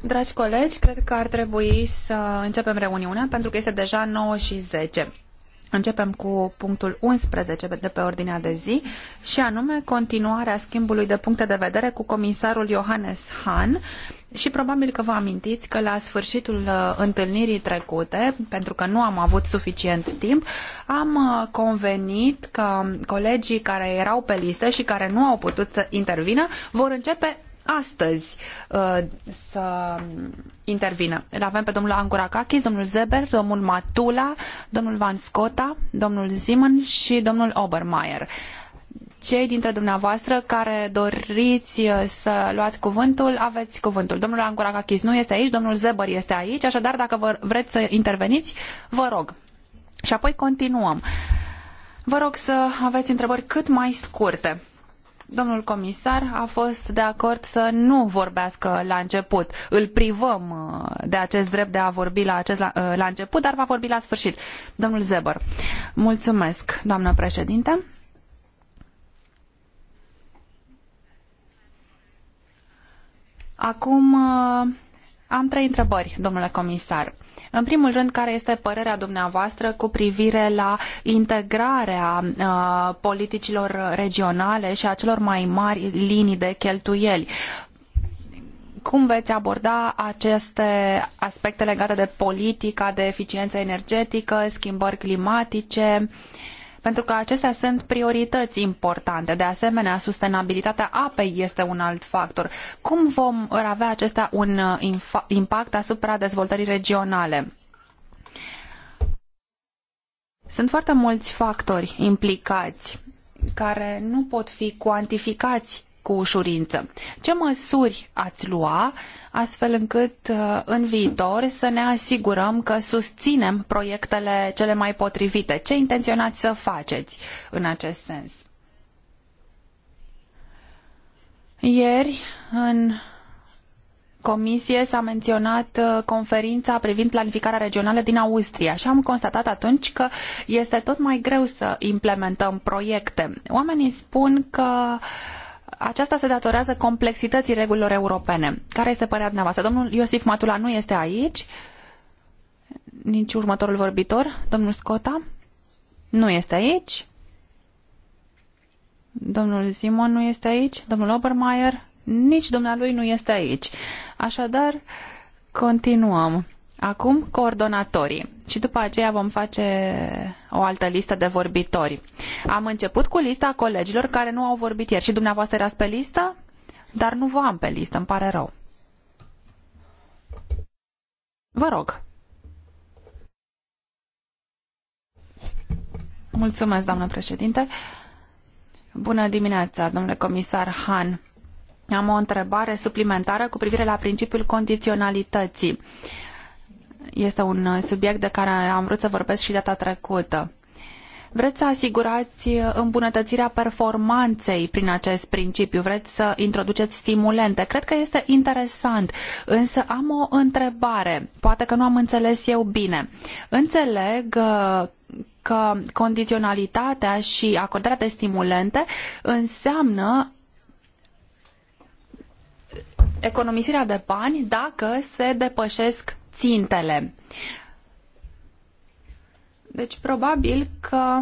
Dragi colegi, cred că ar trebui să începem reuniunea pentru că este deja 9 și 10. Începem cu punctul 11 de pe ordinea de zi și anume continuarea schimbului de puncte de vedere cu comisarul Johannes Hahn și probabil că vă amintiți că la sfârșitul uh, întâlnirii trecute, pentru că nu am avut suficient timp, am uh, convenit că colegii care erau pe listă și care nu au putut să intervină vor începe astăzi uh, să intervină. Îl avem pe domnul Angurakakis, domnul Zeber, domnul Matula, domnul Van Scota, domnul Zimon și domnul Obermeier cei dintre dumneavoastră care doriți uh, să luați cuvântul, aveți cuvântul. Domnul Angurakakis nu este aici, domnul Zeber este aici, așadar dacă vă vreți să interveniți, vă rog. Și apoi continuăm. Vă rog să aveți întrebări cât mai scurte. Domnul comisar a fost de acord să nu vorbească la început. Îl privăm uh, de acest drept de a vorbi la, acest, la, uh, început, dar va vorbi la sfârșit. Domnul Zeber. Mulțumesc, doamnă președinte. Acum uh, am trei întrebări, domnule comisar. În primul rând, care este părerea dumneavoastră cu privire la integrarea uh, politicilor regionale și a celor mai mari linii de cheltuieli? cum veți aborda aceste aspecte legate de politica de eficiență energetică, schimbări climatice, uh, pentru că acestea sunt priorități importante. De asemenea, sustenabilitatea apei este un alt factor. Cum vom avea acesta un uh, impact asupra dezvoltării regionale? Sunt foarte mulți factori implicați care nu pot fi cuantificați cu ușurință. Ce măsuri ați lua uh, astfel încât uh, în viitor să ne asigurăm că susținem proiectele cele mai potrivite. Ce intenționați să faceți în acest sens? Ieri, în comisie s-a menționat uh, conferința privind planificarea regională din Austria și am constatat atunci că este tot mai greu să implementăm proiecte. Oamenii spun că aceasta se datorează complexității regulilor europene. Care este părerea dumneavoastră? Domnul Iosif Matula nu este aici, nici următorul vorbitor, domnul Scota, nu este aici. Domnul Simon nu este aici, domnul Obermeier, nici dumnealui nu este aici. Așadar, continuăm. Acum coordonatorii și după aceea vom face o altă listă de vorbitori. Am început cu lista colegilor care nu au vorbit ieri și dumneavoastră erați pe listă, dar nu vă am pe listă, îmi pare rău. Vă rog. Mulțumesc, doamnă președinte. Bună dimineața, domnule comisar Han. Am o întrebare suplimentară cu privire la principiul condiționalității. Uh, este un uh, subiect de care am vrut să vorbesc și data trecută. Vreți să asigurați îmbunătățirea performanței prin acest principiu, vreți să introduceți stimulente. Cred că este interesant, însă am o întrebare. Poate că nu am înțeles eu bine. Înțeleg uh, că condiționalitatea și acordarea de stimulente înseamnă economisirea de bani dacă se depășesc țintele. Deci probabil că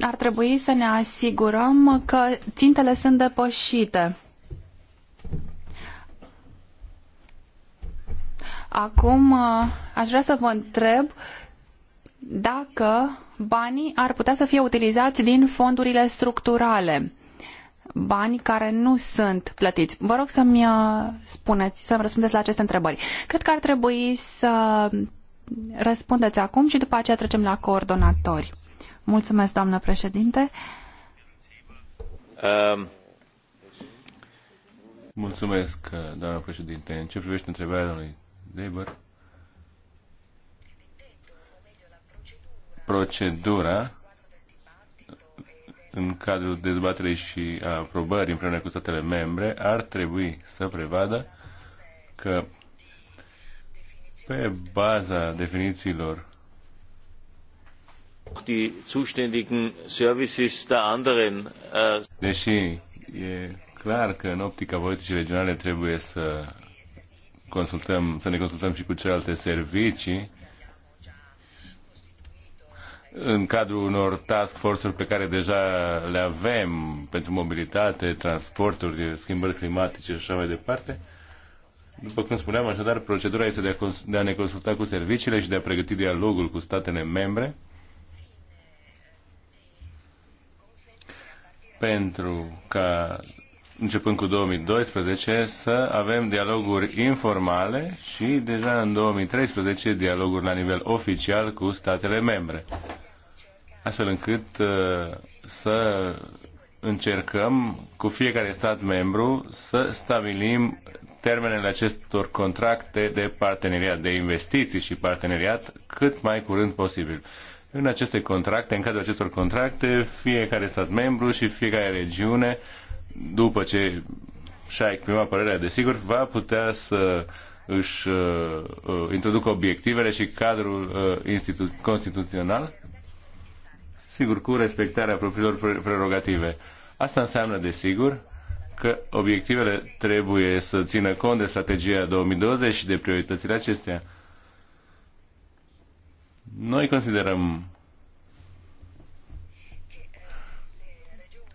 ar trebui să ne asigurăm că țintele sunt depășite. Acum aș vrea să vă întreb dacă banii ar putea să fie utilizați din fondurile structurale bani care nu sunt plătiți. Vă rog să-mi uh, spuneți, să-mi răspundeți la aceste întrebări. Cred că ar trebui să răspundeți acum și după aceea trecem la coordonatori. Mulțumesc, doamnă președinte. Um. Mulțumesc, uh, doamnă președinte. În ce privește întrebarea domnului Deber? Procedura în cadrul dezbaterii și a aprobării împreună cu statele membre, ar trebui să prevadă că pe baza definițiilor äh, Deși e clar că în optica politicii regionale trebuie să consultăm, să ne consultăm și cu celelalte servicii în cadrul unor task force-uri pe care deja le avem pentru mobilitate, transporturi, schimbări climatice și așa mai departe. După cum spuneam, așadar, procedura este de a, cons- de a ne consulta cu serviciile și de a pregăti dialogul cu statele membre pentru ca, începând cu 2012, să avem dialoguri informale și deja în 2013 dialoguri la nivel oficial cu statele membre astfel încât uh, să încercăm cu fiecare stat membru să stabilim termenele acestor contracte de parteneriat, de investiții și parteneriat cât mai curând posibil. În aceste contracte, în cadrul acestor contracte, fiecare stat membru și fiecare regiune, după ce și-a exprimat părerea, desigur, va putea să își uh, uh introducă obiectivele și cadrul uh, institu- constituțional sigur cu respectarea propriilor prerogative. Asta înseamnă, desigur, că obiectivele trebuie să țină cont de strategia 2020 și de prioritățile acestea. Noi considerăm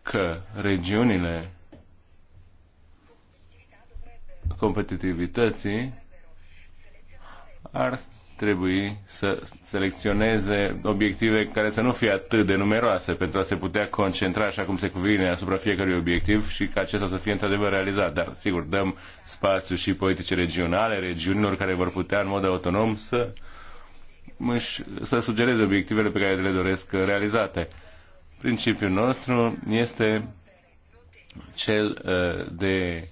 că regiunile competitivității ar trebui să selecționeze obiective care să nu fie atât de numeroase pentru a se putea concentra așa cum se cuvine asupra fiecărui obiectiv și ca acesta să fie într-adevăr realizat. Dar, sigur, dăm spațiu și politice regionale, regiunilor care vor putea în mod autonom să, să sugereze obiectivele pe care le doresc realizate. Principiul nostru este cel uh, de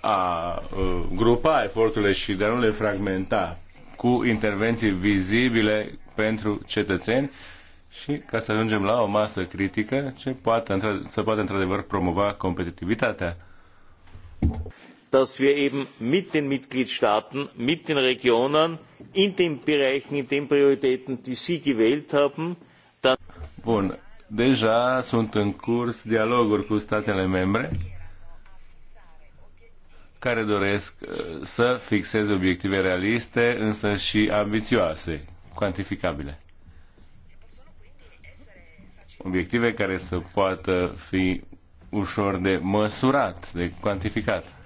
a uh, grupa eforturile și de a nu le fragmenta cu intervenții vizibile pentru cetățeni și ca să ajungem la o masă critică ce poate, să poate într-adevăr promova competitivitatea. Dass wir eben mit den Mitgliedstaaten, mit den Regionen in den Bereichen, in den Prioritäten, die Sie gewählt haben, dann. Bun, deja sunt în curs dialoguri cu statele membre care doresc uh, să fixeze obiective realiste, însă și ambițioase, cuantificabile. Obiective care să poată fi ușor de măsurat, de cuantificat.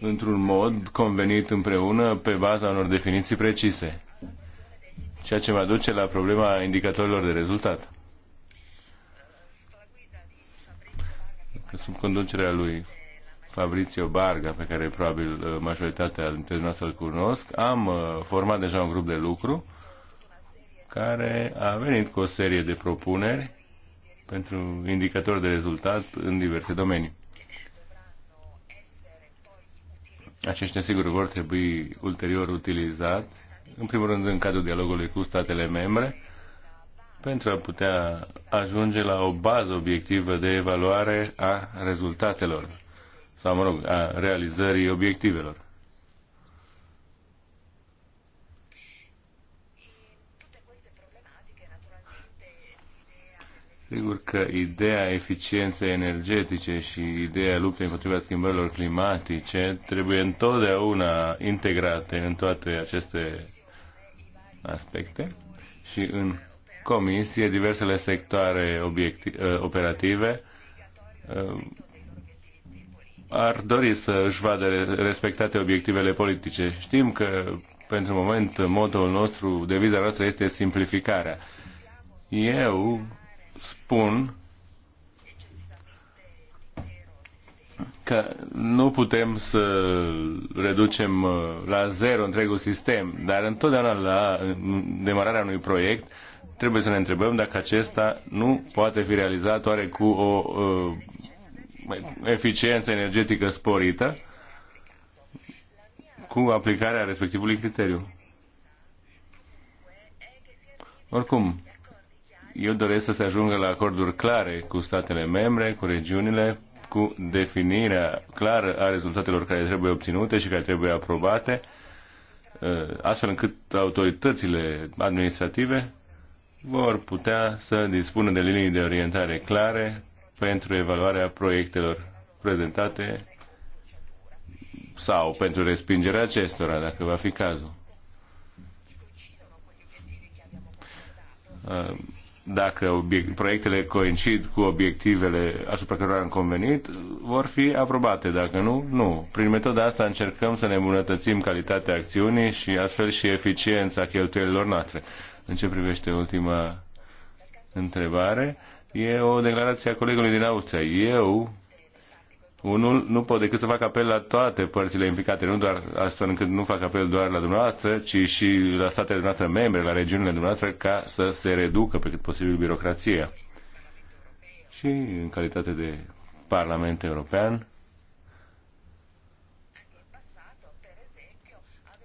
într-un mod convenit împreună pe baza unor definiții precise, ceea ce va duce la problema indicatorilor de rezultat. sub conducerea lui Fabrizio Barga, pe care probabil uh, majoritatea dintre noastre îl cunosc, am uh, format deja un grup de lucru care a venit cu o serie de propuneri pentru indicatori de rezultat în diverse domenii. Aceștia, sigur, vor trebui ulterior utilizați, în primul rând în cadrul dialogului cu statele membre, pentru a putea ajunge la o bază obiectivă de evaluare a rezultatelor sau, mă rog, a realizării obiectivelor. Sigur că ideea eficienței energetice și ideea luptei împotriva schimbărilor climatice trebuie întotdeauna integrate în toate aceste aspecte și în Comisie diversele sectoare ă, operative ă, ar dori să își vadă respectate obiectivele politice. Știm că, pentru moment, modul nostru, deviza noastră este simplificarea. Eu spun că nu putem să reducem ă, la zero întregul sistem, dar întotdeauna la demararea unui proiect trebuie să ne întrebăm dacă acesta nu poate fi realizat oare cu o uh, eficiență energetică sporită cu aplicarea respectivului criteriu. Oricum, eu doresc să se ajungă la acorduri clare cu statele membre, cu regiunile, cu definirea clară a rezultatelor care trebuie obținute și care trebuie aprobate, ă, astfel încât autoritățile administrative vor putea să dispună de linii de orientare clare pentru evaluarea proiectelor prezentate sau pentru respingerea acestora, dacă va fi cazul. Uh, dacă proiectele coincid cu obiectivele asupra cărora am convenit, vor fi aprobate. Dacă nu, nu. Prin metoda asta încercăm să ne îmbunătățim calitatea acțiunii și astfel și eficiența cheltuielilor noastre. În ce privește ultima întrebare, e o declarație a colegului din Austria. Eu, unul, nu pot decât să fac apel la toate părțile implicate, nu doar astfel încât nu fac apel doar la dumneavoastră, ci și la statele dumneavoastră membre, la regiunile dumneavoastră, ca să se reducă pe cât posibil birocrația. Și în calitate de Parlament European,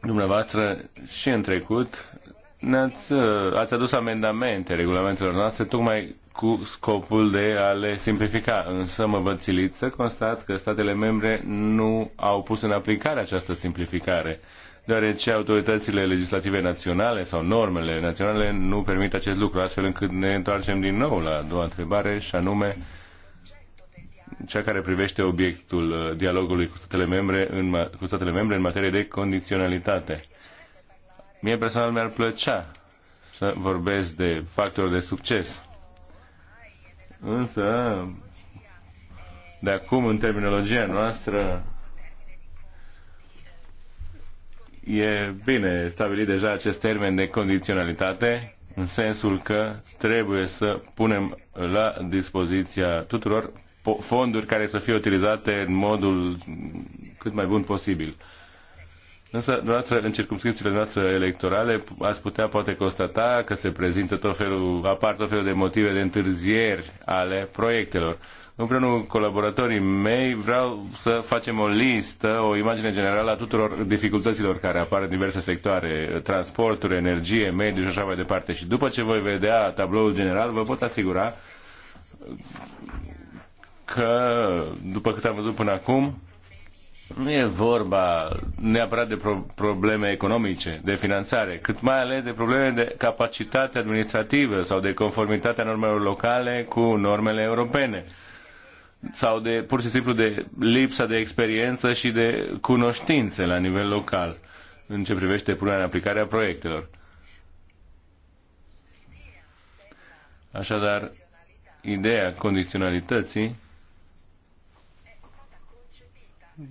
dumneavoastră și în trecut ne-ați, uh, ați adus amendamente regulamentelor noastre tocmai cu scopul de a le simplifica, însă mă văd țilit să constat că statele membre nu au pus în aplicare această simplificare, deoarece autoritățile legislative naționale sau normele naționale nu permit acest lucru, astfel încât ne întoarcem din nou la a doua întrebare și anume cea care privește obiectul uh, dialogului cu statele membre în, cu statele membre în materie de condiționalitate Mie personal mi-ar plăcea să vorbesc de factori de succes. Însă, de acum, în terminologia noastră, e bine stabilit deja acest termen de condiționalitate, în sensul că trebuie să punem la dispoziția tuturor fonduri care să fie utilizate în modul cât mai bun posibil. Însă, noastră, în circumscripțiile noastre electorale, ați putea poate constata că se prezintă tot felul, apar tot felul de motive de întârzieri ale proiectelor. Împreună cu colaboratorii mei vreau să facem o listă, o imagine generală a tuturor dificultăților care apar în diverse sectoare, transporturi, energie, mediu și așa mai departe. Și după ce voi vedea tabloul general, vă pot asigura că, după cât am văzut până acum, nu e vorba neapărat de pro- probleme economice, de finanțare, cât mai ales de probleme de capacitate administrativă sau de conformitatea normelor locale cu normele europene sau de pur și simplu de lipsa de experiență și de cunoștințe la nivel local în ce privește punerea în aplicare a proiectelor. Așadar, ideea condiționalității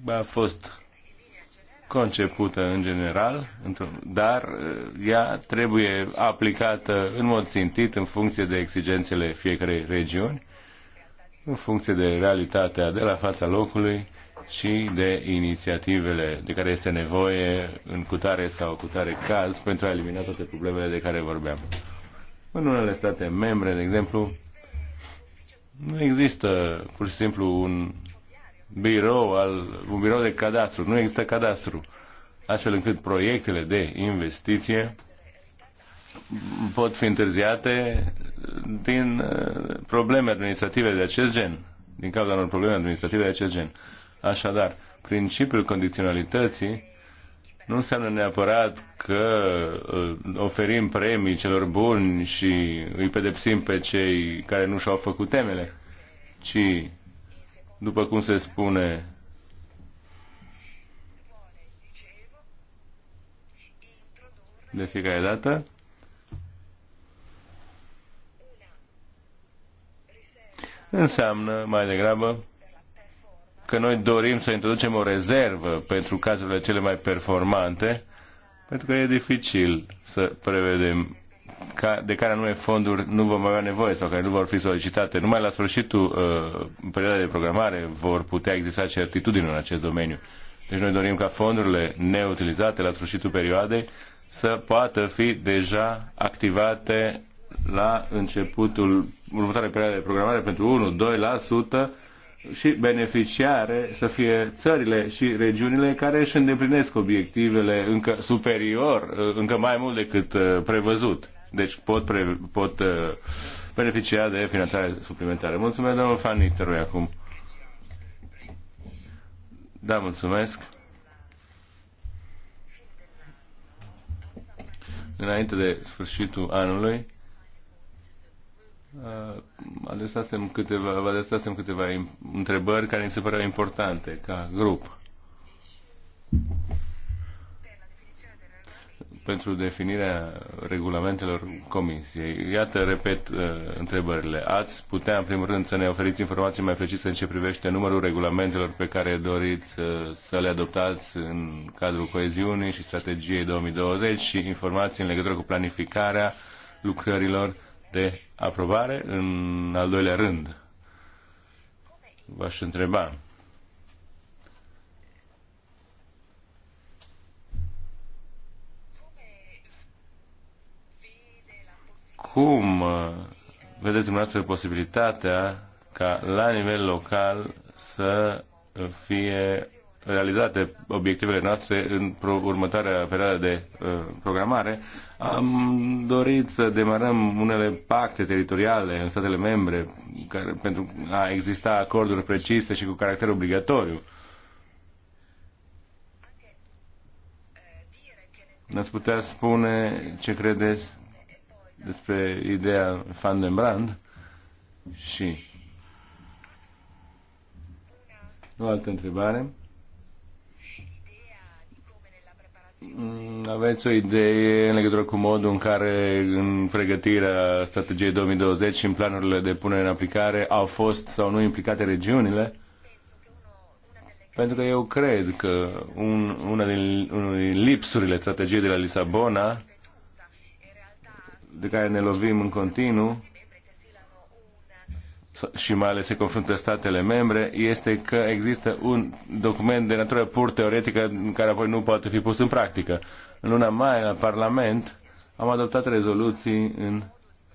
a fost concepută în general, dar uh, ea trebuie aplicată în mod țintit în funcție de exigențele fiecarei regiuni, în funcție de realitatea de la fața locului și de inițiativele de care este nevoie în cutare sau cutare caz pentru a elimina toate problemele de care vorbeam. În unele state membre, de exemplu, nu există pur și simplu un birou, al, un birou de cadastru. Nu există cadastru. Astfel încât proiectele de investiție pot fi întârziate din uh, probleme administrative de acest gen, din cauza unor probleme administrative de acest gen. Așadar, principiul condiționalității nu înseamnă neapărat că uh, oferim premii celor buni și îi pedepsim pe cei care nu și-au făcut temele, ci după cum se spune, de fiecare dată. Înseamnă mai degrabă că noi dorim să introducem o rezervă pentru cazurile cele mai performante, pentru că e dificil să prevedem de care anume fonduri nu vom avea nevoie sau care nu vor fi solicitate. Numai la sfârșitul uh, perioadei de programare vor putea exista certitudini în acest domeniu. Deci noi dorim ca fondurile neutilizate la sfârșitul perioadei să poată fi deja activate la începutul următoarei perioade de programare pentru 1-2% și beneficiare să fie țările și regiunile care își îndeplinesc obiectivele încă superior, uh, încă mai mult decât uh, prevăzut deci pot, pre, pot uh, beneficia de finanțare suplimentară. Mulțumesc, domnul te rog acum. Da, mulțumesc. Înainte de sfârșitul anului, uh, adresasem câteva, adresasem câteva întrebări care mi se păreau importante ca grup pentru definirea regulamentelor comisiei. Iată, repet uh, întrebările. Ați putea, în primul rând, să ne oferiți informații mai precise în ce privește numărul regulamentelor pe care doriți uh, să le adoptați în cadrul coeziunii și strategiei 2020 și informații în legătură cu planificarea lucrărilor de aprobare în al doilea rând. V-aș întreba Cum uh, vedeți dumneavoastră posibilitatea ca la nivel local să fie realizate obiectivele noastre în următoarea perioadă de uh, programare. Am dorit să demarăm unele pacte teritoriale în statele membre care, pentru a exista acorduri precise și cu caracter obligatoriu. Ne-ați putea spune ce credeți despre ideea Van den Brand și o altă întrebare. Mm, aveți o idee în legătură cu modul în care în pregătirea strategiei 2020 și în planurile de punere în aplicare au fost sau nu implicate regiunile? Pentru că eu cred că un, una din, unul din lipsurile strategiei de la Lisabona de care ne lovim în continuu și mai ales se confruntă statele membre, este că există un document de natură pur teoretică în care apoi nu poate fi pus în practică. În luna mai, la Parlament, am adoptat rezoluții în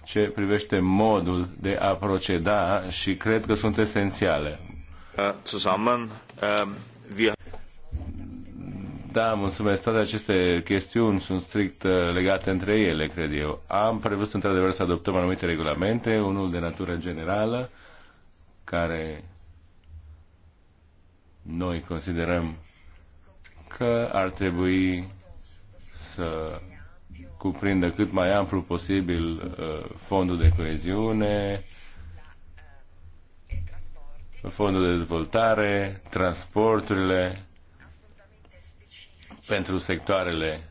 ce privește modul de a proceda și cred că sunt esențiale. Uh, zusammen, uh, ehm, wir... Da, mulțumesc. Toate aceste chestiuni sunt strict uh, legate între ele, cred eu. Am prevăzut într-adevăr să adoptăm anumite regulamente, unul de natură generală, care noi considerăm că ar trebui să cuprindă cât mai amplu posibil uh, fondul de coeziune, fondul de dezvoltare, transporturile, pentru sectoarele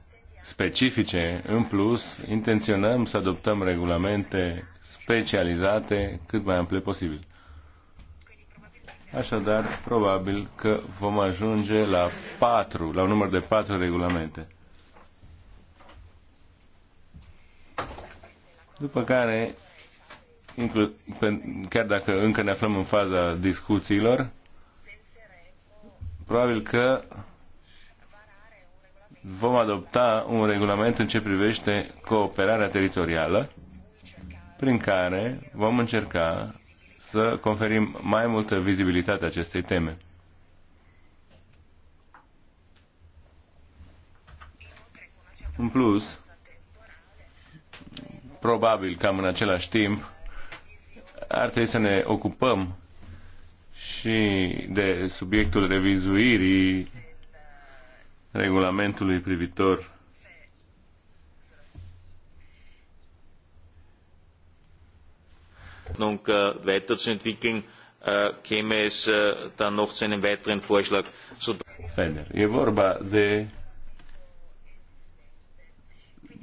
specifice. În plus, intenționăm să adoptăm regulamente specializate cât mai ample posibil. Așadar, probabil că vom ajunge la patru, la un număr de patru regulamente. După care, chiar dacă încă ne aflăm în faza discuțiilor, probabil că vom adopta un regulament în ce privește cooperarea teritorială, prin care vom încerca să conferim mai multă vizibilitate acestei teme. În plus, probabil cam în același timp, ar trebui să ne ocupăm și de subiectul revizuirii regulamentului privitor Und äh, weiter zu entwickeln, äh, käme es äh, dann noch zu einem weiteren Vorschlag. So Fender. E vorba de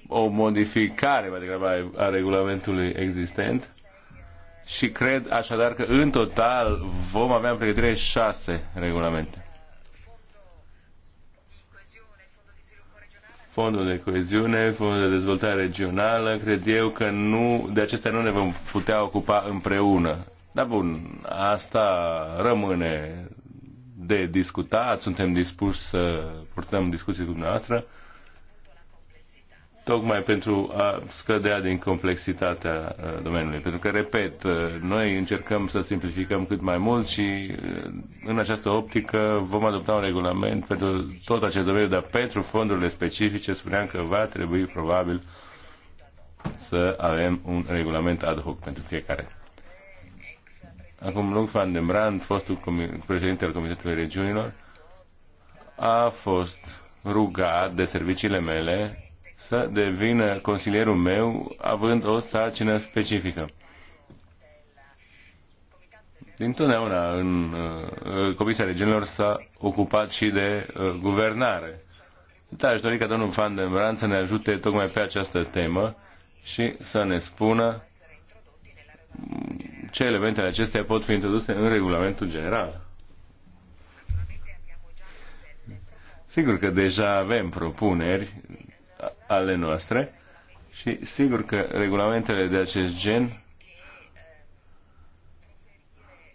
o modificare, mai degrabă, a regulamentului existent și cred așadar că în total vom avea în pregătire șase regulamente. fondul de coeziune, fondul de dezvoltare regională, cred eu că nu, de acestea nu ne vom putea ocupa împreună. Dar bun, asta rămâne de discutat, suntem dispuși să purtăm discuții cu dumneavoastră tocmai pentru a scădea din complexitatea uh, domeniului. Pentru că, repet, uh, noi încercăm să simplificăm cât mai mult și uh, în această optică vom adopta un regulament pentru tot acest domeniu, dar pentru fondurile specifice spuneam că va trebui probabil să avem un regulament ad hoc pentru fiecare. Acum, Lung van den Brand, fostul președinte al Comitetului Regiunilor, a fost rugat de serviciile mele să devină consilierul meu, având o sarcină specifică. Dintotdeauna în uh, Comisia Regiunilor s-a ocupat și de uh, guvernare. Da, aș dori ca domnul Van den Brand să ne ajute tocmai pe această temă și să ne spună mm, ce elementele acestea pot fi introduse în regulamentul general. Sigur că deja avem propuneri ale noastre și sigur că regulamentele de acest gen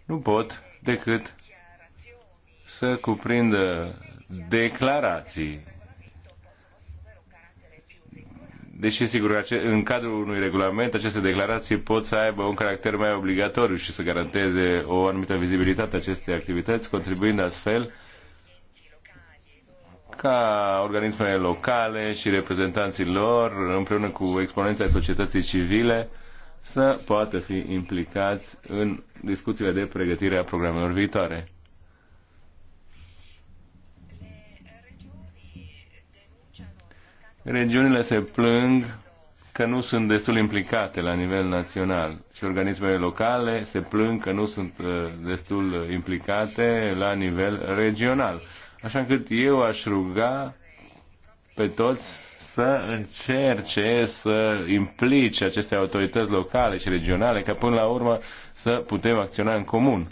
nu pot decât să cuprindă declarații. Deși, sigur, în cadrul unui regulament, aceste declarații pot să aibă un caracter mai obligatoriu și să garanteze o anumită vizibilitate acestei activități, contribuind astfel ca organismele locale și reprezentanții lor, împreună cu exponența societății civile, să poată fi implicați în discuțiile de pregătire a programelor viitoare. Regiunile se plâng că nu sunt destul implicate la nivel național și organismele locale se plâng că nu sunt uh, destul implicate la nivel regional. Așa încât eu aș ruga pe toți să încerce să implice aceste autorități locale și regionale ca până la urmă să putem acționa în comun.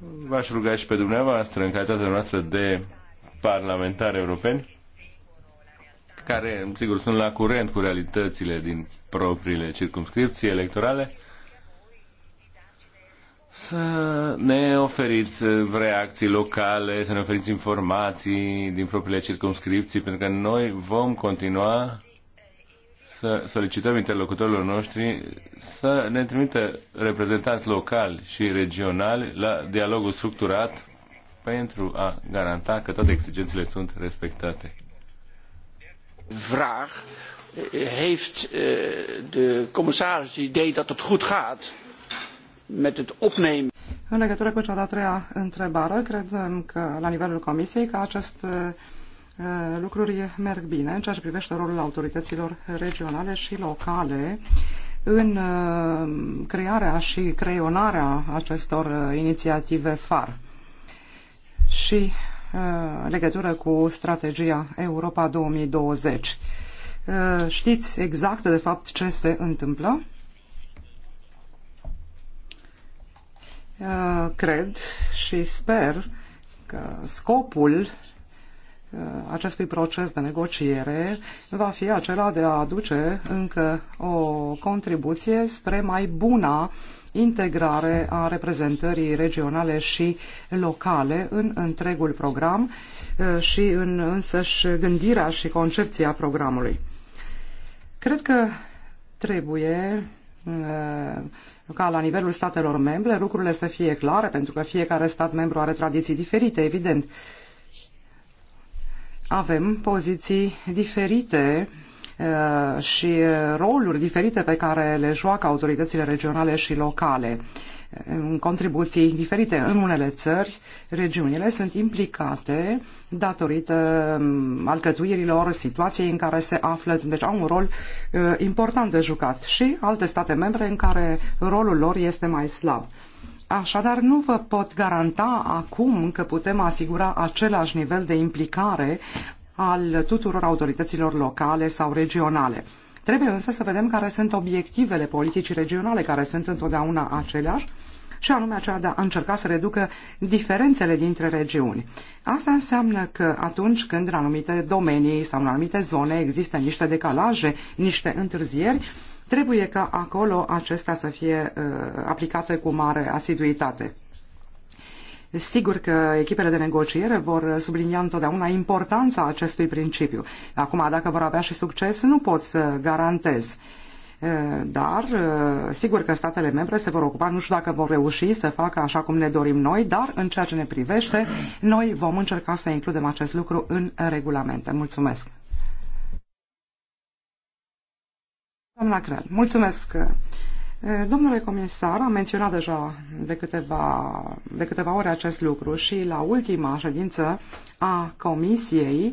V-aș ruga și pe dumneavoastră, în calitatea noastră de parlamentari europeni, care, sigur, sunt la curent cu realitățile din propriile circumscripții electorale, să ne oferiți reacții locale, să ne oferiți informații din propriile circumscripții, pentru că noi vom continua să solicităm interlocutorilor noștri să ne trimită reprezentanți locali și regionali la dialogul structurat pentru a garanta că toate exigențele sunt respectate. Vraag. Eh, heeft eh, de commissaris idee dat het goed gaat? met het opnemen. În legătură cu cea de-a treia întrebare, credem că la nivelul Comisiei că aceste uh, lucruri merg bine în ceea ce privește rolul autorităților regionale și locale în uh, crearea și creionarea acestor uh, inițiative FAR. Și legătură cu strategia Europa 2020. Știți exact, de fapt, ce se întâmplă? Uh, cred și sper că scopul uh, acestui proces de negociere va fi acela de a aduce încă o contribuție spre mai buna integrare a reprezentării regionale și locale în întregul program uh, și în însăși gândirea și concepția programului. Cred că trebuie ca la nivelul statelor membre lucrurile să fie clare, pentru că fiecare stat membru are tradiții diferite, evident. Avem poziții diferite uh, și uh, roluri diferite pe care le joacă autoritățile regionale și locale în contribuții diferite. În unele țări, regiunile sunt implicate datorită mm, alcătuirilor, situației în care se află, deci au un rol uh, important de jucat și alte state membre în care rolul lor este mai slab. Așadar, nu vă pot garanta acum că putem asigura același nivel de implicare al tuturor autorităților locale sau regionale. Trebuie însă să vedem care sunt obiectivele politicii regionale, care sunt întotdeauna aceleași, și anume aceea de a încerca să reducă diferențele dintre regiuni. Asta înseamnă că atunci când în anumite domenii sau în anumite zone există niște decalaje, niște întârzieri, trebuie ca acolo acestea să fie uh, aplicate cu mare asiduitate. Sigur că echipele de negociere vor sublinia întotdeauna importanța acestui principiu. Acum, dacă vor avea și succes, nu pot să garantez. Dar, sigur că statele membre se vor ocupa, nu știu dacă vor reuși să facă așa cum ne dorim noi, dar în ceea ce ne privește, noi vom încerca să includem acest lucru în regulamente. Mulțumesc! Doamna Crel, mulțumesc! Domnule comisar, am menționat deja de câteva, de câteva ori acest lucru și la ultima ședință a comisiei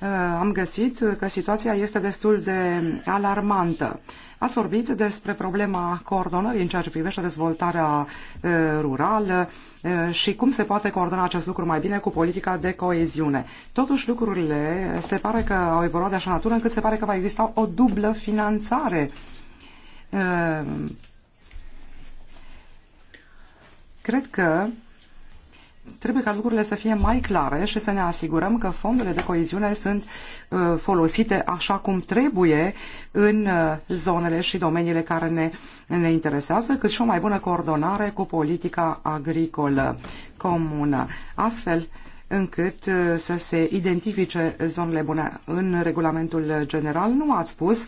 uh, am găsit că situația este destul de alarmantă. Ați vorbit despre problema coordonării în ceea ce privește dezvoltarea uh, rurală uh, și cum se poate coordona acest lucru mai bine cu politica de coeziune. Totuși, lucrurile se pare că au evoluat de așa natură încât se pare că va exista o dublă finanțare Ehm, cred că trebuie ca lucrurile să fie mai clare și să ne asigurăm că fondurile de coeziune sunt uh, folosite așa cum trebuie în uh, zonele și domeniile care ne, ne interesează, cât și o mai bună coordonare cu politica agricolă comună. Astfel, încât uh, să se identifice zonele bune. În regulamentul general nu a spus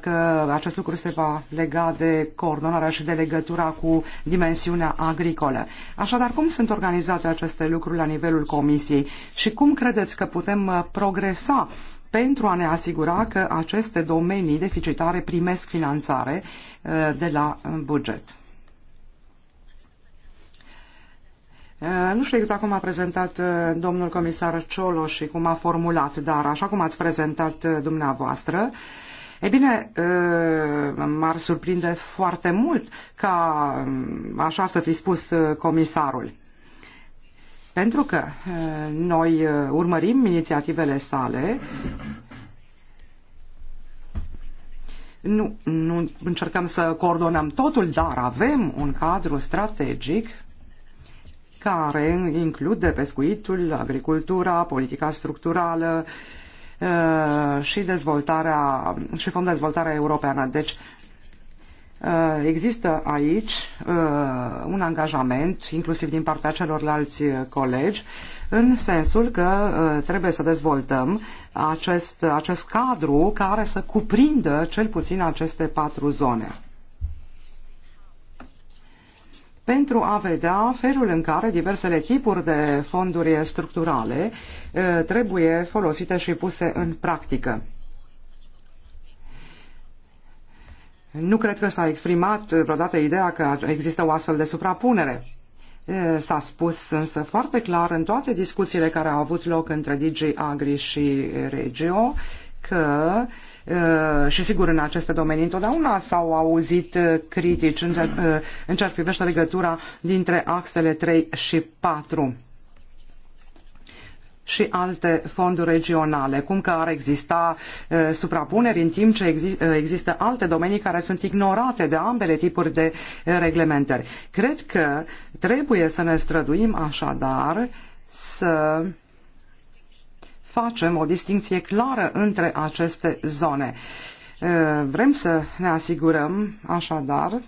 că acest lucru se va lega de coordonarea și de legătura cu dimensiunea agricolă. Așadar, cum sunt organizate aceste lucruri la nivelul Comisiei și cum credeți că putem progresa pentru a ne asigura că aceste domenii deficitare primesc finanțare de la buget? Nu știu exact cum a prezentat domnul comisar Ciolo și cum a formulat, dar așa cum ați prezentat dumneavoastră, E bine, m-ar surprinde foarte mult ca așa să fi spus comisarul. Pentru că noi urmărim inițiativele sale nu, nu încercăm să coordonăm totul, dar avem un cadru strategic care include pescuitul, agricultura, politica structurală, Uh, și dezvoltarea și fondul dezvoltarea europeană. Deci uh, există aici uh, un angajament, inclusiv din partea celorlalți colegi, în sensul că trebuie să dezvoltăm acest, acest cadru care să cuprindă cel puțin aceste patru zone pentru a vedea felul în care diversele tipuri de fonduri structurale eh, trebuie folosite și puse în practică. Nu cred că s-a exprimat vreodată ideea că există o astfel de suprapunere. Eh, s-a spus însă foarte clar în toate discuțiile care au avut loc între DG Agri și Regio că uh, Uh, și sigur în aceste domenii întotdeauna s-au auzit uh, critici în ce, uh, în ce privește legătura dintre axele 3 și 4 și alte fonduri regionale, cum că ar exista uh, suprapuneri în timp ce exi- există alte domenii care sunt ignorate de ambele tipuri de uh, reglementări. Cred că trebuie să ne străduim așadar să uh, facem o distinție clară între aceste zone. Uh, vrem să ne asigurăm, așadar,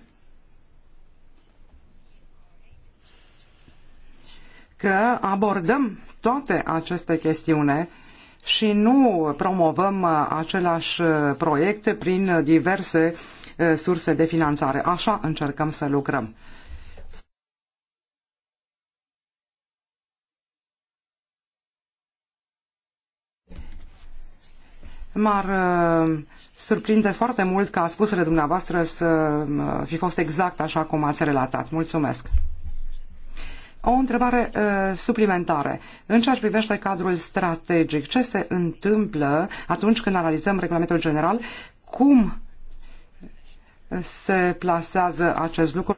că abordăm toate aceste chestiune și nu promovăm uh, același uh, proiect prin diverse surse de finanțare. Așa încercăm să lucrăm. M-ar uh, surprinde foarte mult ca spusele dumneavoastră să uh, fi fost exact așa cum ați relatat. Mulțumesc! O întrebare uh, suplimentară. În ceea ce privește cadrul strategic, ce se întâmplă atunci când analizăm regulamentul general? Cum se plasează acest lucru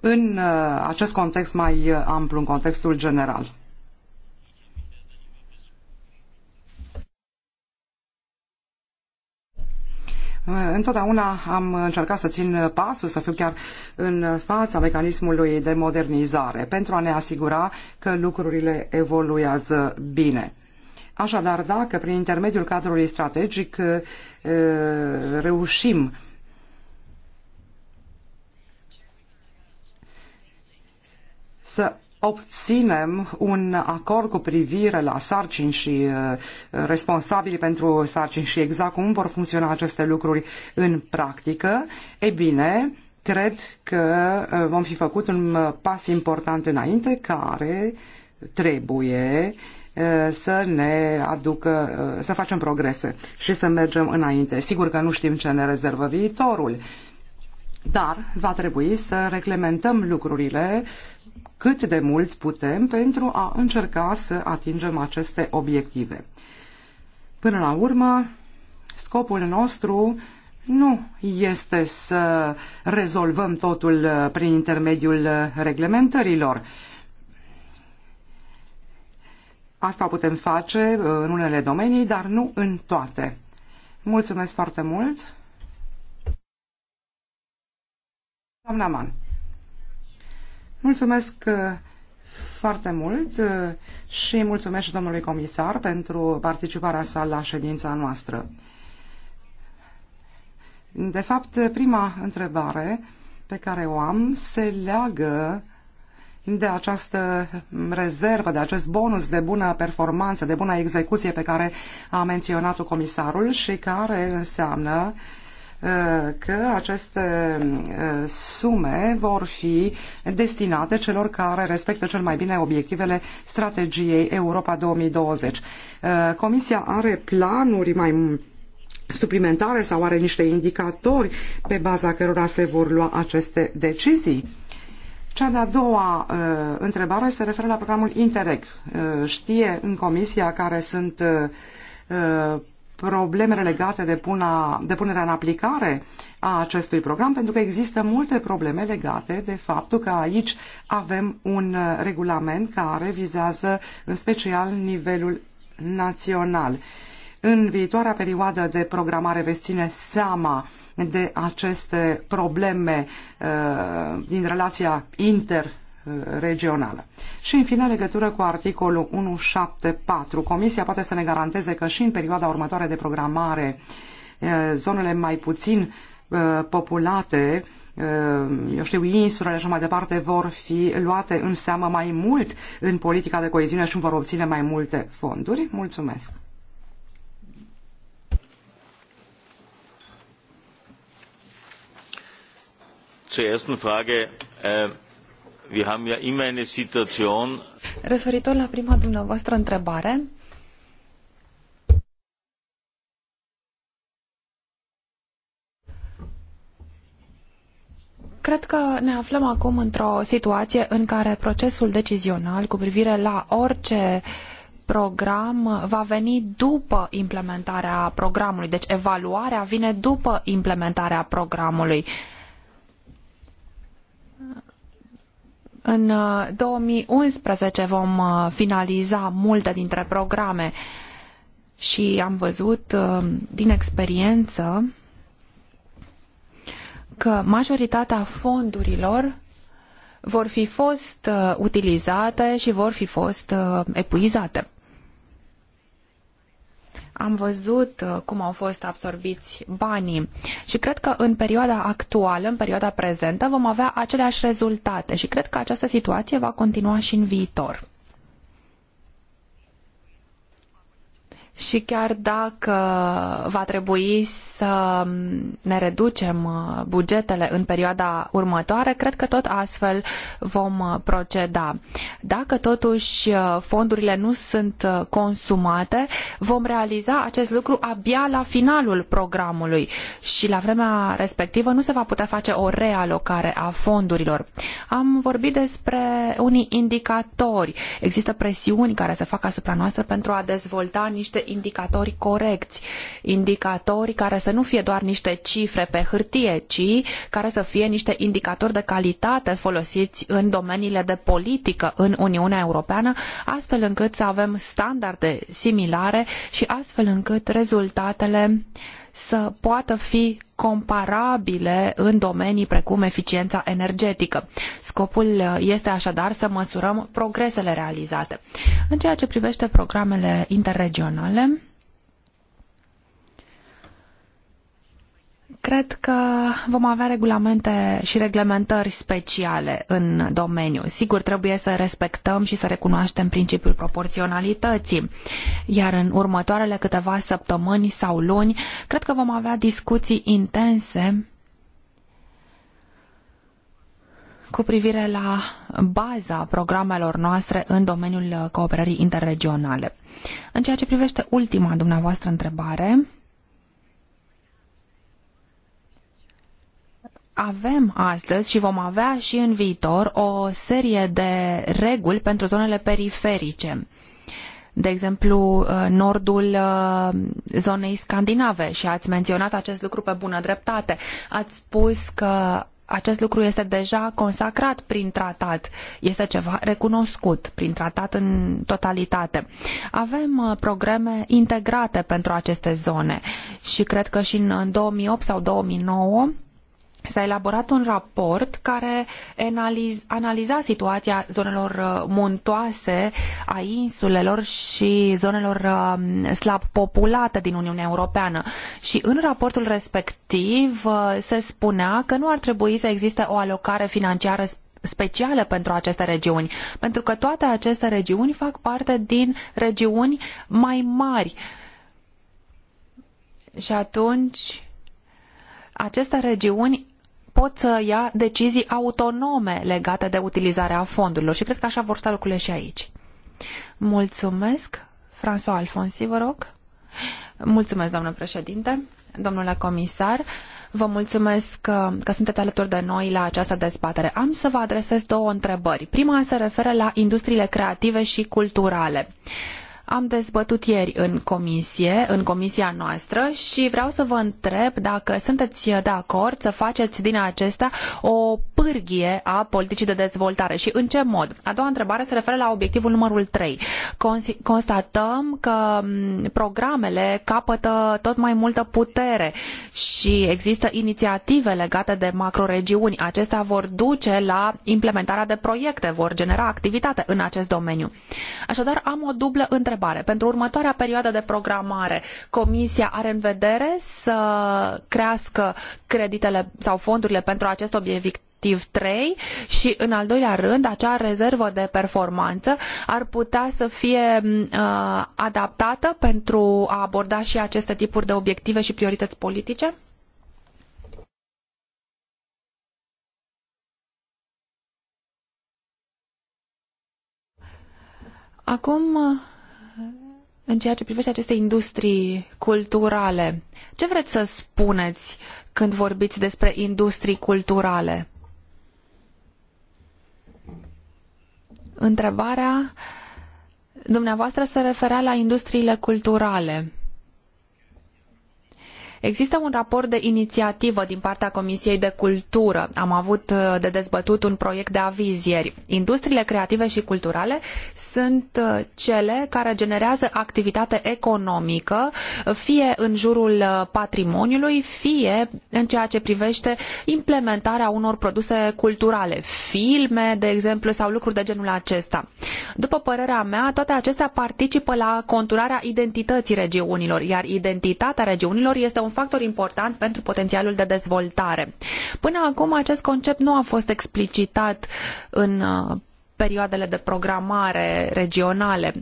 în uh, acest context mai uh, amplu, în contextul general? Eh, întotdeauna am încercat să țin pasul, să fiu chiar în fața mecanismului de modernizare, pentru a ne asigura că lucrurile evoluează bine. Așadar, dacă prin intermediul cadrului strategic eh, reușim să obținem un acord cu privire la sarcini și uh, responsabili pentru sarcini și exact cum vor funcționa aceste lucruri în practică, e bine, cred că uh, vom fi făcut un uh, pas important înainte care trebuie să ne aducă, să facem progrese și să mergem înainte. Sigur că nu știm ce ne rezervă viitorul, dar va trebui să reglementăm lucrurile cât de mult putem pentru a încerca să atingem aceste obiective. Până la urmă, scopul nostru nu este să rezolvăm totul uh, prin intermediul uh, reglementărilor. Asta o putem face uh, în unele domenii, dar nu în toate. Mulțumesc foarte mult! Doamna Man. Mulțumesc uh, foarte mult uh, și mulțumesc și domnului comisar pentru participarea sa la ședința noastră. De fapt, prima întrebare pe care o am se leagă de această rezervă, de acest bonus de bună performanță, de bună execuție pe care a menționat-o comisarul și care înseamnă uh, că aceste sume vor fi destinate celor care respectă cel mai bine obiectivele strategiei Europa 2020. Comisia are planuri mai suplimentare sau are niște indicatori pe baza cărora se vor lua aceste decizii? Cea de-a doua uh, întrebare se referă la programul Interreg. Uh, știe în comisia care sunt uh, problemele legate de, puna, de punerea în aplicare a acestui program, pentru că există multe probleme legate de faptul că aici avem un regulament care vizează în special nivelul național. În viitoarea perioadă de programare veți ține seama de aceste probleme uh, din relația inter regională. Și în fine, legătură cu articolul 174, Comisia poate să ne garanteze că și în perioada următoare de programare zonele mai puțin populate eu știu, insulele și mai departe vor fi luate în seamă mai mult în politica de coeziune și vor obține mai multe fonduri. Mulțumesc! Zur ersten Frage. Äh Wir haben ja immer eine Situation. Referitor la prima dumneavoastră întrebare, Cred că ne aflăm acum într-o situație în care procesul decizional cu privire la orice program va veni după implementarea programului, deci evaluarea vine după implementarea programului. În 2011 uh, vom uh, finaliza multe dintre programe și am văzut uh, din experiență că majoritatea fondurilor vor fi fost utilizate și vor fi fost epuizate am văzut uh, cum au fost absorbiți banii și cred că în perioada actuală, în perioada prezentă, vom avea aceleași rezultate și cred că această situație va continua și în viitor. și chiar dacă va trebui să ne reducem uh, bugetele în perioada următoare, cred că tot astfel vom uh, proceda. Dacă totuși uh, fondurile nu sunt consumate, vom realiza acest lucru abia la finalul programului și la vremea respectivă nu se va putea face o realocare a fondurilor. Am vorbit despre unii indicatori. Există presiuni care se fac asupra noastră pentru a dezvolta niște indicatori corecți, indicatori care să nu fie doar niște cifre pe hârtie, ci care să fie niște indicatori de calitate folosiți în domeniile de politică în Uniunea Europeană, astfel încât să avem standarde similare și astfel încât rezultatele să poată fi comparabile în domenii precum eficiența energetică. Scopul uh, este așadar să măsurăm progresele realizate. În ceea ce privește programele interregionale, Cred că vom avea regulamente și reglementări speciale în domeniu. Sigur, trebuie să respectăm și să recunoaștem principiul proporționalității. Iar în următoarele câteva săptămâni sau luni, cred că vom avea discuții intense cu privire la baza programelor noastre în domeniul cooperării interregionale. În ceea ce privește ultima dumneavoastră întrebare, avem astăzi și vom avea și în viitor o serie de reguli pentru zonele periferice de exemplu, uh, nordul uh, zonei scandinave și ați menționat acest lucru pe bună dreptate. Ați spus că acest lucru este deja consacrat prin tratat, este ceva recunoscut prin tratat în totalitate. Avem uh, programe integrate pentru aceste zone și cred că și în 2008 sau 2009 s-a elaborat un raport care analiz, analiza situația zonelor uh, muntoase a insulelor și zonelor um, slab populate din Uniunea Europeană. Și în raportul respectiv uh, se spunea că nu ar trebui să existe o alocare financiară specială pentru aceste regiuni, pentru că toate aceste regiuni fac parte din regiuni mai mari. Și atunci aceste regiuni pot să ia decizii autonome legate de utilizarea fondurilor și cred că așa vor sta lucrurile și aici. Mulțumesc. François Alfonsi, vă rog. Mulțumesc, doamnă președinte, domnule comisar. Vă mulțumesc că, că sunteți alături de noi la această dezbatere. Am să vă adresez două întrebări. Prima se referă la industriile creative și culturale. Uh, am dezbătut ieri în comisie, în comisia noastră și vreau să vă întreb dacă sunteți de acord să faceți din acesta o pârghie a politicii de dezvoltare și în ce mod. A doua întrebare se referă la obiectivul numărul trei. Constatăm că programele capătă tot mai multă putere și există inițiative legate de macroregiuni. Acestea vor duce la implementarea de proiecte, vor genera activitate în acest domeniu. Așadar, am o dublă întrebare întrebare. Pentru următoarea perioadă de programare, Comisia are în vedere să crească creditele sau fondurile pentru acest obiectiv trei 3 și în al doilea rând acea rezervă de performanță ar putea să fie uh, adaptată pentru a aborda și aceste tipuri de obiective și priorități politice? Acum în ceea ce privește aceste industrii culturale. Ce vreți să spuneți când vorbiți despre industrii culturale? Întrebarea dumneavoastră se referea la industriile culturale. Există un raport de inițiativă din partea Comisiei de Cultură. Am avut uh, de dezbătut un proiect de aviz ieri. Industriile creative și culturale sunt uh, cele care generează activitate economică, fie în jurul uh, patrimoniului, fie în ceea ce privește implementarea unor produse culturale, filme, de exemplu, sau lucruri de genul acesta. După părerea mea, toate acestea participă la conturarea identității regiunilor, iar identitatea regiunilor este un un factor important pentru potențialul de dezvoltare. Până acum acest concept nu a fost explicitat în uh, perioadele de programare regionale.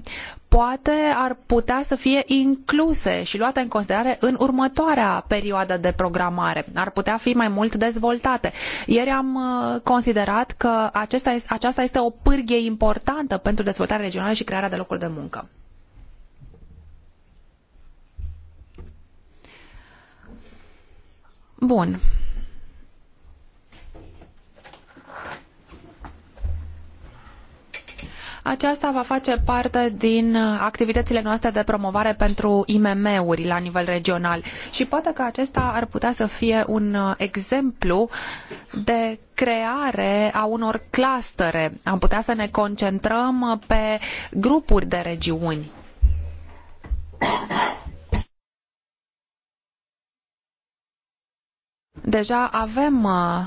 Poate ar putea să fie incluse și luate în considerare în următoarea perioadă de programare. Ar putea fi mai mult dezvoltate. Ieri am uh, considerat că acesta, aceasta este o pârghie importantă pentru dezvoltarea regională și crearea de locuri de muncă. Bun. Aceasta va face parte din activitățile noastre de promovare pentru IMM-uri la nivel regional și poate că acesta ar putea să fie un exemplu de creare a unor clustere. Am putea să ne concentrăm pe grupuri de regiuni. Deja avem uh,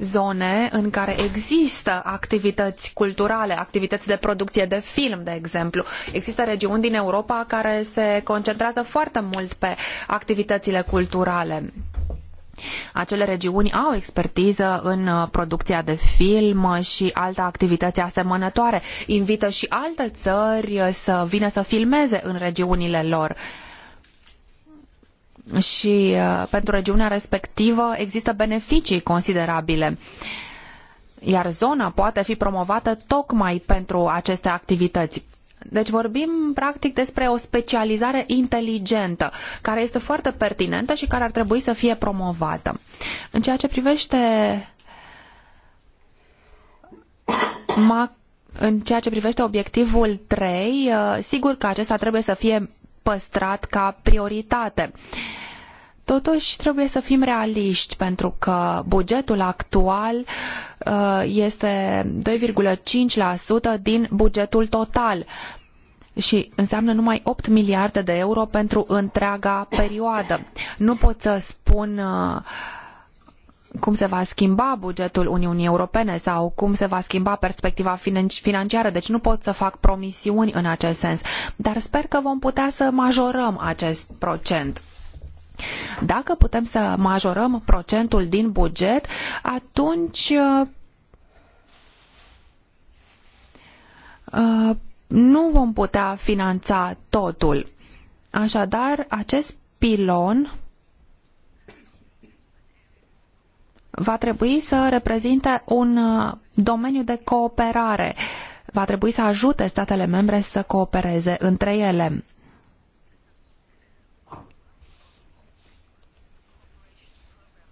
zone în care există activități culturale, activități de producție de film, de exemplu. Există regiuni din Europa care se concentrează foarte mult pe activitățile culturale. Acele regiuni au expertiză în uh, producția de film și alte activități asemănătoare. Invită și alte țări uh, să vină să filmeze în regiunile lor și uh, pentru regiunea respectivă există beneficii considerabile. Iar zona poate fi promovată tocmai pentru aceste activități. Deci vorbim practic despre o specializare inteligentă, care este foarte pertinentă și care ar trebui să fie promovată. În ceea ce privește în ceea ce privește obiectivul trei, uh, sigur că acesta trebuie să fie păstrat ca prioritate. Totuși, trebuie să fim realiști, pentru că bugetul actual uh, este 2,5% din bugetul total și înseamnă numai opt miliarde de euro pentru întreaga perioadă. Nu pot să spun uh, cum se va schimba bugetul Uniunii Europene sau cum se va schimba perspectiva financiară. Deci nu pot să fac promisiuni în acest sens, dar sper că vom putea să majorăm acest procent. Dacă putem să majorăm procentul din buget, atunci uh, nu vom putea finanța totul. Așadar, acest pilon va trebui să reprezinte un uh, domeniu de cooperare. Va trebui să ajute statele membre să coopereze între ele.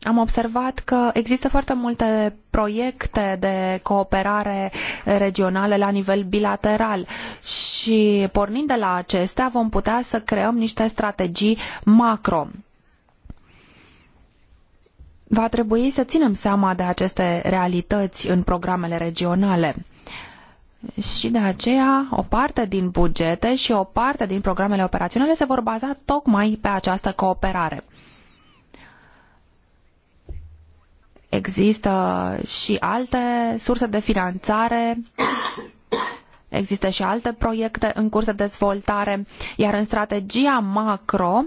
Am observat că există foarte multe proiecte de cooperare regională la nivel bilateral și pornind de la acestea vom putea să creăm niște strategii macro. Va trebui să ținem seama de aceste realități în programele regionale. Și de aceea o parte din bugete și o parte din programele operaționale se vor baza tocmai pe această cooperare. Există și alte surse de finanțare, există și alte proiecte în curs de dezvoltare, iar în strategia macro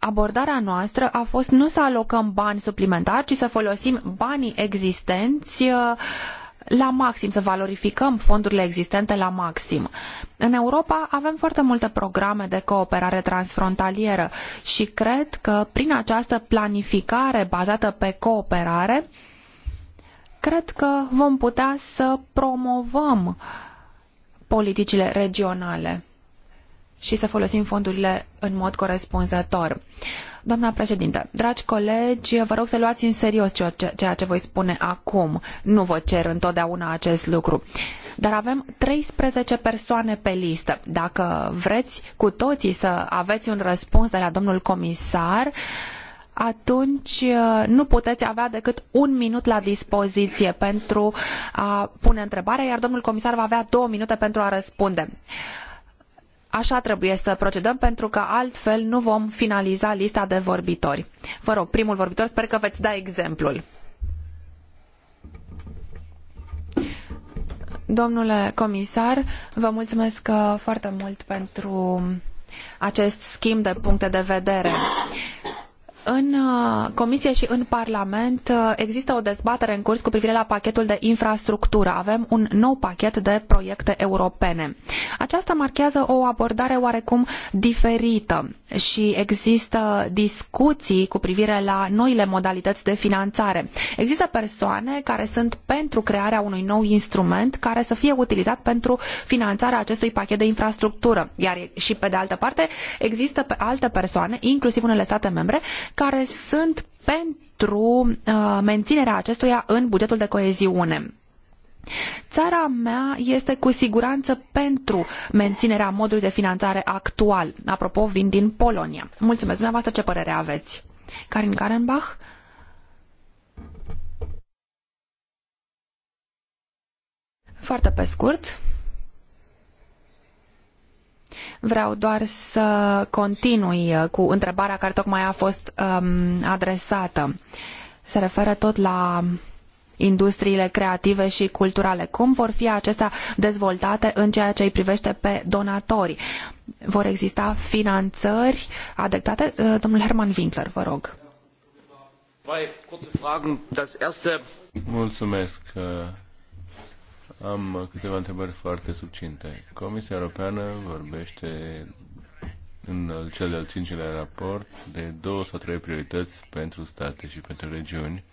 abordarea noastră a fost nu să alocăm bani suplimentari, ci să folosim banii existenți uh, la maxim, să valorificăm fondurile existente la maxim. În Europa avem foarte multe programe de cooperare transfrontalieră și cred că prin această planificare bazată pe cooperare, cred că vom putea să promovăm politicile regionale și să folosim fondurile în mod corespunzător. Doamna președinte, dragi colegi, vă rog să luați în serios ceea ce voi spune acum. Nu vă cer întotdeauna acest lucru. Dar avem 13 persoane pe listă. Dacă vreți cu toții să aveți un răspuns de la domnul comisar, atunci uh, nu puteți avea decât un minut la dispoziție pentru a pune întrebarea, iar domnul comisar va avea două minute pentru a răspunde. Așa trebuie să procedăm pentru că altfel nu vom finaliza lista de vorbitori. Vă rog, primul vorbitor, sper că veți da exemplul. Domnule comisar, vă mulțumesc uh, foarte mult pentru acest schimb de puncte de vedere. În uh, Comisie și în Parlament uh, există o dezbatere în curs cu privire la pachetul de infrastructură. Avem un nou pachet de proiecte europene. Aceasta marchează o abordare oarecum diferită și există discuții cu privire la noile modalități de finanțare. Există persoane care sunt pentru crearea unui nou instrument care să fie utilizat pentru finanțarea acestui pachet de infrastructură. Iar și pe de altă parte există alte persoane, inclusiv unele state membre, care sunt pentru uh, menținerea acestuia în bugetul de coeziune. Țara mea este cu siguranță pentru menținerea modului de finanțare actual. Apropo, vin din Polonia. Mulțumesc dumneavoastră, ce părere aveți? Karin Karenbach? Foarte pe scurt. Vreau doar să continui uh, cu întrebarea care tocmai a fost um, adresată. Se referă tot la industriile creative și culturale. Cum vor fi acestea dezvoltate în ceea ce îi privește pe donatori? Vor exista finanțări adecvate? Uh, domnul Herman Winkler, vă rog. Mulțumesc. Uh, am câteva întrebări foarte subcinte. Comisia Europeană vorbește în cel de-al cincilea raport de două sau trei priorități pentru state și pentru regiuni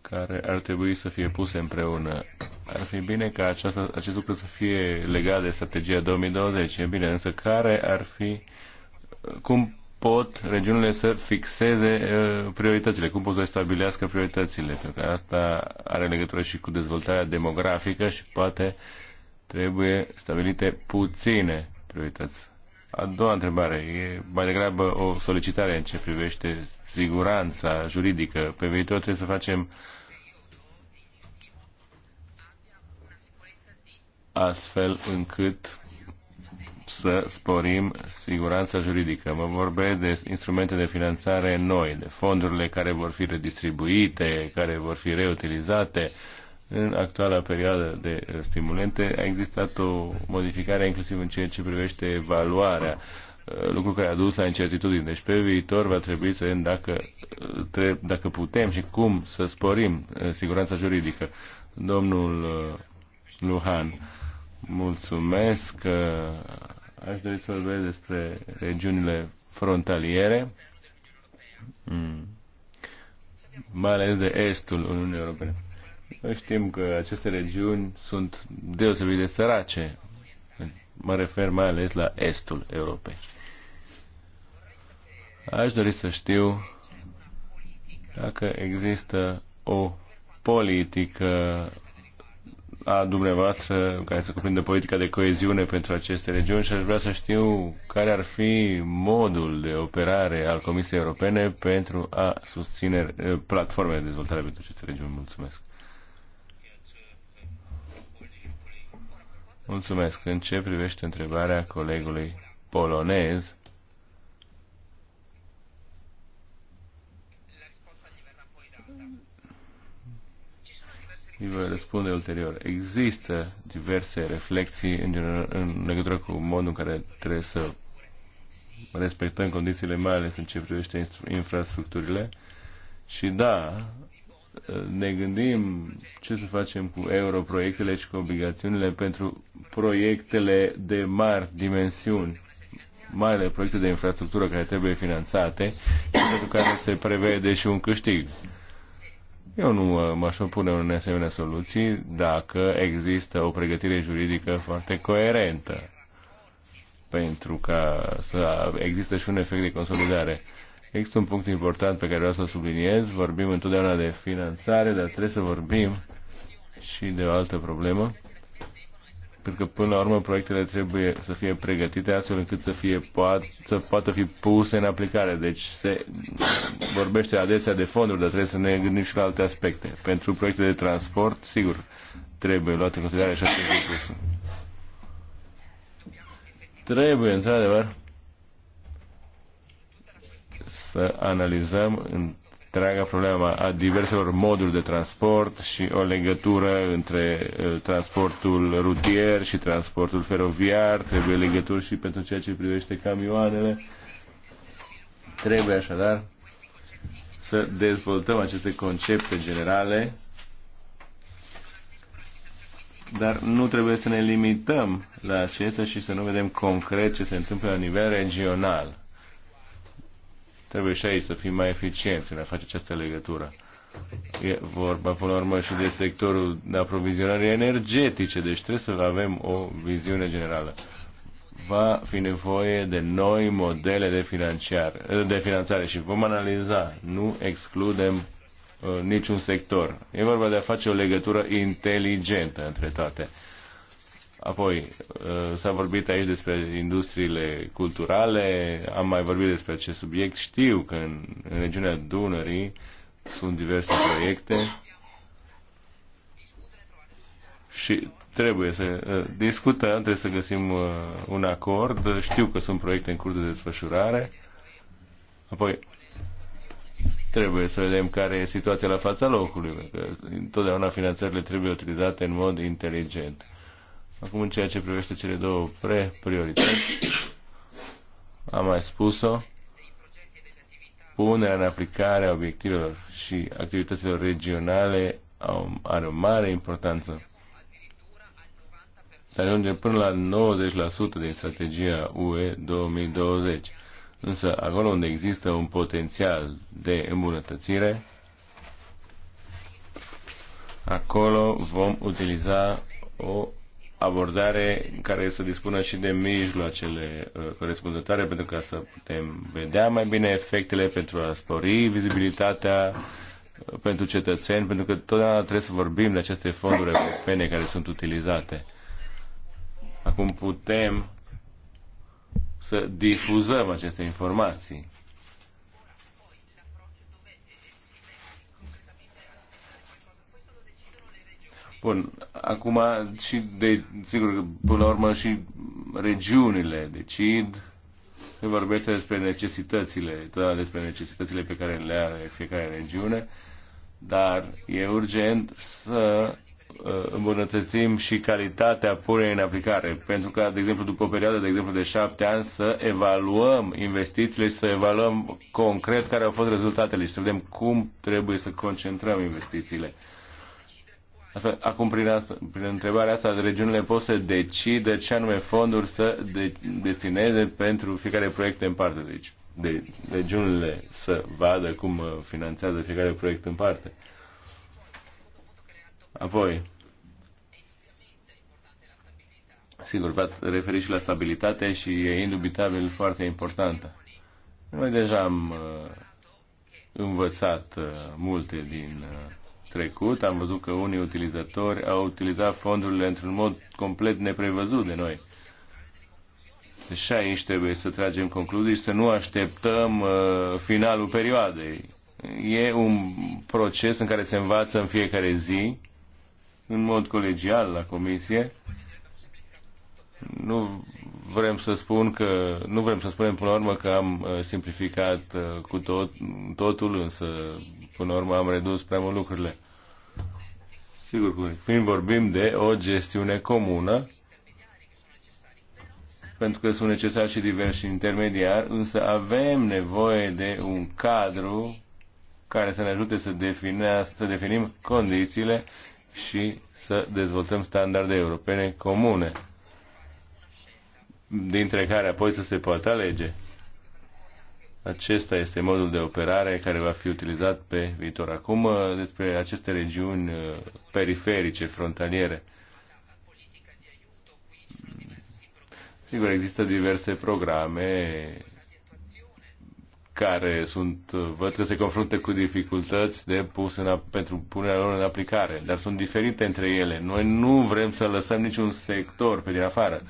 care ar trebui să fie puse împreună. Ar fi bine ca aceasta, acest lucru să fie legat de strategia 2020. E bine, însă care ar fi, cum pot regiunile să fixeze uh, prioritățile, cum pot să stabilească prioritățile, pentru că asta are legătură și cu dezvoltarea demografică și poate trebuie stabilite puține priorități. A doua întrebare e mai degrabă o solicitare în ce privește siguranța juridică. Pe viitor trebuie să facem astfel încât să sporim siguranța juridică. Mă vorbesc de instrumente de finanțare noi, de fondurile care vor fi redistribuite, care vor fi reutilizate. În actuala perioadă de stimulente a existat o modificare inclusiv în ceea ce privește evaluarea lucru care a dus la incertitudini. Deci pe viitor va trebui să vedem dacă, dacă putem și cum să sporim eh, siguranța juridică. Domnul eh, Luhan, Mulțumesc. Aș dori să vorbesc despre regiunile frontaliere, mm, mai ales de estul Uniunii Europene. Noi știm că aceste regiuni sunt deosebit de sărace. Mă refer mai ales la estul Europei. Aș dori să știu dacă există o politică a dumneavoastră care se cuprinde politica de coeziune pentru aceste regiuni și aș vrea să știu care ar fi modul de operare al Comisiei Europene pentru a susține eh, platformele de dezvoltare pentru aceste regiuni. Mulțumesc! Mulțumesc! În ce privește întrebarea colegului polonez, și vă răspunde ulterior. Există diverse reflexii în, general, în legătură cu modul în care trebuie să respectăm condițiile, mai ales în ce privește infrastructurile. Și da, ne gândim ce să facem cu europroiectele și cu obligațiunile pentru proiectele de mari dimensiuni, ales proiecte de infrastructură care trebuie finanțate și pentru care se prevede și un câștig. Eu nu m-aș opune unei asemenea soluții dacă există o pregătire juridică foarte coerentă pentru ca să există și un efect de consolidare. Există un punct important pe care vreau să-l subliniez. Vorbim întotdeauna de finanțare, dar trebuie să vorbim și de o altă problemă pentru că până la urmă proiectele trebuie să fie pregătite astfel încât să, fie poat- să poată fi puse în aplicare. Deci se vorbește adesea de fonduri, dar trebuie să ne gândim și la alte aspecte. Pentru proiecte de transport, sigur, trebuie luate în considerare și aceste lucruri. Trebuie, într-adevăr, să analizăm în întreaga problema a diverselor moduri de transport și o legătură între eh, transportul rutier și transportul feroviar, trebuie legături și pentru ceea ce privește camioanele. Trebuie așadar să dezvoltăm aceste concepte generale, dar nu trebuie să ne limităm la acestea și să nu vedem concret ce se întâmplă la nivel regional Trebuie și aici să fim mai eficienți în a face această legătură. E vorba, până la urmă, și de sectorul de aprovizionare energetice, deci trebuie să avem o viziune generală. Va fi nevoie de noi modele de, financiar, de finanțare și vom analiza, nu excludem uh, niciun sector. E vorba de a face o legătură inteligentă între toate. Apoi, uh, s-a vorbit aici despre industriile culturale, am mai vorbit despre acest subiect. Știu că în, în regiunea Dunării sunt diverse proiecte și trebuie să uh, discutăm, trebuie să găsim uh, un acord. Știu că sunt proiecte în curs de desfășurare. Apoi, trebuie să vedem care e situația la fața locului. Întotdeauna finanțările trebuie utilizate în mod inteligent. Acum, în ceea ce privește cele două pre-priorități, am mai spus-o, punerea în aplicare a obiectivelor și activităților regionale are o mare importanță. Se ajunge până la 90% din strategia UE 2020. Însă, acolo unde există un potențial de îmbunătățire, acolo vom utiliza o abordare care să dispună și de mijloacele uh, corespunzătoare pentru ca să putem vedea mai bine efectele pentru a spori vizibilitatea uh, pentru cetățeni, pentru că totdeauna trebuie să vorbim de aceste fonduri europene care sunt utilizate. Acum putem să difuzăm aceste informații. Bun, acum și de, sigur că până la urmă și regiunile decid, se vorbește despre necesitățile, tot despre necesitățile pe care le are fiecare regiune, dar e urgent să uh, îmbunătățim și calitatea punerii în aplicare. Pentru că, de exemplu, după o perioadă, de exemplu, de șapte ani, să evaluăm investițiile și să evaluăm concret care au fost rezultatele și să vedem cum trebuie să concentrăm investițiile. Acum, prin, asta, prin întrebarea asta, regiunile pot să decide ce anume fonduri să de, destineze pentru fiecare proiect în parte. Deci, de, regiunile să vadă cum uh, finanțează fiecare proiect în parte. Apoi, sigur, v-ați referit și la stabilitate și e indubitabil foarte importantă. Noi deja am uh, învățat uh, multe din trecut am văzut că unii utilizatori au utilizat fondurile într-un mod complet neprevăzut de noi. Deci și aici trebuie să tragem concluzii și să nu așteptăm uh, finalul perioadei. E un proces în care se învață în fiecare zi, în mod colegial la comisie. Nu vrem să spun că nu vrem să spunem până la urmă că am uh, simplificat uh, cu tot, totul, însă până la urmă am redus prea mult lucrurile. Sigur, fiind vorbim de o gestiune comună, pentru că sunt necesari și diversi intermediari, însă avem nevoie de un cadru care să ne ajute să, define, să definim condițiile și să dezvoltăm standarde europene comune, dintre care apoi să se poată alege. Acesta este modul de operare care va fi utilizat pe viitor. Acum uh, despre aceste regiuni uh, periferice, frontaliere. Sigur, există diverse programe care sunt, uh, văd că se confruntă cu dificultăți de pus în, pentru punerea lor în aplicare, dar sunt diferite între ele. Noi nu vrem să lăsăm niciun sector pe din afară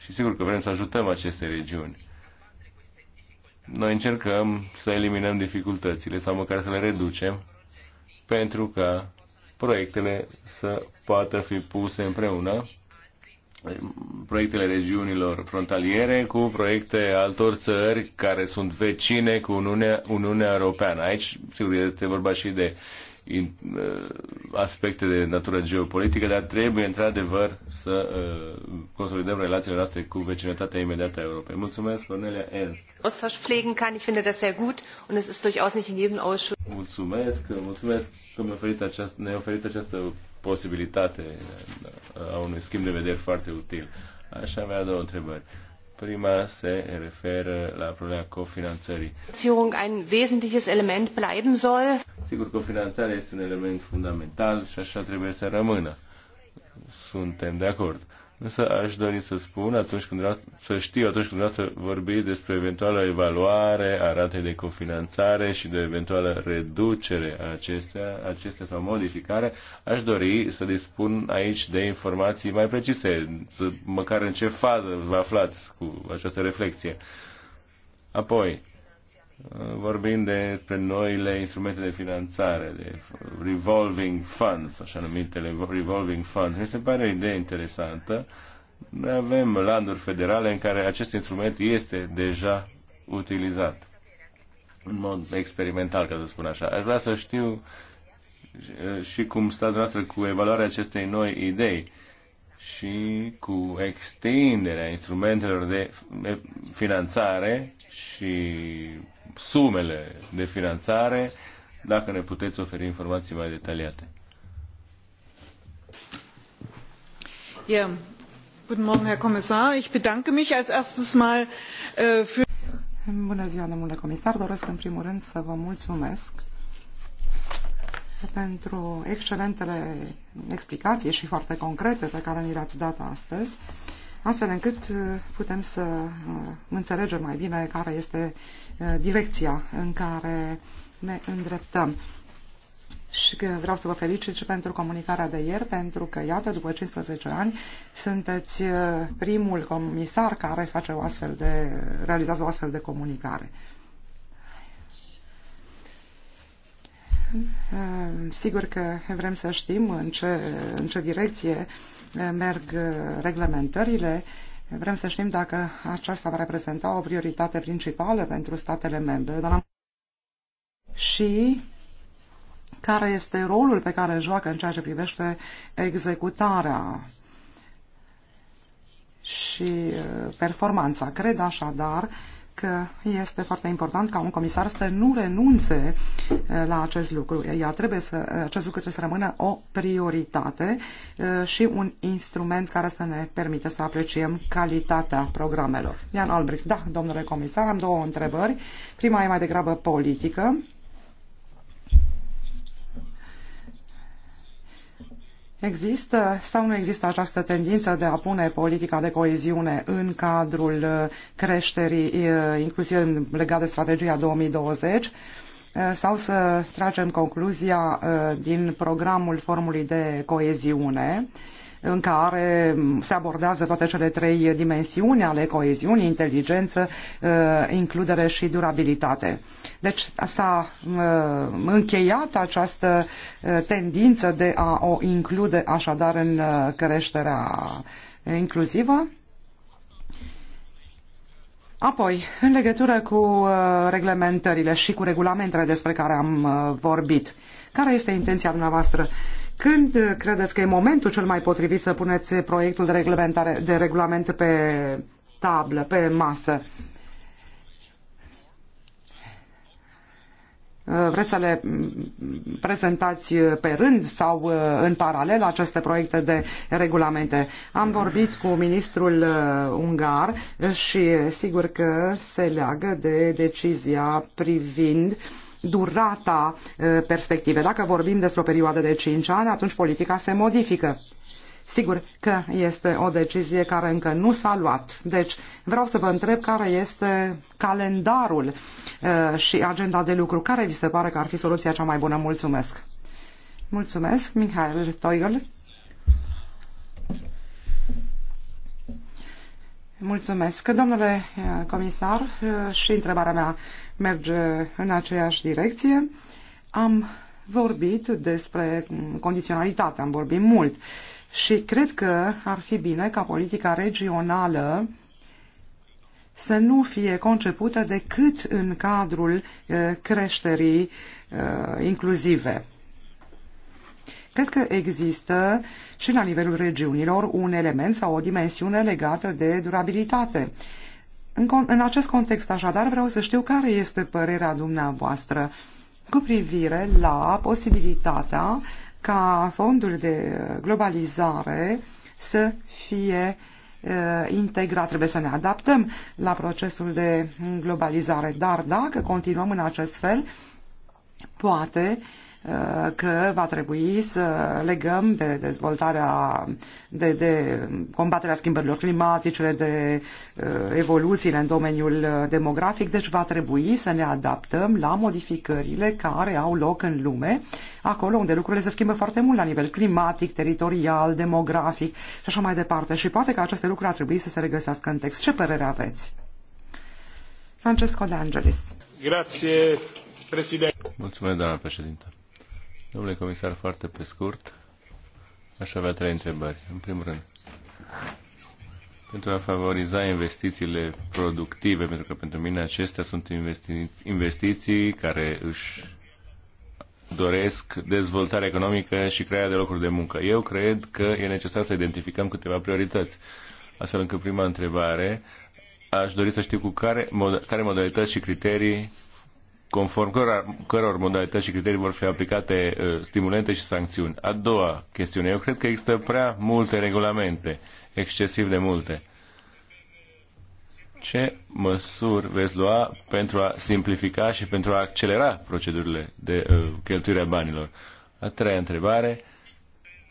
și sigur că vrem să ajutăm aceste regiuni noi încercăm să eliminăm dificultățile sau măcar să le reducem pentru ca proiectele să poată fi puse împreună proiectele regiunilor frontaliere cu proiecte altor țări care sunt vecine cu Uniunea, Uniunea Europeană. Aici, sigur, este vorba și de Uh, aspecte de natură geopolitică, dar trebuie într-adevăr să uh, consolidăm relațiile noastre cu vecinătatea imediată a Europei. Mulțumesc, Cornelia Ernst. Austausch pflegen kann, ich finde das sehr gut und es ist durchaus nicht in jedem Ausschuss. Mulțumesc, mulțumesc că mi oferiți această, ne oferit această posibilitate uh, a unui schimb de vedere foarte util. Așa avea două întrebări. Prima se referă la problema cofinanțării. Ein wesentliches Element bleiben soll. Sigur, cofinanțarea este un element fundamental și așa trebuie să rămână. Suntem de acord. Însă aș dori să spun, atunci când, să știu atunci când să vorbi despre eventuală evaluare a ratei de cofinanțare și de eventuală reducere a acestea, acestea sau modificare, aș dori să dispun aici de informații mai precise, să, măcar în ce fază vă aflați cu această reflexie. Apoi, vorbim despre noile instrumente de finanțare, de revolving funds, așa numitele revolving funds. Mi se pare o idee interesantă. Noi avem landuri federale în care acest instrument este deja utilizat în mod experimental, ca să spun așa. Aș vrea să știu și cum stați noastră cu evaluarea acestei noi idei și cu extinderea instrumentelor de finanțare și sumele de finanțare, dacă ne puteți oferi informații mai detaliate. Yeah. Guten Morgen, Herr Kommissar. Ich bedanke mich als erstes mal uh, für Bună ziua, domnule comisar. Doresc în primul rând să vă mulțumesc pentru excelentele explicații și foarte concrete pe care ni le-ați dat astăzi, astfel încât uh, putem să uh, înțelegem mai bine care este Uh, direcția în care ne îndreptăm. Și că vreau să vă felicit și pentru comunicarea de ieri, pentru că, iată, după 15 ani, sunteți uh, primul comisar care face o astfel de, realizează o astfel de comunicare. Uh, sigur că vrem să știm în ce, în ce direcție merg reglementările Vrem să știm dacă aceasta va reprezenta o prioritate principală pentru statele membre doamna... și care este rolul pe care îl joacă în ceea ce privește executarea și uh, performanța. Cred așadar că este foarte important ca un comisar să nu renunțe uh, la acest lucru. Ea trebuie să, uh, acest lucru trebuie să rămână o prioritate uh, și un instrument care să ne permită să apreciem calitatea programelor. Ian Albrecht, da, domnule comisar, am două întrebări. Prima e mai degrabă politică Există sau nu există această tendință de a pune politica de coeziune în cadrul uh, creșterii, uh, inclusiv legat de strategia 2020, uh, sau să tragem concluzia din programul formului de coeziune, în care se abordează toate cele trei dimensiuni ale coeziunii, inteligență, uh, includere și durabilitate. Deci s-a uh, încheiat această uh, tendință de a o include așadar în creșterea inclusivă. Apoi, în legătură cu reglementările și cu regulamentele despre care am vorbit, care este intenția dumneavoastră când uh, credeți că e momentul cel mai potrivit să puneți proiectul de, reglementare, de regulament pe tablă, pe masă? Uh, vreți să le mm, mm, prezentați pe rând sau uh, în paralel aceste proiecte de regulamente? Am vorbit cu ministrul ungar și sigur că se leagă de decizia privind uh, durata perspective. Dacă vorbim despre o perioadă de 5 ani, atunci politica se modifică. Sigur că este o decizie care încă nu s-a luat. Deci vreau să vă întreb care este calendarul și agenda de lucru. Care vi se pare că ar fi soluția cea mai bună? Mulțumesc! Mulțumesc, Mihail Toigl. Mulțumesc. Domnule comisar, și întrebarea mea merge în aceeași direcție. Am vorbit despre condiționalitate, am vorbit mult și cred că ar fi bine ca politica regională să nu fie concepută decât în cadrul eh, creșterii eh, inclusive. Cred că există și la nivelul regiunilor un element sau o dimensiune legată de durabilitate. Uh, în, în acest context, așadar, vreau să știu care este părerea dumneavoastră cu privire la posibilitatea ca fondul de globalizare să fie uh, integrat, trebuie să ne adaptăm la procesul de globalizare, dar dacă continuăm în acest fel, poate uh, că va trebui să legăm de dezvoltarea, de, de combaterea schimbărilor climatice, de uh, evoluțiile în domeniul uh, demografic, deci va trebui să ne adaptăm la modificările care au loc în lume, acolo unde lucrurile se schimbă foarte mult la nivel climatic, teritorial, demografic și așa mai departe. Și poate că aceste lucruri ar trebui să se regăsească în text. Ce părere aveți? Francesco De Angelis. Grazie, Mulțumesc, doamna președinte. Domnule comisar, foarte pe scurt, aș avea trei întrebări. În primul rând, pentru a favoriza investițiile productive, pentru că pentru mine acestea sunt investiții, investiții care își doresc dezvoltarea economică și crearea de locuri de muncă. Eu cred că e necesar să identificăm câteva priorități. Astfel încât prima întrebare, aș dori să știu cu care, mod, care modalități și criterii conform căror, căror modalități și criterii vor fi aplicate uh, stimulente și sancțiuni. A doua chestiune. Eu cred că există prea multe regulamente, excesiv de multe. Ce măsuri veți lua pentru a simplifica și pentru a accelera procedurile de uh, cheltuire a banilor? A treia întrebare.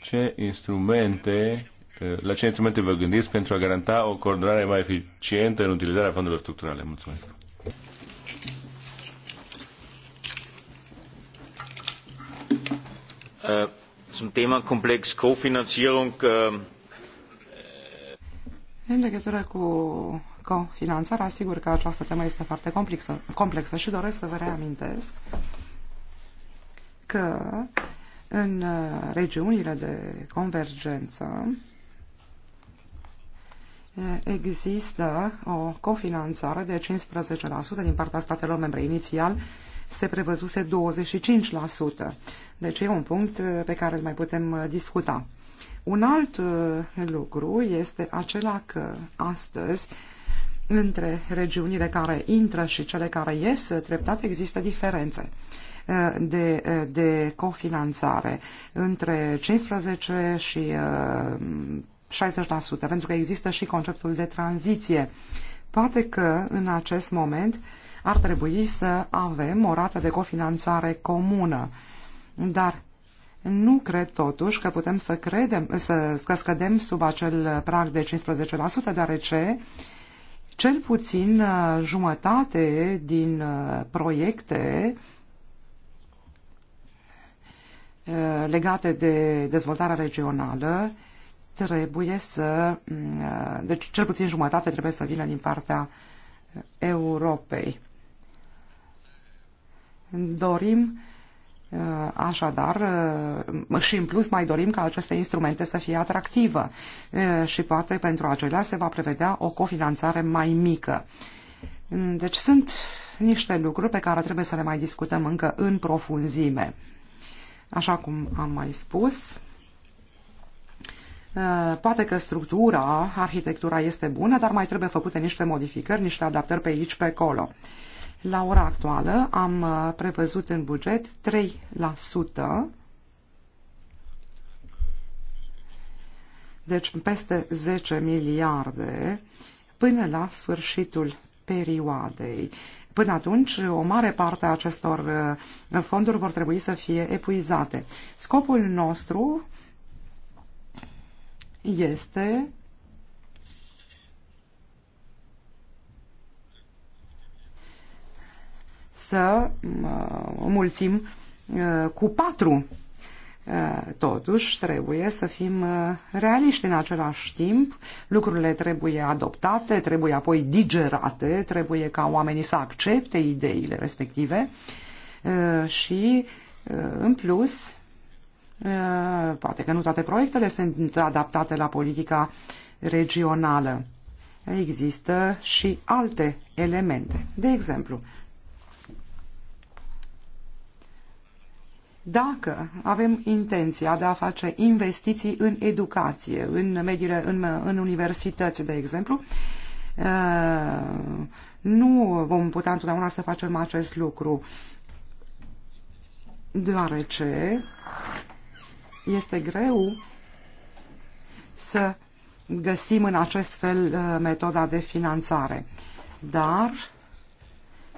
Ce instrumente, uh, la ce instrumente vă gândiți pentru a garanta o coordonare mai eficientă în utilizarea fondurilor structurale? Mulțumesc! Äh, zum Themenkomplex Kofinanzierung. Äh, în legătură cu cofinanțarea, sigur că această temă este foarte complexă, complexă și doresc să vă reamintesc că în uh, regiunile de convergență uh, există o cofinanțare de 15% din partea statelor membre. Inițial se prevăzuse 25%. Deci e un punct uh, pe care îl mai putem uh, discuta. Un alt uh, lucru este acela că astăzi între regiunile care intră și cele care ies treptat există diferențe de, de cofinanțare între 15 și 60%, pentru că există și conceptul de tranziție. Poate că în acest moment uh, ar trebui să avem o rată de cofinanțare comună. Dar nu cred totuși că putem să, credem, să, să scădem sub acel prag de 15%, deoarece cel puțin uh, jumătate din uh, proiecte uh, legate de dezvoltarea regională trebuie să, mm, deci cel puțin jumătate trebuie să vină din partea Europei. Dorim uh, Așadar, uh, și în plus mai dorim ca aceste instrumente să fie atractivă uh, și poate pentru acelea se va prevedea o cofinanțare mai mică. Deci sunt niște lucruri pe care trebuie să le mai discutăm încă în profunzime. Așa cum am mai spus, poate că structura, arhitectura este bună, dar mai trebuie făcute niște modificări, niște adaptări pe aici, pe acolo. La ora actuală am uh, prevăzut în buget 3%, deci peste 10 miliarde, până la sfârșitul perioadei. Până atunci, o mare parte a acestor uh, fonduri vor trebui să fie epuizate. Scopul nostru este să o mulțim ă, cu patru. Ă, totuși, trebuie să fim ă, realiști în același timp. Lucrurile trebuie adoptate, trebuie apoi digerate, trebuie ca oamenii să accepte ideile respective și, în plus, poate că nu toate proiectele sunt adaptate la politica regională. Există și alte elemente. De exemplu, Dacă avem intenția de a face investiții în educație, în mediile, în, în universități, de exemplu, uh, nu vom putea întotdeauna să facem acest lucru, deoarece este greu să găsim în acest fel uh, metoda de finanțare. Dar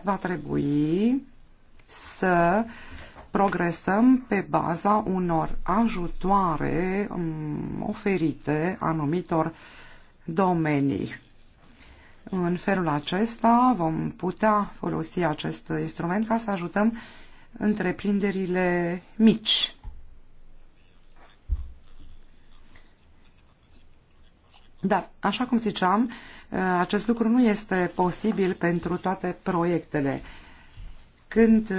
va trebui să uh, progresăm pe baza unor ajutoare mm, oferite anumitor domenii. În felul acesta vom putea folosi acest instrument ca să ajutăm întreprinderile mici. Dar, așa cum ziceam, acest lucru nu este posibil pentru toate proiectele. Când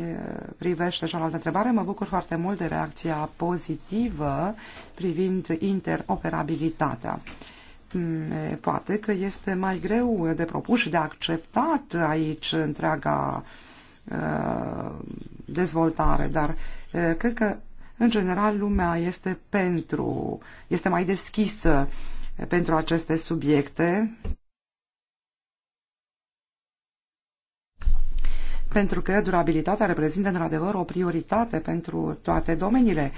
Uh, privește cealaltă întrebare, mă bucur foarte mult de reacția pozitivă privind interoperabilitatea. Mm, poate că este mai greu de propus și de acceptat aici întreaga uh, dezvoltare, dar uh, cred că în general lumea este pentru, este mai deschisă pentru aceste subiecte. pentru că durabilitatea reprezintă într-adevăr o prioritate pentru toate domeniile.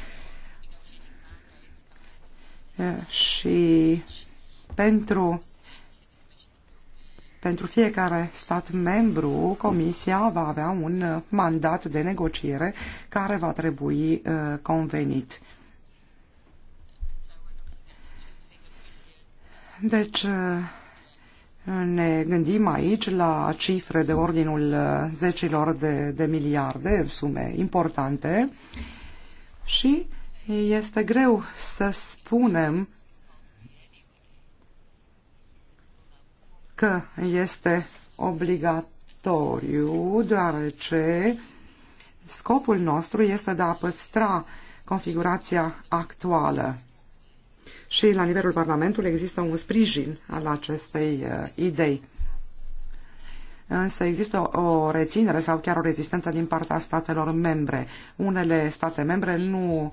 Și pentru, pentru fiecare stat membru, Comisia va avea un mandat de negociere care va trebui convenit. Deci, ne gândim aici la cifre de ordinul uh, zecilor de, de miliarde, sume importante, și este greu să spunem că este obligatoriu, deoarece scopul nostru este de a păstra configurația actuală și la nivelul Parlamentului există un sprijin al acestei uh, idei. Însă există o reținere sau chiar o rezistență din partea statelor membre. Unele state membre nu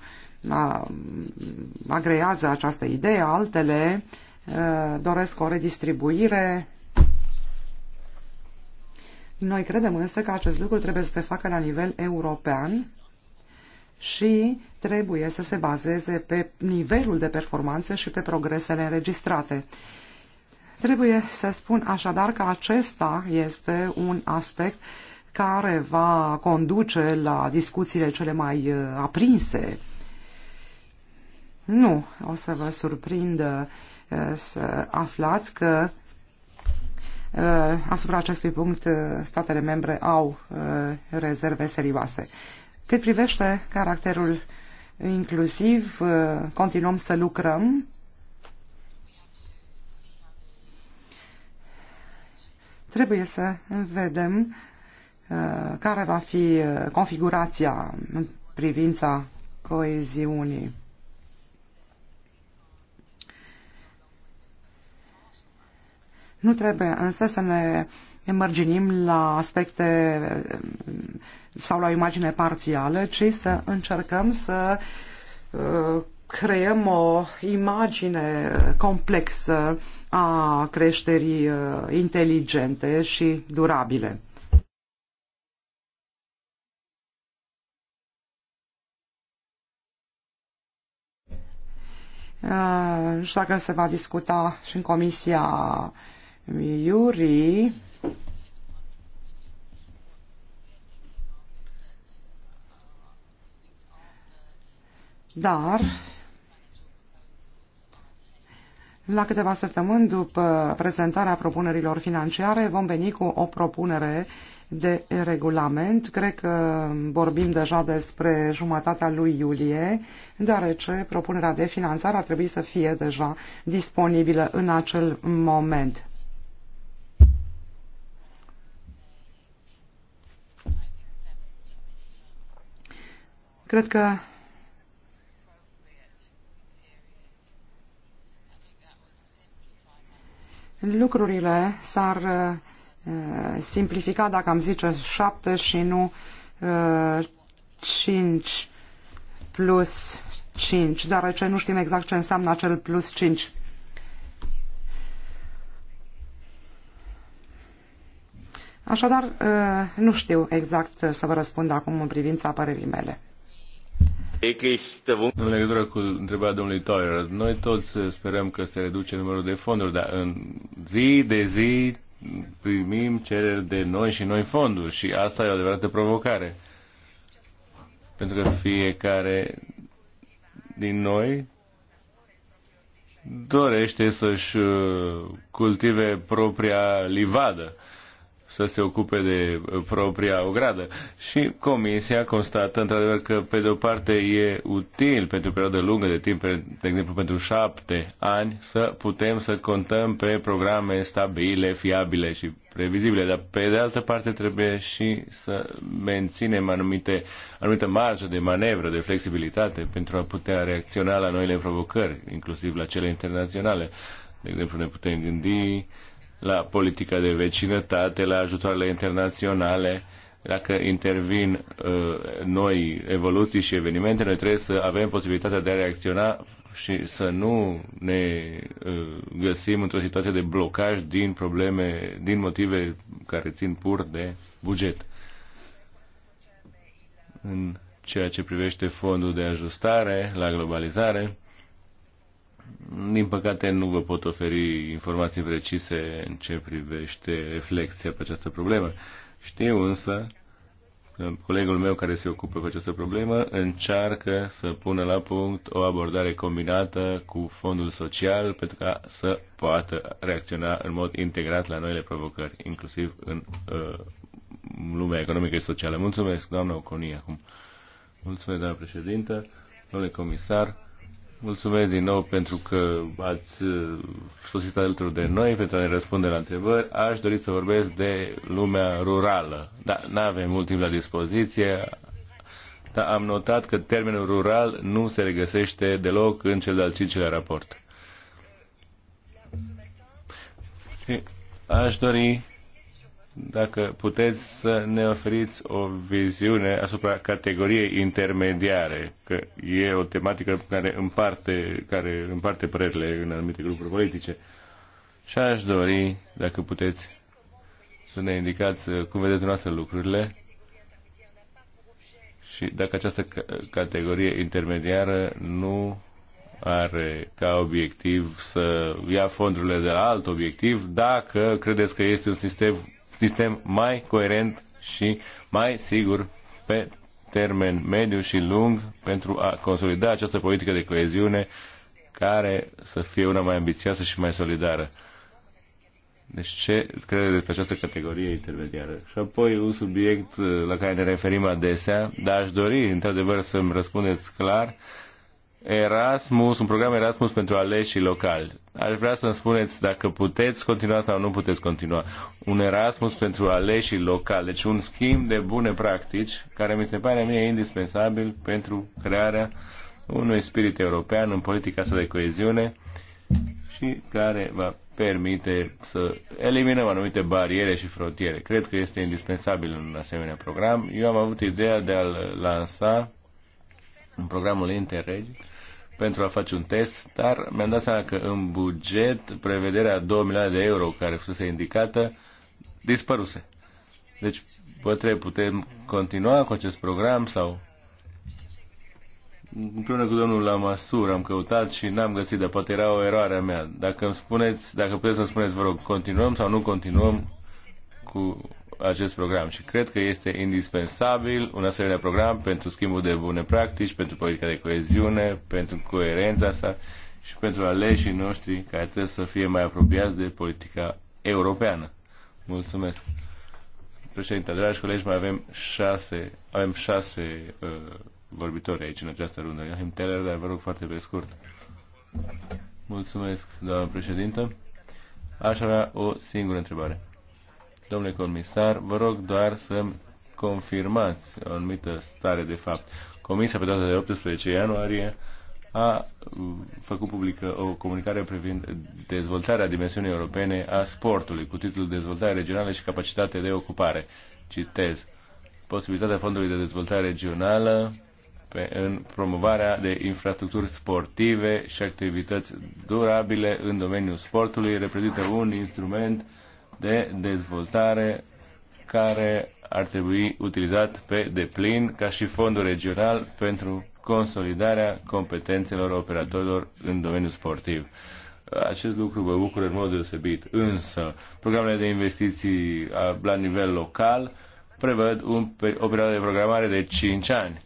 agrează această idee, altele uh, doresc o redistribuire. Noi credem însă că acest lucru trebuie să se facă la nivel european și trebuie să se bazeze pe nivelul de performanță și pe progresele înregistrate. Trebuie să spun așadar că acesta este un aspect care va conduce la discuțiile cele mai uh, aprinse. Nu, o să vă surprindă uh, să aflați că uh, asupra acestui punct statele membre au rezerve serioase. Cât privește caracterul inclusiv, uh, continuăm să lucrăm. Trebuie să vedem uh, care va fi uh, configurația în privința coeziunii. Nu trebuie însă să ne mărginim la aspecte sau la o imagine parțială, ci să încercăm să uh, creăm o imagine complexă a creșterii uh, inteligente și durabile. Nu uh, știu dacă se va discuta și în Comisia Iurii. Dar la câteva săptămâni după prezentarea propunerilor financiare vom veni cu o propunere de regulament. Cred că vorbim deja despre jumătatea lui iulie, deoarece propunerea de finanțare ar trebui să fie deja disponibilă în acel moment. Cred că lucrurile s-ar uh, simplifica dacă am zice 7 și nu 5 uh, plus 5, deoarece nu știm exact ce înseamnă acel plus 5. Așadar, uh, nu știu exact să vă răspund acum în privința părerii mele. În legătură cu întrebarea domnului Toyer, noi toți sperăm că se reduce numărul de fonduri, dar în zi de zi primim cereri de noi și noi fonduri și asta e o adevărată provocare. Pentru că fiecare din noi dorește să-și uh, cultive propria livadă să se ocupe de uh, propria ogradă. Și comisia constată într-adevăr că pe de o parte e util pentru o perioadă lungă de timp, de exemplu pentru șapte ani, să putem să contăm pe programe stabile, fiabile și previzibile, dar pe de altă parte trebuie și să menținem anumite, anumită marjă de manevră, de flexibilitate pentru a putea reacționa la noile provocări, inclusiv la cele internaționale. De exemplu, ne putem gândi uh, la politica de vecinătate, la ajutoarele internaționale, dacă intervin uh, noi evoluții și evenimente, noi trebuie să avem posibilitatea de a reacționa și să nu ne uh, găsim într-o situație de blocaj din probleme, din motive care țin pur de buget. În ceea ce privește fondul de ajustare la globalizare, din păcate nu vă pot oferi informații precise în ce privește reflexia pe această problemă. Știu însă că colegul meu care se ocupă cu această problemă încearcă să pună la punct o abordare combinată cu fondul social pentru ca să poată reacționa în mod integrat la noile provocări, inclusiv în uh, lumea economică și socială. Mulțumesc, doamnă Oconie, acum. Mulțumesc, doamnă președintă, domnule comisar. Mulțumesc din nou pentru că ați uh, sosit alături de noi pentru a ne răspunde la întrebări. Aș dori să vorbesc de lumea rurală. Da, nu avem mult timp la dispoziție, dar am notat că termenul rural nu se regăsește deloc în cel de-al cincilea raport. Și aș dori dacă puteți să ne oferiți o viziune asupra categoriei intermediare, că e o tematică care împarte, care împarte părerile în anumite grupuri politice. Și aș dori, dacă puteți, să ne indicați uh, cum vedeți dumneavoastră lucrurile și dacă această uh, categorie intermediară nu are ca obiectiv să ia fondurile de la alt obiectiv, dacă credeți că este un sistem sistem mai coerent și mai sigur pe termen mediu și lung pentru a consolida această politică de coeziune care să fie una mai ambițioasă și mai solidară. Deci ce crede despre această categorie intermediară? Și apoi un subiect uh, la care ne referim adesea, dar aș dori, într-adevăr, să-mi răspundeți clar Erasmus, un program Erasmus pentru aleșii locali. Aș vrea să-mi spuneți dacă puteți continua sau nu puteți continua. Un Erasmus pentru aleșii locali, deci un schimb de bune practici care mi se pare mie indispensabil pentru crearea unui spirit european în politica asta de coeziune și care va permite să eliminăm anumite bariere și frontiere. Cred că este indispensabil un asemenea program. Eu am avut ideea de a-l lansa în programul Interreg pentru a face un test, dar mi-am dat seama că în buget prevederea 2 milioane de euro care fusese indicată dispăruse. Deci, poate putem continua cu acest program sau împreună cu domnul Lamasur am căutat și n-am găsit, dar poate era o eroare a mea. Dacă îmi spuneți, dacă puteți să-mi spuneți, vă rog, continuăm sau nu continuăm cu acest program și cred că este indispensabil un asemenea program pentru schimbul de bune practici, pentru politica de coeziune, pentru coerența sa și pentru aleșii noștri care trebuie să fie mai apropiați de politica europeană. Mulțumesc! Președinte, dragi colegi, mai avem șase, avem șase uh, vorbitori aici în această rundă. Iahim Teller, dar vă rog foarte pe scurt. Mulțumesc, doamnă președintă. Aș avea o singură întrebare. Domnule comisar, vă rog doar să confirmați o anumită stare de fapt. Comisia pe data de 18 ianuarie a făcut publică o comunicare privind dezvoltarea dimensiunii europene a sportului cu titlul Dezvoltare regională și capacitate de ocupare. Citez. Posibilitatea fondului de dezvoltare regională pe, în promovarea de infrastructuri sportive și activități durabile în domeniul sportului reprezintă un instrument uh, de dezvoltare care ar trebui utilizat pe deplin ca și fondul regional pentru consolidarea competențelor operatorilor în domeniul sportiv. Acest lucru vă bucură în mod deosebit, însă programele de investiții la nivel local prevăd un, o perioadă de programare de 5 ani.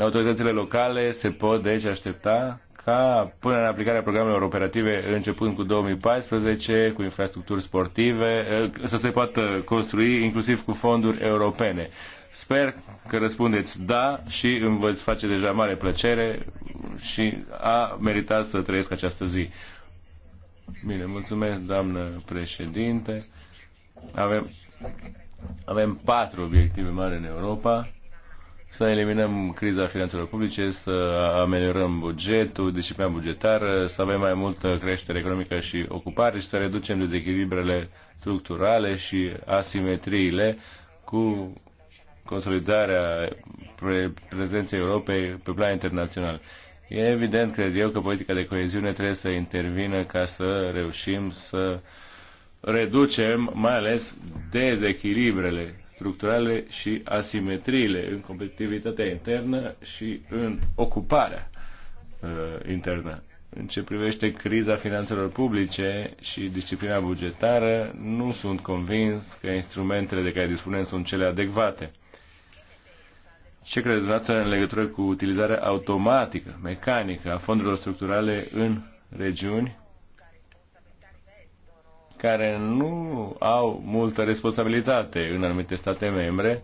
Autoritățile locale se pot deci aștepta ca până în aplicarea programelor operative începând cu 2014, cu infrastructuri sportive, eh, să se poată construi inclusiv cu fonduri europene. Sper că răspundeți da și îmi veți face deja mare plăcere și a meritat să trăiesc această zi. Bine, mulțumesc, doamnă președinte. Avem, avem patru obiective mari în Europa să eliminăm criza finanțelor publice, să ameliorăm bugetul, disciplina bugetară, să avem mai multă creștere economică și ocupare și să reducem dezechilibrele structurale și asimetriile cu consolidarea pre- prezenței Europei pe plan internațional. E evident, cred eu, că politica de coeziune trebuie să intervină ca să reușim să reducem mai ales dezechilibrele structurale și asimetriile în competitivitatea internă și în ocuparea uh, internă. În ce privește criza finanțelor publice și disciplina bugetară, nu sunt convins că instrumentele de care dispunem sunt cele adecvate. Ce credeți dumneavoastră în legătură cu utilizarea automatică, mecanică a fondurilor structurale în regiuni care nu au multă responsabilitate în anumite state membre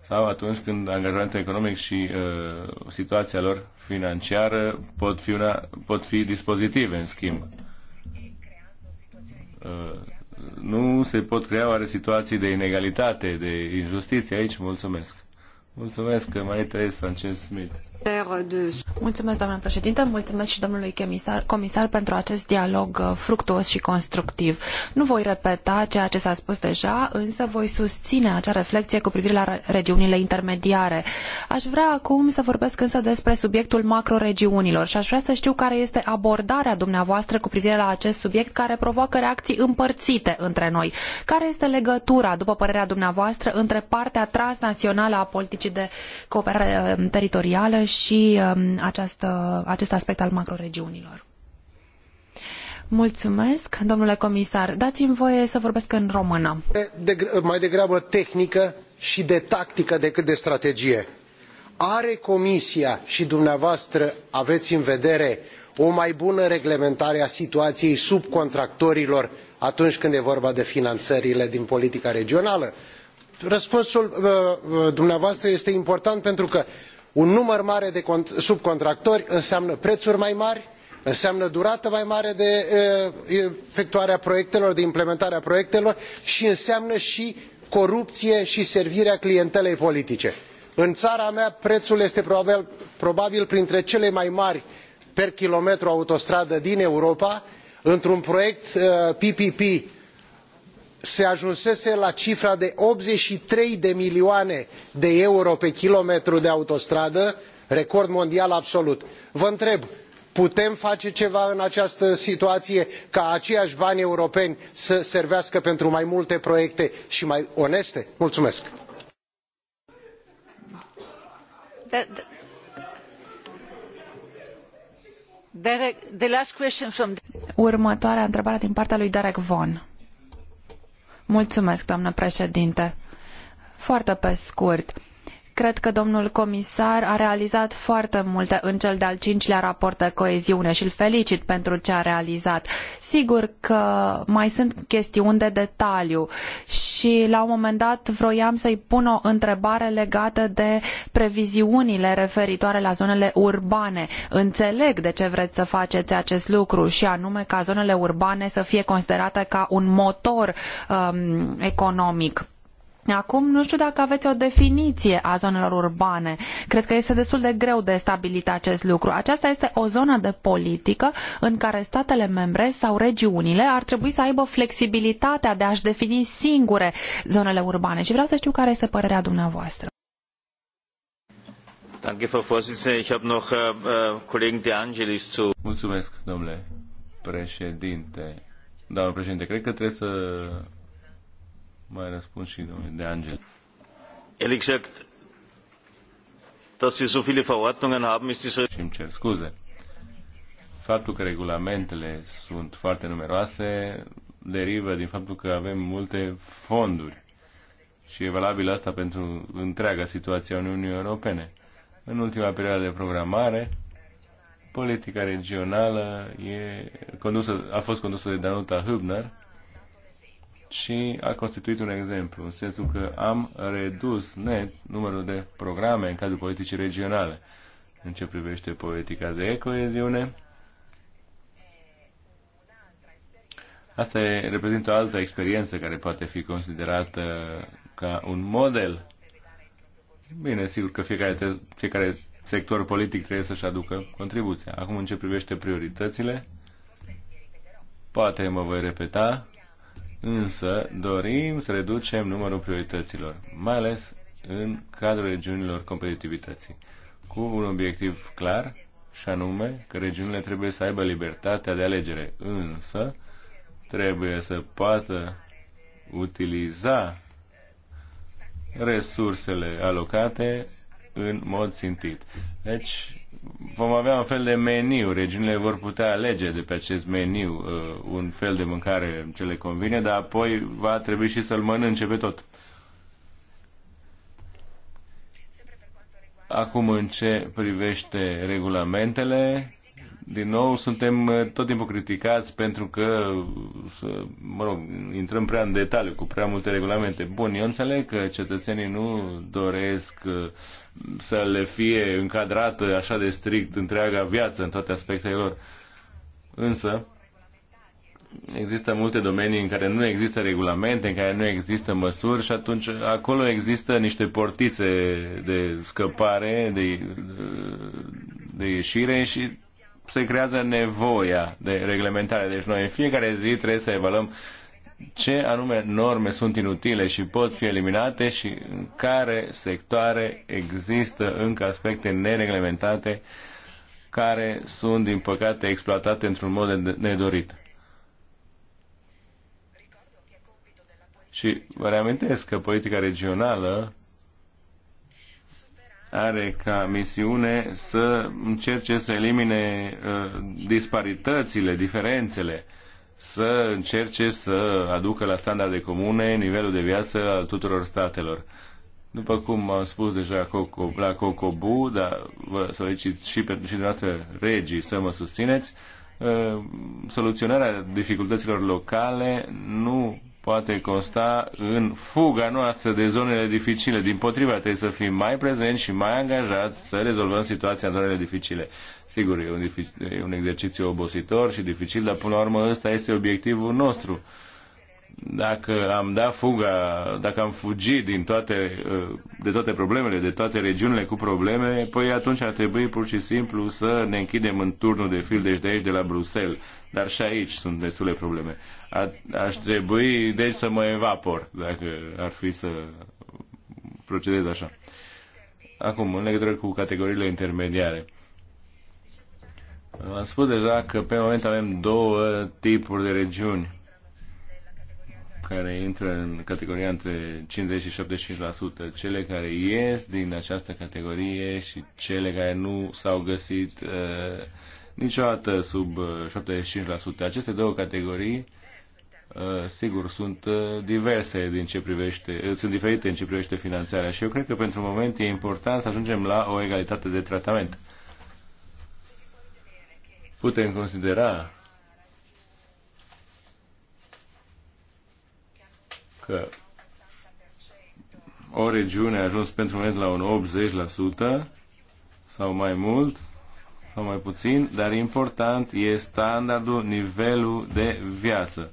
sau atunci când angajamentul economic și uh, situația lor financiară pot fi, una, pot fi dispozitive, în schimb. Uh, nu se pot crea oare situații de inegalitate, de injustiție aici? Mulțumesc. Mulțumesc, Marie Teresa Sanchez Smith. Mulțumesc, doamnă președinte, mulțumesc și domnului comisar, comisar pentru acest dialog uh, fructuos și constructiv. Nu voi repeta ceea ce s-a spus deja, însă voi susține acea reflexie cu privire la regiunile intermediare. Aș vrea acum să vorbesc însă despre subiectul macroregiunilor și aș vrea să știu care este abordarea dumneavoastră cu privire la acest subiect care provoacă reacții împărțite între noi. Care este legătura, după părerea dumneavoastră, între partea transnațională a politicii de cooperare uh, teritorială și um, această, acest aspect al macroregiunilor. Mulțumesc, domnule comisar. Dați-mi voie să vorbesc în română. De, mai degrabă tehnică și de tactică decât de strategie. Are Comisia și dumneavoastră aveți în vedere o mai bună reglementare a situației subcontractorilor atunci când e vorba de finanțările din politica regională? Răspunsul uh, uh dumneavoastră este important pentru că un număr mare de subcontractori înseamnă preuri mai mari înseamnă durată mai mare de eh, efectuare a proiectelor de implementare a proiectelor i înseamnă i corupie i servirea clientelei politice. în ara mea preul este probabil printre cele mai mari per kilometru autostradă din europa într un proiect ppp eh, se ajunsese la cifra de optzeci și trei de milioane de euro pe kilometru de autostradă record mondial absolut. vă întreb putem face ceva în această situaie ca aceiai bani europeni să servească pentru mai multe proiecte i mai oneste? Mulțumesc. următoarea întrebare din partea lui derek vaughan Mulțumesc, doamnă președinte. Foarte pe scurt. Cred că domnul comisar a realizat foarte multe în cel de-al cincilea raport de coeziune și îl felicit pentru ce a realizat. Sigur că mai sunt chestiuni de detaliu și la un moment dat vroiam să-i pun o întrebare legată de previziunile referitoare la zonele urbane. Înțeleg de ce vreți să faceți acest lucru și anume ca zonele urbane să fie considerate ca un motor um, economic Acum nu știu dacă aveți o definiție a zonelor urbane. Cred că este destul de greu de stabilit acest lucru. Aceasta este o zonă de politică în care statele membre sau regiunile ar trebui să aibă flexibilitatea de a-și defini singure zonele urbane. Și vreau să știu care este părerea dumneavoastră. Äh, äh, Mulțumesc, domnule președinte. Doamnă președinte, cred că trebuie să mai răspuns și domnul De Angel. Ehrlich gesagt, dass wir so viele Verordnungen haben, ist diese... Și îmi cer scuze. Faptul că regulamentele sunt foarte numeroase derivă din faptul că avem multe fonduri și e valabil asta pentru întreaga situație a Uniunii Europene. În ultima perioadă de programare, politica regională e condusă, a fost condusă de Danuta Hübner și a constituit un exemplu, în sensul că am redus net numărul de programe în cadrul politicii regionale în ce privește politica de coeziune. Asta e, reprezintă o altă experiență care poate fi considerată ca un model. Bine, sigur că fiecare, fiecare sector politic trebuie să-și aducă contribuția. Acum, în ce privește prioritățile, poate mă voi repeta, însă dorim să reducem numărul priorităților, mai ales în cadrul regiunilor competitivității, cu un obiectiv clar și anume că regiunile trebuie să aibă libertatea de alegere, însă trebuie să poată utiliza resursele alocate în mod țintit. Deci, vom avea un fel de meniu, regiunile vor putea alege de pe acest meniu uh, un fel de mâncare ce le convine, dar apoi va trebui și să-l mănânce pe tot. Acum, în ce privește regulamentele, din nou, suntem uh, tot timpul criticați pentru că, să, mă rog, intrăm prea în detaliu cu prea multe regulamente. Bun, eu înțeleg că cetățenii nu doresc uh, să le fie încadrată așa de strict întreaga viață în toate aspectele lor. Însă, există multe domenii în care nu există regulamente, în care nu există măsuri și atunci acolo există niște portițe de scăpare, de, uh, de ieșire și se creează nevoia de reglementare. Deci noi în fiecare zi trebuie să evaluăm ce anume norme sunt inutile și pot fi eliminate și în care sectoare există încă aspecte nereglementate care sunt, din păcate, exploatate într-un mod nedorit. Și vă reamintesc că politica regională are ca misiune să încerce să elimine uh, disparitățile, diferențele, să încerce să aducă la standarde comune nivelul de viață al tuturor statelor. După cum am spus deja Coco, la Cocobu, dar vă solicit și, pe, și dumneavoastră regii să mă susțineți, uh, soluționarea dificultăților locale nu poate consta în fuga noastră de zonele dificile. Din potriva, trebuie să fim mai prezenți și mai angajați să rezolvăm situația în zonele dificile. Sigur, e un, dific- e un exercițiu obositor și dificil, dar până la urmă ăsta este obiectivul nostru dacă am dat fuga, dacă am fugit din toate, uh, de toate problemele, de toate regiunile cu probleme, păi atunci ar trebui pur și simplu să ne închidem în turnul de fil, deci de aici, de la Bruxelles. Dar și aici sunt destule probleme. A, aș trebui, deci, să mă evapor, dacă ar fi să procedez așa. Acum, în legătură cu categoriile intermediare. Am spus deja că pe moment avem două tipuri de regiuni care intră în categoria între 50 și 75%, cele care ies din această categorie și cele care nu s-au găsit uh, niciodată sub 75%. Uh, Aceste două categorii uh, sigur, sunt uh, diverse din ce privește, uh, sunt diferite în ce privește finanțarea și eu cred că pentru moment e important să ajungem la o egalitate de tratament. Putem considera că o regiune a ajuns pentru moment la un 80% sau mai mult sau mai puțin, dar important e standardul, nivelul de viață.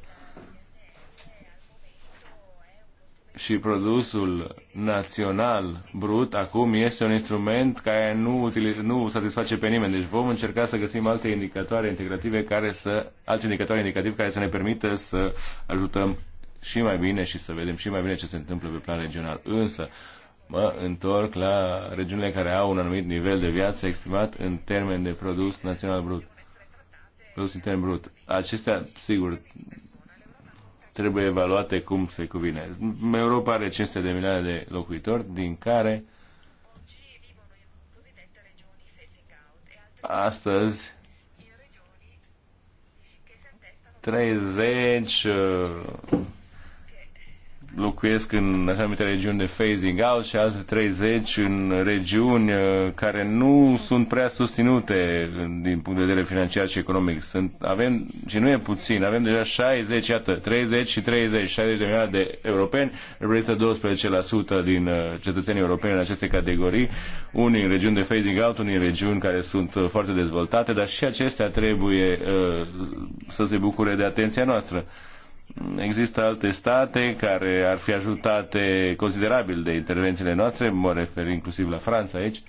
și produsul național brut acum este un instrument care nu, nu satisface pe nimeni. Deci vom încerca să găsim alte indicatoare integrative care să, alți indicatori indicativi care să ne permită să ajutăm și mai bine și să vedem și mai bine ce se întâmplă pe plan regional. Însă, mă întorc la regiunile care au un anumit nivel de viață exprimat în termen de produs național brut. Produs intern brut. Acestea, sigur, trebuie evaluate cum se cuvine. Europa are 500 de milioane de locuitori, din care astăzi 30 locuiesc în așa numite regiuni de phasing out și alte 30 în regiuni uh, care nu sunt prea susținute din punct de vedere financiar și economic. Sunt, avem, și nu e puțin, avem deja 60, iată, 30 și 30, 60 de milioane de europeni, reprezintă 12% din uh, cetățenii europeni în aceste categorii, unii în regiuni de phasing out, unii în regiuni care sunt uh, foarte dezvoltate, dar și acestea trebuie uh, să se bucure de atenția noastră. Există alte state care ar fi ajutate considerabil de intervențiile noastre, mă refer inclusiv la Franța aici,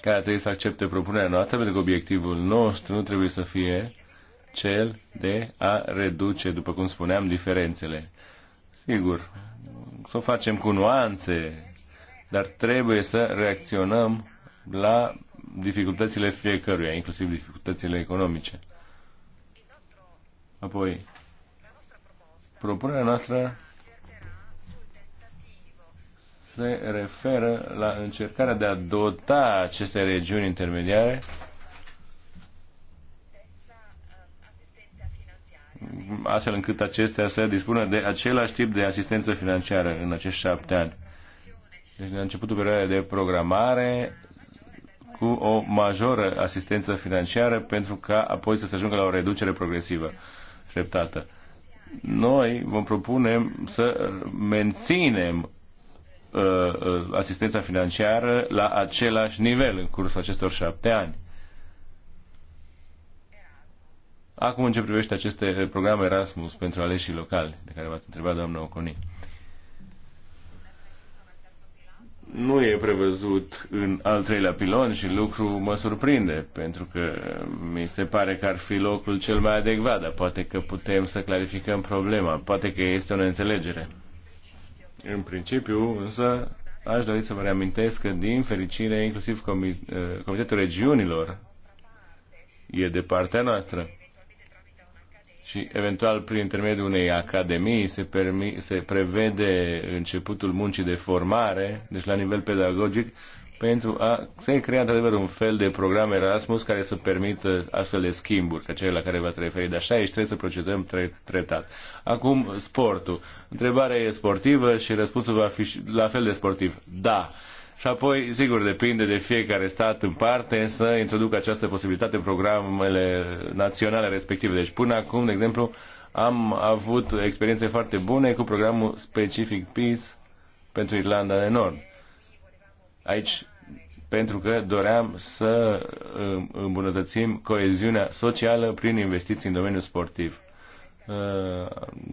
care trebuie să accepte propunerea noastră, pentru că obiectivul nostru nu trebuie să fie cel de a reduce, după cum spuneam, diferențele. Sigur, să o facem cu nuanțe, dar trebuie să reacționăm la dificultățile fiecăruia, inclusiv dificultățile economice. Apoi, propunerea noastră se referă la încercarea de a dota aceste regiuni intermediare astfel încât acestea să dispună de același tip de asistență financiară în acești șapte ani. Deci început începutul perioadei de programare cu o majoră asistență financiară pentru ca apoi să se ajungă la o reducere progresivă treptată. Noi vom propune să menținem uh, uh, asistența financiară la același nivel în cursul acestor șapte ani. Acum în ce privește aceste programe Erasmus pentru aleșii locali, de care v-ați întrebat doamna Oconi. Uh, nu e prevăzut în al treilea pilon și lucru mă surprinde, pentru că mi se pare că ar fi locul cel mai adecvat, dar poate că putem să clarificăm problema, poate că este o neînțelegere. În principiu, însă, aș dori să vă reamintesc că, din fericire, inclusiv eh, Comitetul Regiunilor e de partea noastră și eventual prin intermediul unei academii se, permi, se prevede începutul muncii de formare, deci la nivel pedagogic, pentru a se crea într-adevăr un fel de program Erasmus care să permită astfel de schimburi, ca cele la care v-ați referit. Așa aici trebuie să procedăm tre- treptat. Acum, sportul. Întrebarea e sportivă și răspunsul va fi la fel de sportiv. Da. Și apoi, sigur, depinde de fiecare stat în parte să introducă această posibilitate în programele naționale respective. Deci până acum, de exemplu, am avut experiențe foarte bune cu programul specific Peace pentru Irlanda de Nord. Aici, pentru că doream să uh, îmbunătățim coeziunea socială prin investiții în domeniul sportiv. Uh,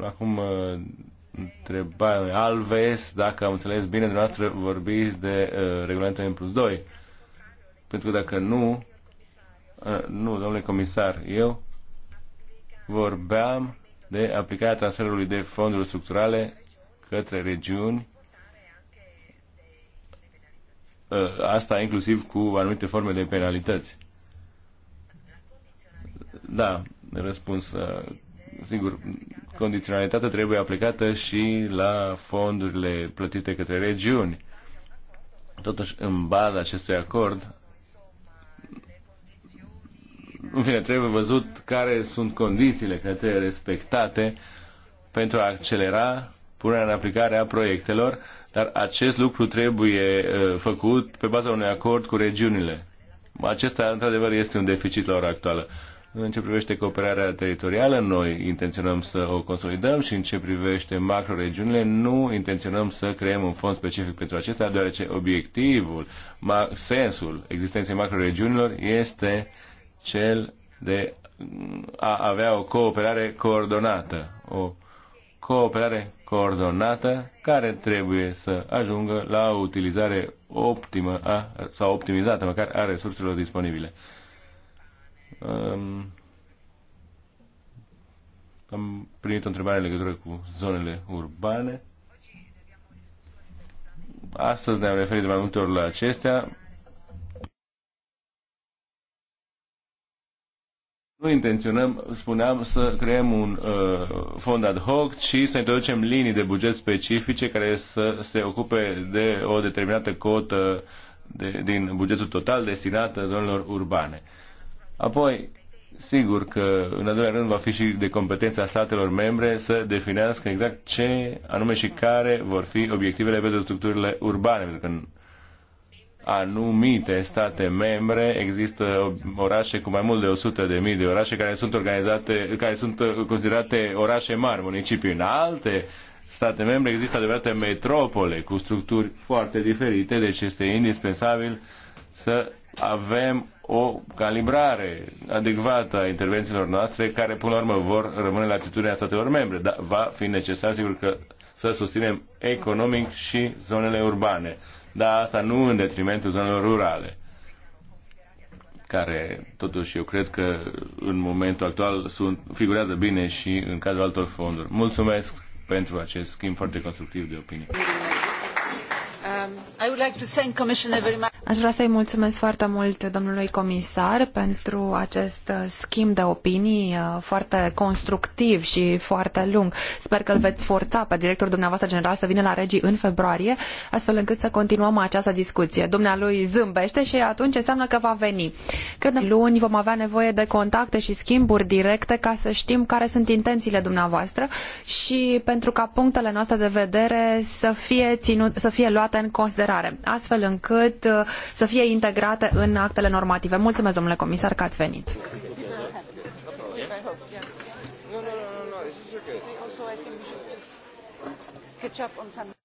acum uh, întrebare Alves, dacă am înțeles bine, dumneavoastră vorbiți de uh, regulamentul M plus 2. Pentru că dacă nu, uh, nu, domnule comisar, eu vorbeam de aplicarea transferului de fonduri structurale către regiuni uh, asta inclusiv cu anumite forme de penalități. Da, răspuns uh, sigur, condiționalitatea trebuie aplicată și la fondurile plătite către regiuni. Totuși, în baza acestui acord, în fine, trebuie văzut care sunt condițiile care trebuie respectate pentru a accelera punerea în aplicare a proiectelor, dar acest lucru trebuie uh, făcut pe baza unui acord cu regiunile. Acesta, într-adevăr, este un deficit la ora actuală. În ce privește cooperarea teritorială, noi intenționăm să o consolidăm și în ce privește macroregiunile, nu intenționăm să creăm un fond specific pentru acestea, deoarece obiectivul, sensul existenței macroregiunilor este cel de a avea o cooperare coordonată, o cooperare coordonată care trebuie să ajungă la o utilizare optimă a, sau optimizată măcar a resurselor disponibile. Um, am primit o întrebare în legătură cu zonele urbane. Astăzi ne-am referit de mai multe ori la acestea. Nu intenționăm, spuneam, să creăm un uh, fond ad hoc, ci să introducem linii de buget specifice care să se ocupe de o determinată cotă de, din bugetul total destinată zonelor urbane. Uh, Apoi, sigur că, în al doilea rând, va fi și de competența statelor membre să definească exact ce anume și care vor fi obiectivele pentru structurile urbane, pentru că în anumite state membre există orașe cu mai mult de 100 de mii de orașe care sunt organizate, care sunt uh, considerate orașe mari, municipii. În alte state membre există adevărate metropole cu structuri foarte diferite, deci este indispensabil să avem o calibrare adecvată a intervențiilor noastre care, până la urmă, vor rămâne la atitudinea statelor membre. Dar va fi necesar, sigur, că să susținem economic și zonele urbane. Dar asta nu în detrimentul zonelor rurale care totuși eu cred că în momentul actual sunt figurează bine și în cadrul altor fonduri. Mulțumesc pentru acest schimb foarte constructiv de opinie. Um, Aș vrea să-i mulțumesc foarte mult domnului comisar pentru acest uh, schimb de opinii uh, foarte constructiv și foarte lung. Sper că îl veți forța pe directorul dumneavoastră general să vină la regii în februarie, astfel încât să continuăm această discuție. Dumnealui zâmbește și atunci înseamnă că va veni. Cred că luni vom avea nevoie de contacte și schimburi directe ca să știm care sunt intențiile dumneavoastră și pentru ca punctele noastre de vedere să fie, ținut, să fie luate în considerare, astfel încât uh, să fie integrate în actele normative. Mulțumesc, domnule comisar, că ați venit. on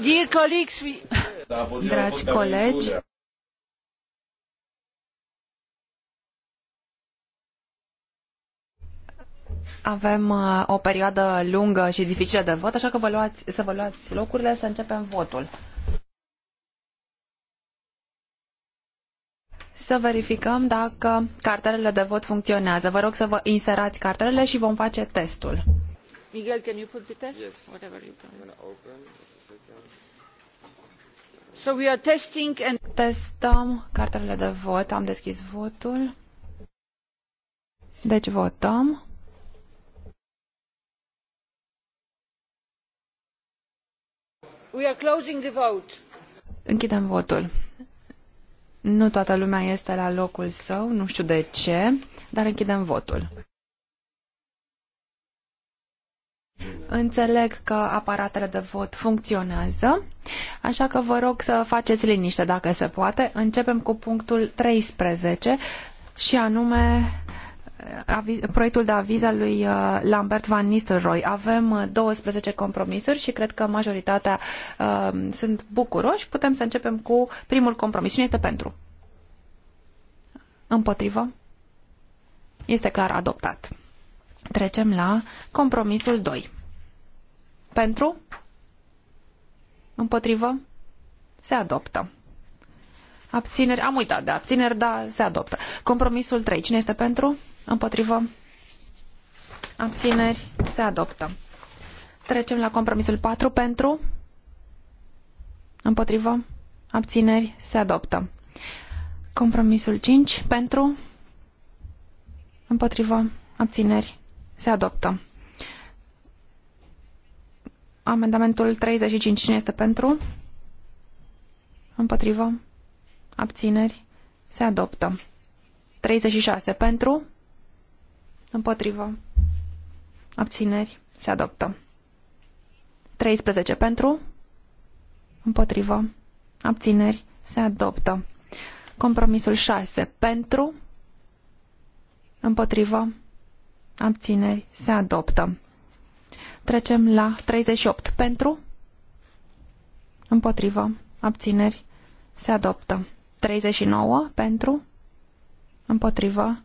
Dear colleagues, we... Da, Dragi colegi, avem uh, o perioadă lungă și dificilă de vot, așa că vă luați, să vă luați locurile să începem votul. Să verificăm dacă cartelele de vot funcționează. Vă rog să vă inserați cartelele și vom face testul. Miguel, can you put the test? Yes. Whatever you can. I'm open. Testăm cartele de vot. Am deschis votul. Deci votăm. We are closing the vote. Închidem votul. Nu toată lumea este la locul său, nu știu de ce, dar închidem votul. Înțeleg că aparatele de vot funcționează, așa că vă rog să faceți liniște dacă se poate. Începem cu punctul 13 și anume eh, proiectul de aviz al lui eh, Lambert Van Nistelrooy. Avem 12 eh, compromisuri și cred că majoritatea uh, sunt bucuroși. Putem să începem cu primul compromis. Cine este pentru? Împotrivă? Este clar adoptat. Trecem la compromisul 2. Pentru? Împotrivă? Se adoptă. Abțineri? Am uitat de abțineri, dar se adoptă. Compromisul 3. Cine este pentru? Împotrivă? Abțineri? Se adoptă. Trecem la compromisul 4. Pentru? Împotrivă? Abțineri? Se adoptă. Compromisul 5. Pentru? Împotrivă? Abțineri? Se adoptă. Amendamentul 35. Cine este pentru? Împotrivă? Abțineri? Se adoptă. 36. Pentru? Împotrivă? Abțineri? Se adoptă. 13. Pentru? Împotrivă? Abțineri? Se adoptă. Compromisul 6. Pentru? Împotrivă? abțineri, se adoptă. Trecem la 38. Pentru, împotrivă, abțineri, se adoptă. 39. Pentru, împotrivă,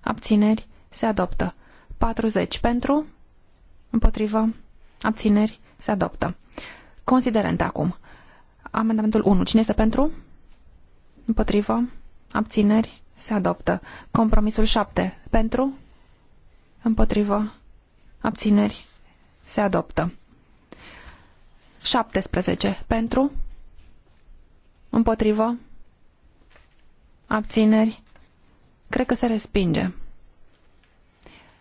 abțineri, se adoptă. 40. Pentru, împotrivă, abțineri, se adoptă. Considerente acum. Amendamentul 1. Cine este pentru? Împotrivă, abțineri, se adoptă. Compromisul 7. Pentru, Împotrivă. Abțineri. Se adoptă. 17. Pentru. Împotrivă. Abțineri. Cred că se respinge.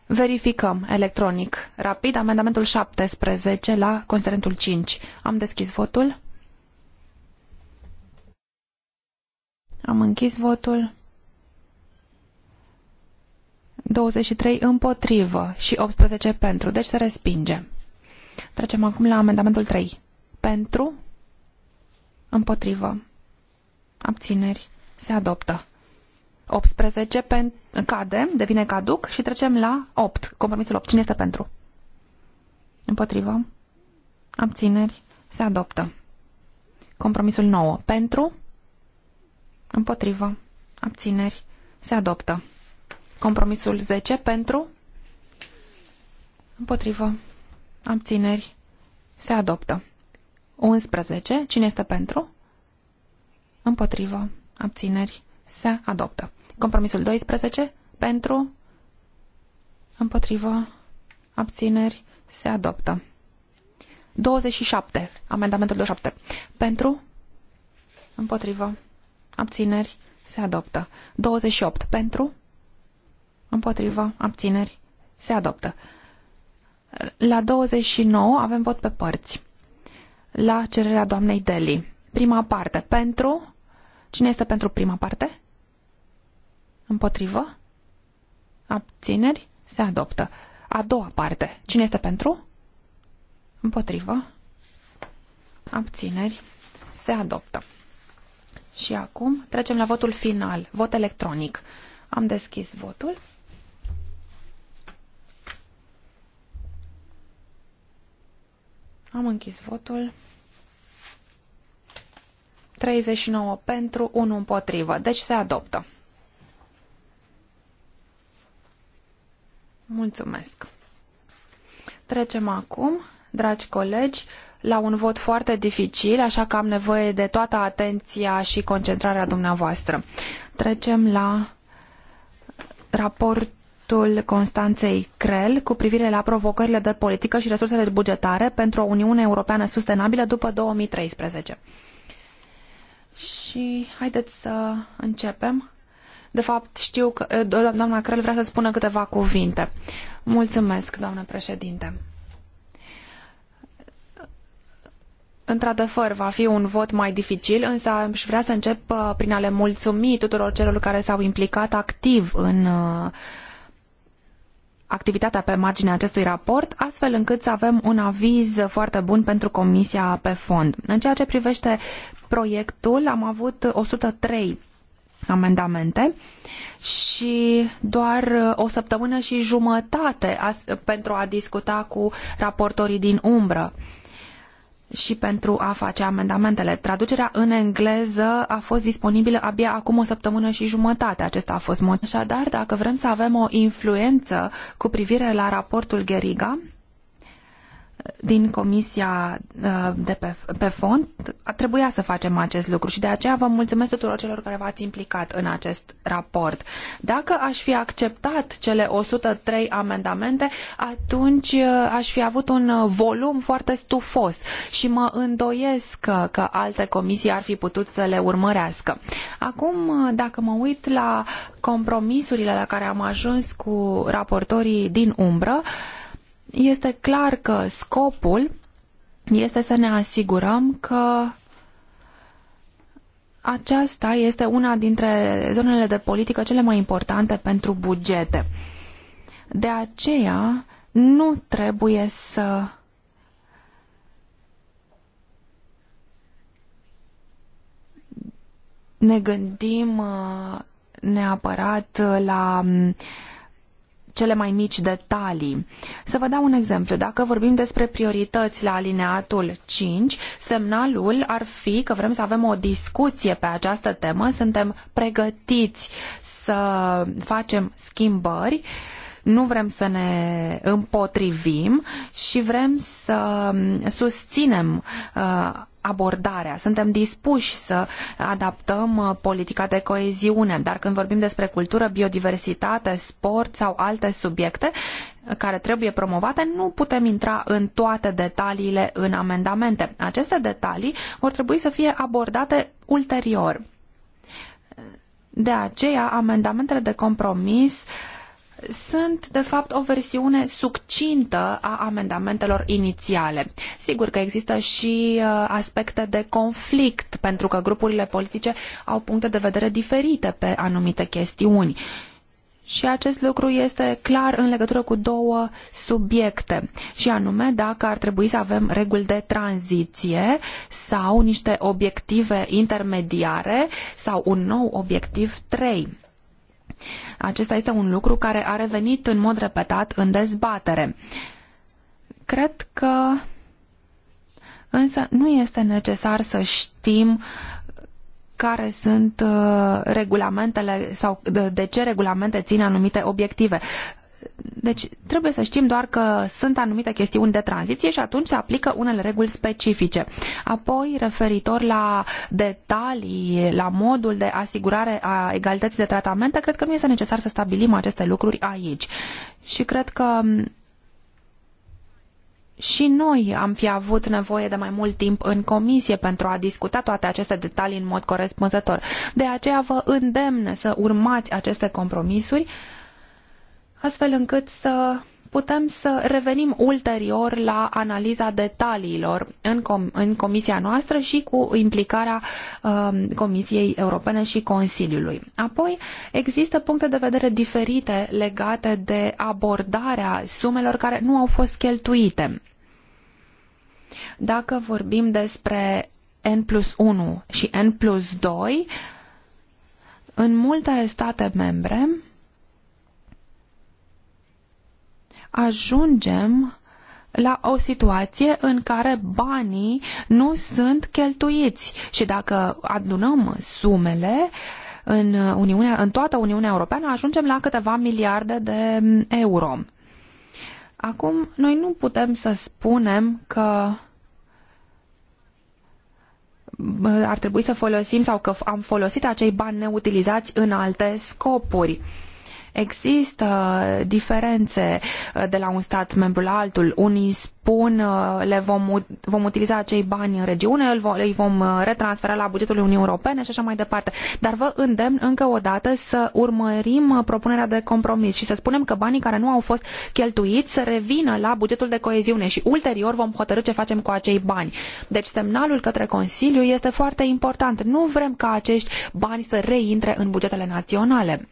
Verificăm electronic. Rapid, amendamentul 17 la considerentul 5. Am deschis votul. Am închis votul. 23 împotrivă și 18 pentru, deci se respinge. Trecem acum la amendamentul 3. Pentru, împotrivă, abțineri, se adoptă. 18 pen, cade, devine caduc și trecem la 8, compromisul 8. Cine este pentru? Împotrivă, abțineri, se adoptă. Compromisul 9. Pentru, împotrivă, abțineri, se adoptă. Compromisul 10 pentru, împotrivă, abțineri, se adoptă. 11. Cine este pentru? Împotrivă, abțineri, se adoptă. Compromisul 12 pentru, împotrivă, abțineri, se adoptă. 27. Amendamentul 27. Pentru, împotrivă, abțineri, se adoptă. 28. Pentru, împotrivă, abțineri, se adoptă. La 29 avem vot pe părți. La cererea doamnei Deli. Prima parte. Pentru. Cine este pentru prima parte? Împotrivă? Abțineri? Se adoptă. A doua parte. Cine este pentru? Împotrivă? Abțineri? Se adoptă. Și acum trecem la votul final. Vot electronic. Am deschis votul. Am închis votul. 39 pentru, 1 împotrivă. Deci se adoptă. Mulțumesc. Trecem acum, dragi colegi, la un vot foarte dificil, așa că am nevoie de toată atenția și concentrarea dumneavoastră. Trecem la raport raportul Constanței Crel cu privire la provocările de politică și resursele bugetare pentru o Uniune Europeană sustenabilă după 2013. Și haideți să începem. De fapt, știu că eh, doamna Crel vrea să spună câteva cuvinte. Mulțumesc, doamnă președinte. Într-adevăr, va fi un vot mai dificil, însă aș vrea să încep eh, prin a le mulțumi tuturor celor care s-au implicat activ în eh, activitatea pe marginea acestui raport, astfel încât să avem un aviz foarte bun pentru Comisia pe fond. În ceea ce privește proiectul, am avut 103 amendamente și doar o săptămână și jumătate pentru a discuta cu raportorii din umbră și pentru a face amendamentele. Traducerea în engleză a fost disponibilă abia acum o săptămână și jumătate. Acesta a fost motivul. Așadar, dacă vrem să avem o influență cu privire la raportul Geriga din Comisia uh, de pe, pe fond, trebuia să facem acest lucru și de aceea vă mulțumesc tuturor celor care v-ați implicat în acest raport. Dacă aș fi acceptat cele 103 amendamente, atunci uh, aș fi avut un uh, volum foarte stufos și mă îndoiesc că, alte comisii ar fi putut să le urmărească. Acum, dacă mă uit la compromisurile la care am ajuns cu raportorii din umbră, este clar că scopul este să ne asigurăm că aceasta este una dintre zonele de politică cele mai importante pentru bugete. De aceea, nu trebuie să ne gândim uh, neapărat la cele mai mici detalii. Să vă dau un exemplu. Dacă vorbim despre priorități la alineatul 5, semnalul ar fi că vrem să avem o discuție pe această temă, suntem pregătiți să facem schimbări uh, nu vrem să ne împotrivim și vrem să mm, susținem uh, abordarea. Suntem dispuși să adaptăm uh, politica de coeziune, dar când vorbim despre cultură, biodiversitate, sport sau alte subiecte uh, care trebuie promovate, nu putem intra în toate detaliile în amendamente. Aceste detalii vor trebui să fie abordate ulterior. De aceea, amendamentele de compromis uh, sunt, de fapt, o versiune succintă a amendamentelor inițiale. Sigur că există și uh, aspecte de conflict, pentru că grupurile politice au puncte de vedere diferite pe anumite chestiuni. Și acest lucru este clar în legătură cu două subiecte, și anume dacă ar trebui să avem reguli de tranziție sau niște obiective intermediare sau un nou obiectiv 3. Acesta este un lucru care a revenit în mod repetat în dezbatere. Cred că însă nu este necesar să știm care sunt uh, regulamentele sau de ce regulamente țin anumite obiective. Deci trebuie să știm doar că sunt anumite chestiuni de tranziție și atunci se aplică unele reguli specifice. Apoi, referitor la detalii, la modul de asigurare a egalității de tratamente, cred că nu este necesar să stabilim aceste lucruri aici. Și cred că și noi am fi avut nevoie de mai mult timp în comisie pentru a discuta toate aceste detalii în mod corespunzător. De aceea vă îndemn să urmați aceste compromisuri astfel încât să putem să revenim ulterior la analiza detaliilor în, com în comisia noastră și cu implicarea uh, Comisiei Europene și Consiliului. Apoi, există puncte de vedere diferite legate de abordarea sumelor care nu au fost cheltuite. Dacă vorbim despre N plus 1 și N plus 2, în multe state membre, ajungem la o situație în care banii nu sunt cheltuiți și dacă adunăm sumele în, Uniunea, în toată Uniunea Europeană ajungem la câteva miliarde de euro. Acum, noi nu putem să spunem că ar trebui să folosim sau că am folosit acei bani neutilizați în alte scopuri. Există diferențe uh, de la un stat membru la altul. Unii spun uh, le vom, vom utiliza acei bani în regiune, îi vom uh, retransfera la bugetul Uniunii Europene și așa mai departe. Dar vă îndemn încă o dată să urmărim propunerea de compromis și să spunem că banii care nu au fost cheltuiți să revină la bugetul de coeziune și ulterior vom hotărî ce facem cu acei bani. Deci semnalul către Consiliu este foarte important. Nu vrem ca acești bani să reintre în bugetele naționale.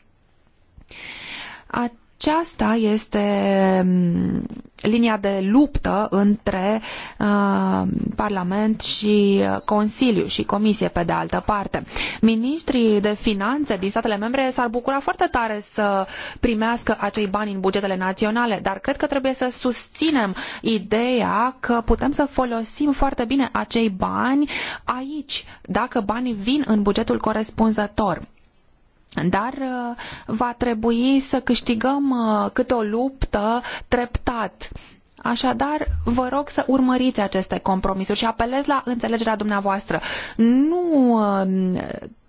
Aceasta este mm, linia de luptă între uh, Parlament și uh, Consiliu și Comisie pe de altă parte. Ministrii de finanțe din statele membre s-ar bucura foarte tare să primească acei bani în bugetele naționale, dar cred că trebuie să susținem ideea că putem să folosim foarte bine acei bani aici, dacă banii vin în bugetul corespunzător dar uh, va trebui să câștigăm uh, câte o luptă treptat. Așadar, vă rog să urmăriți aceste compromisuri și apelez la înțelegerea dumneavoastră. Nu uh,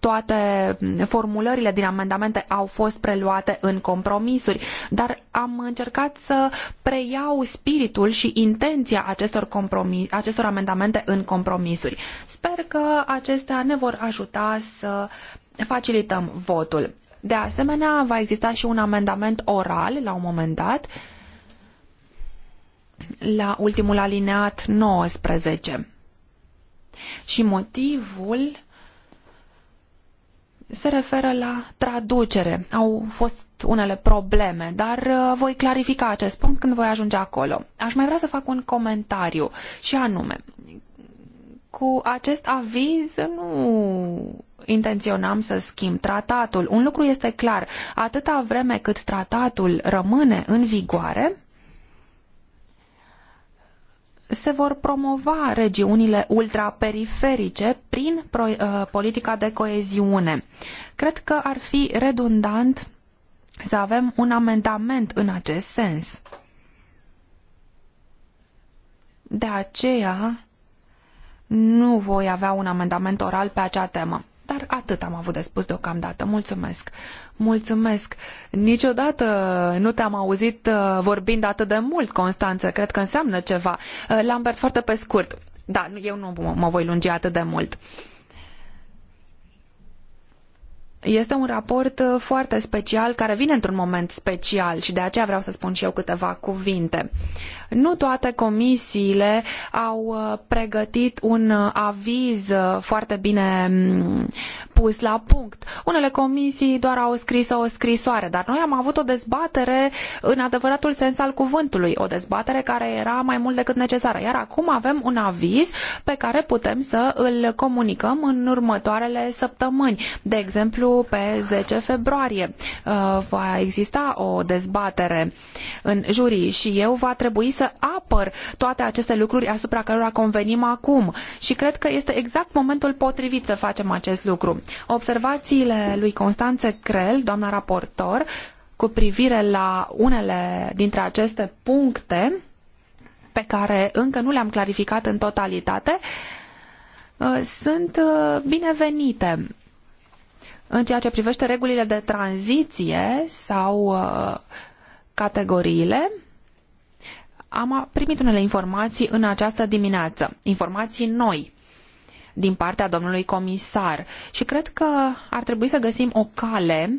toate formulările din amendamente au fost preluate în compromisuri, dar am încercat să preiau spiritul și intenția acestor, compromis, acestor amendamente în compromisuri. Sper că acestea ne vor ajuta să facilităm votul. De asemenea, va exista și un amendament oral la un moment dat la ultimul alineat 19. Și motivul se referă la traducere. Au fost unele probleme, dar uh, voi clarifica acest punct când voi ajunge acolo. Aș mai vrea să fac un comentariu și anume, cu acest aviz nu intenționam să schimb tratatul. Un lucru este clar, atâta vreme cât tratatul rămâne în vigoare, se vor promova regiunile ultraperiferice prin pro, uh, politica de coeziune. Cred că ar fi redundant să avem un amendament în acest sens. De aceea, nu voi avea un amendament oral pe acea temă. Dar atât am avut de spus deocamdată. Mulțumesc. Mulțumesc. Niciodată nu te-am auzit uh, vorbind atât de mult, Constanță. Cred că înseamnă ceva. Uh, Lambert, foarte pe scurt. Da, eu nu mă voi lungi atât de mult. Uh, este un raport uh, foarte special care vine într-un moment special și de aceea vreau să spun și eu câteva cuvinte. Nu toate comisiile au uh, pregătit un uh, aviz foarte bine mm, pus la punct. Unele comisii doar au scris o scrisoare, dar noi am avut o dezbatere în adevăratul sens al cuvântului, o dezbatere care era mai mult decât necesară. Iar acum avem un aviz pe care putem să îl comunicăm în următoarele săptămâni. De exemplu, pe 10 februarie uh, va exista o dezbatere în juri și eu va trebui să apăr toate aceste lucruri asupra cărora convenim acum și cred că este exact momentul potrivit să facem acest lucru. Observațiile lui Constanțe Crel, doamna raportor, cu privire la unele dintre aceste puncte pe care încă nu le-am clarificat în totalitate, uh, sunt uh, binevenite. În ceea ce privește regulile de tranziție sau uh, categoriile, am primit unele informații în această dimineață, informații noi din partea domnului comisar și cred că ar trebui să găsim o cale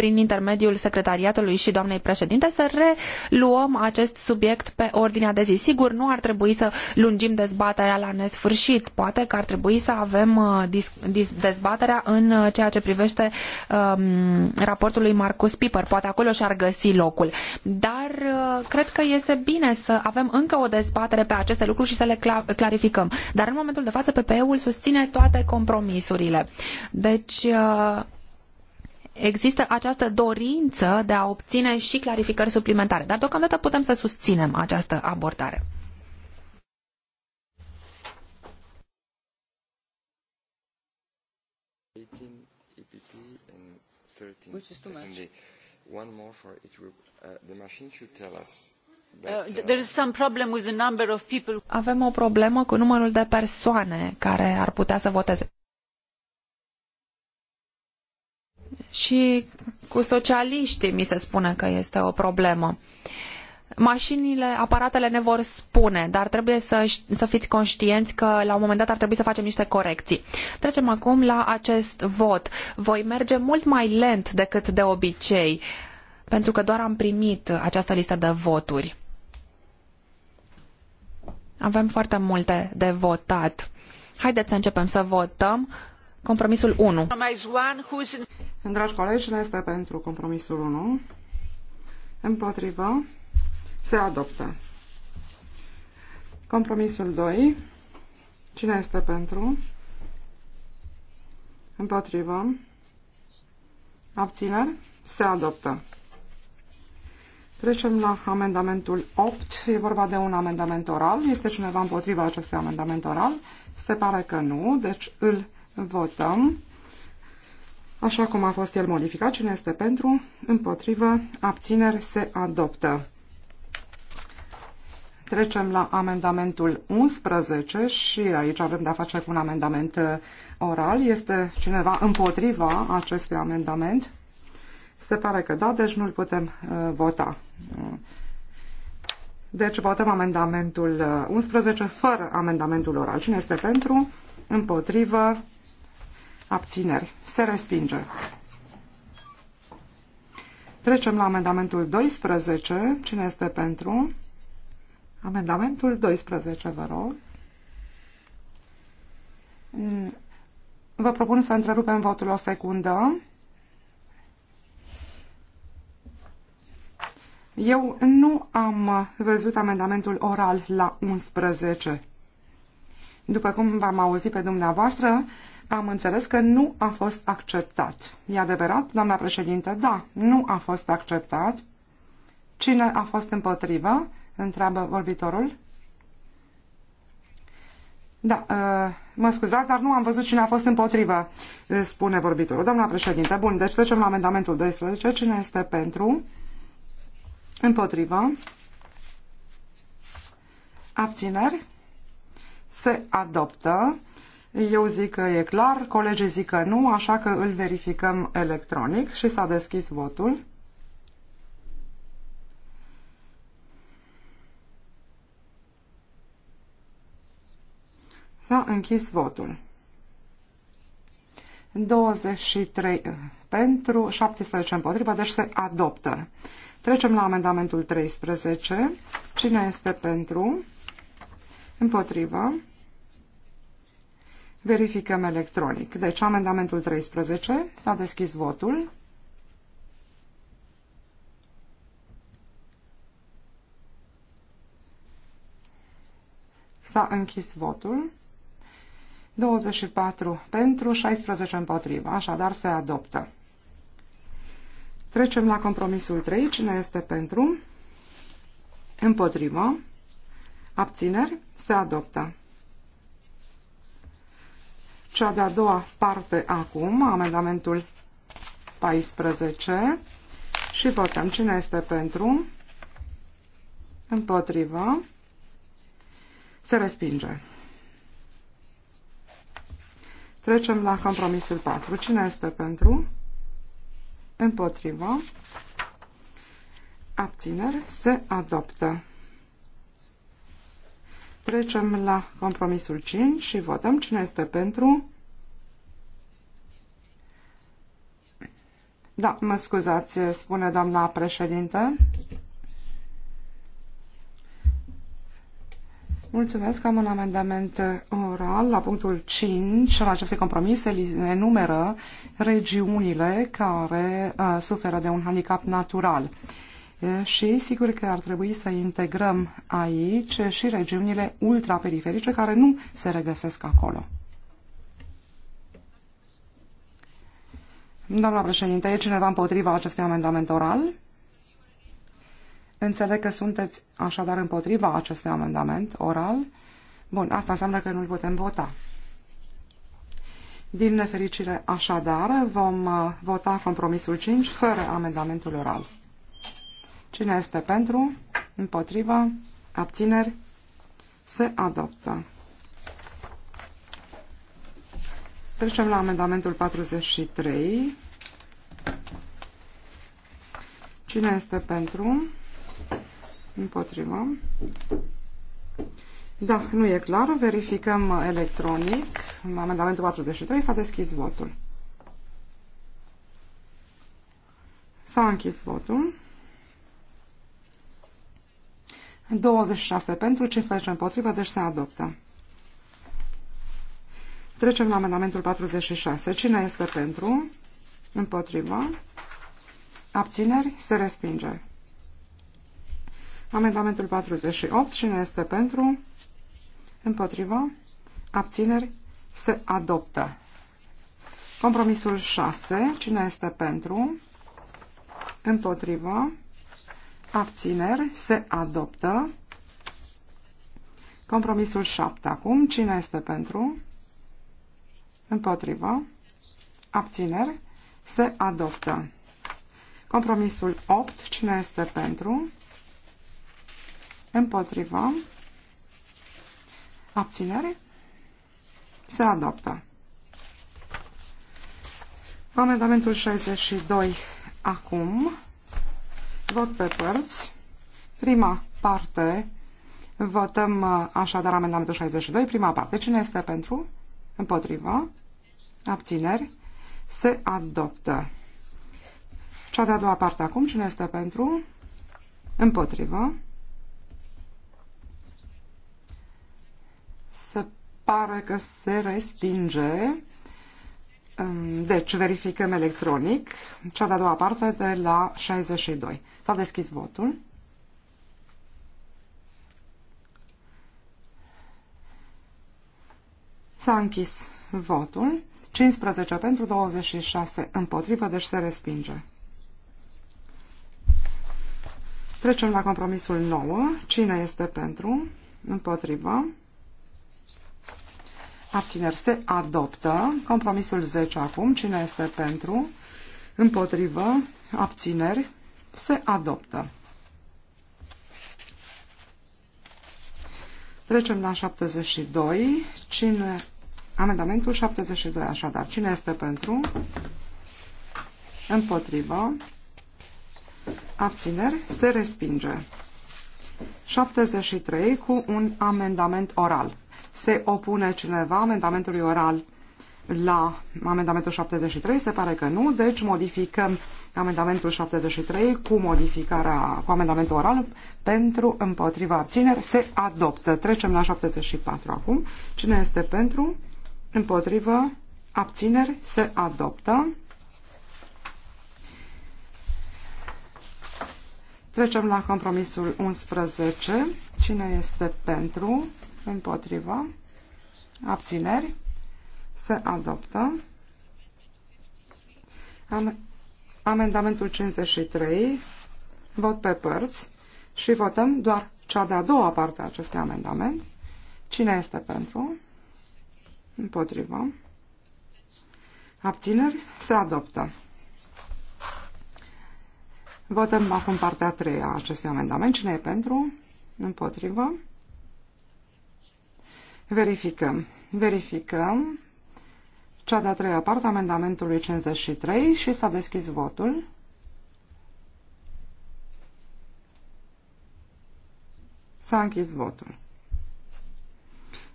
prin intermediul secretariatului și doamnei președinte, să reluăm acest subiect pe ordinea de zi. Sigur, nu ar trebui să lungim dezbaterea la nesfârșit. Poate că ar trebui să avem uh, dezbaterea în uh, ceea ce privește um, raportul lui Marcus Piper. Poate acolo și-ar găsi locul. Dar uh, cred că este bine să avem încă o dezbatere pe aceste lucruri și să le clarificăm. Dar în momentul de față PPE-ul susține toate compromisurile. Deci, uh, există această dorință de a obține și clarificări suplimentare, dar deocamdată putem să susținem această abordare. Uh, uh, uh, avem o problemă cu numărul de persoane care ar putea să voteze. și cu socialiștii mi se spune că este o problemă. Mașinile, aparatele ne vor spune, dar trebuie să, să fiți conștienți că la un moment dat ar trebui să facem niște corecții. Trecem acum la acest vot. Voi merge mult mai lent decât de obicei, pentru că doar am primit această listă de voturi. Avem foarte multe de votat. Haideți să începem să votăm. Compromisul 1. Dragi colegi, cine este pentru compromisul 1? Împotrivă. Se adoptă. Compromisul 2. Cine este pentru? Împotrivă. Abțineri. Se adoptă. Trecem la amendamentul 8. E vorba de un amendament oral. Este cineva împotriva acestui amendament oral? Se pare că nu, deci îl votăm așa cum a fost el modificat. Cine este pentru? Împotrivă. Abțineri se adoptă. Trecem la amendamentul 11 și aici avem de-a face cu un amendament uh, oral. Este cineva împotriva acestui amendament? Se pare că da, deci nu-l putem uh, vota. Deci votăm amendamentul 11 uh, fără amendamentul oral. Cine este pentru? Împotrivă? abțineri, se respinge. Trecem la amendamentul 12. Cine este pentru? Amendamentul 12, vă rog. Mm, vă propun să întrerupem votul o secundă. Eu nu am văzut amendamentul oral la 11. După cum v-am auzit pe dumneavoastră, am înțeles că nu a fost acceptat. E adevărat, doamna președinte? Da, nu a fost acceptat. Cine a fost împotrivă? Întreabă vorbitorul. Da, uh, mă scuzați, dar nu am văzut cine a fost împotrivă, uh, spune vorbitorul. Doamna președinte, bun, deci trecem la amendamentul 12. Cine este pentru? Împotrivă. Abțineri. Se adoptă. Eu zic că e clar, colegii zic că nu, așa că îl verificăm electronic și s-a deschis votul. S-a închis votul. 23 uh, pentru, 17 împotriva, deci se adoptă. Trecem la amendamentul 13. Cine este pentru? Împotrivă. Verificăm electronic. Deci amendamentul 13. S-a deschis votul. S-a închis votul. 24 pentru, 16 împotriva, așadar se adoptă. Trecem la compromisul 3. Cine este pentru? Împotrivă. Abțineri? Se adoptă cea de-a doua parte acum, amendamentul 14 și votăm cine este pentru, împotrivă, se respinge. Trecem la compromisul 4. Cine este pentru? Împotrivă. Abțineri. Se adoptă. Trecem la compromisul 5 și votăm cine este pentru. Da, mă scuzați, spune doamna președinte. Mulțumesc, am un amendament oral la punctul 5 al acestui compromis. Se enumeră regiunile care uh, suferă de un handicap natural. Uh, și sigur că ar trebui să integrăm aici și regiunile ultraperiferice care nu se regăsesc acolo. Doamna președinte, e cineva împotriva acestui amendament oral? Înțeleg că sunteți așadar împotriva acestui amendament oral. Bun, asta înseamnă că nu-l putem vota. Din nefericire, așadar, vom uh, vota compromisul 5 fără amendamentul oral. Cine este pentru? Împotrivă? Abțineri? Se adoptă. Trecem la amendamentul 43. Cine este pentru? Împotrivă. Da, nu e clar. Verificăm electronic. În amendamentul 43 s-a deschis votul. S-a închis votul. 26 pentru, 15 împotrivă, deci se adoptă. Trecem la amendamentul 46. Cine este pentru? Împotrivă. Abțineri? Se respinge. Amendamentul 48. Cine este pentru? Împotrivă. Abțineri? Se adoptă. Compromisul 6. Cine este pentru? Împotrivă abțineri, se adoptă. Compromisul 7 acum. Cine este pentru? Împotrivă. Abțineri. Se adoptă. Compromisul 8. Cine este pentru? Împotrivă. Abțineri. Se adoptă. Amendamentul 62 acum. Vot pe părți. Prima parte. Votăm uh, așadar amendamentul 62. Prima parte. Cine este pentru? Împotrivă. Abțineri. Se adoptă. Cea de-a doua parte acum. Cine este pentru? Împotrivă. Se pare că se respinge. Um, deci verificăm electronic cea de-a doua parte de la 62. S-a deschis votul. S-a închis votul. 15 pentru 26 împotrivă, deci se respinge. Trecem la compromisul 9. Cine este pentru? Împotrivă. Abțineri se adoptă. Compromisul 10 acum. Cine este pentru? Împotrivă. Abțineri se adoptă. Trecem la 72. Cine... Amendamentul 72, așadar. Cine este pentru? Împotrivă. Abțineri. Se respinge. 73 cu un amendament oral. Se opune cineva amendamentului oral la amendamentul 73? Se pare că nu, deci modificăm Amendamentul 73 cu modificarea, cu amendamentul oral pentru împotriva abțineri se adoptă. Trecem la 74 acum. Cine este pentru? împotriva abțineri se adoptă. Trecem la compromisul 11. Cine este pentru? Împotriva? Abțineri? Se adoptă. Am amendamentul 53, vot pe părți și votăm doar cea de-a doua parte a acestui amendament. Cine este pentru? Împotrivă. Abțineri? Se adoptă. Votăm acum partea a treia a acestui amendament. Cine e pentru? Împotrivă. Verificăm. Verificăm cea de-a treia parte a amendamentului 53 și s-a deschis votul. S-a închis votul.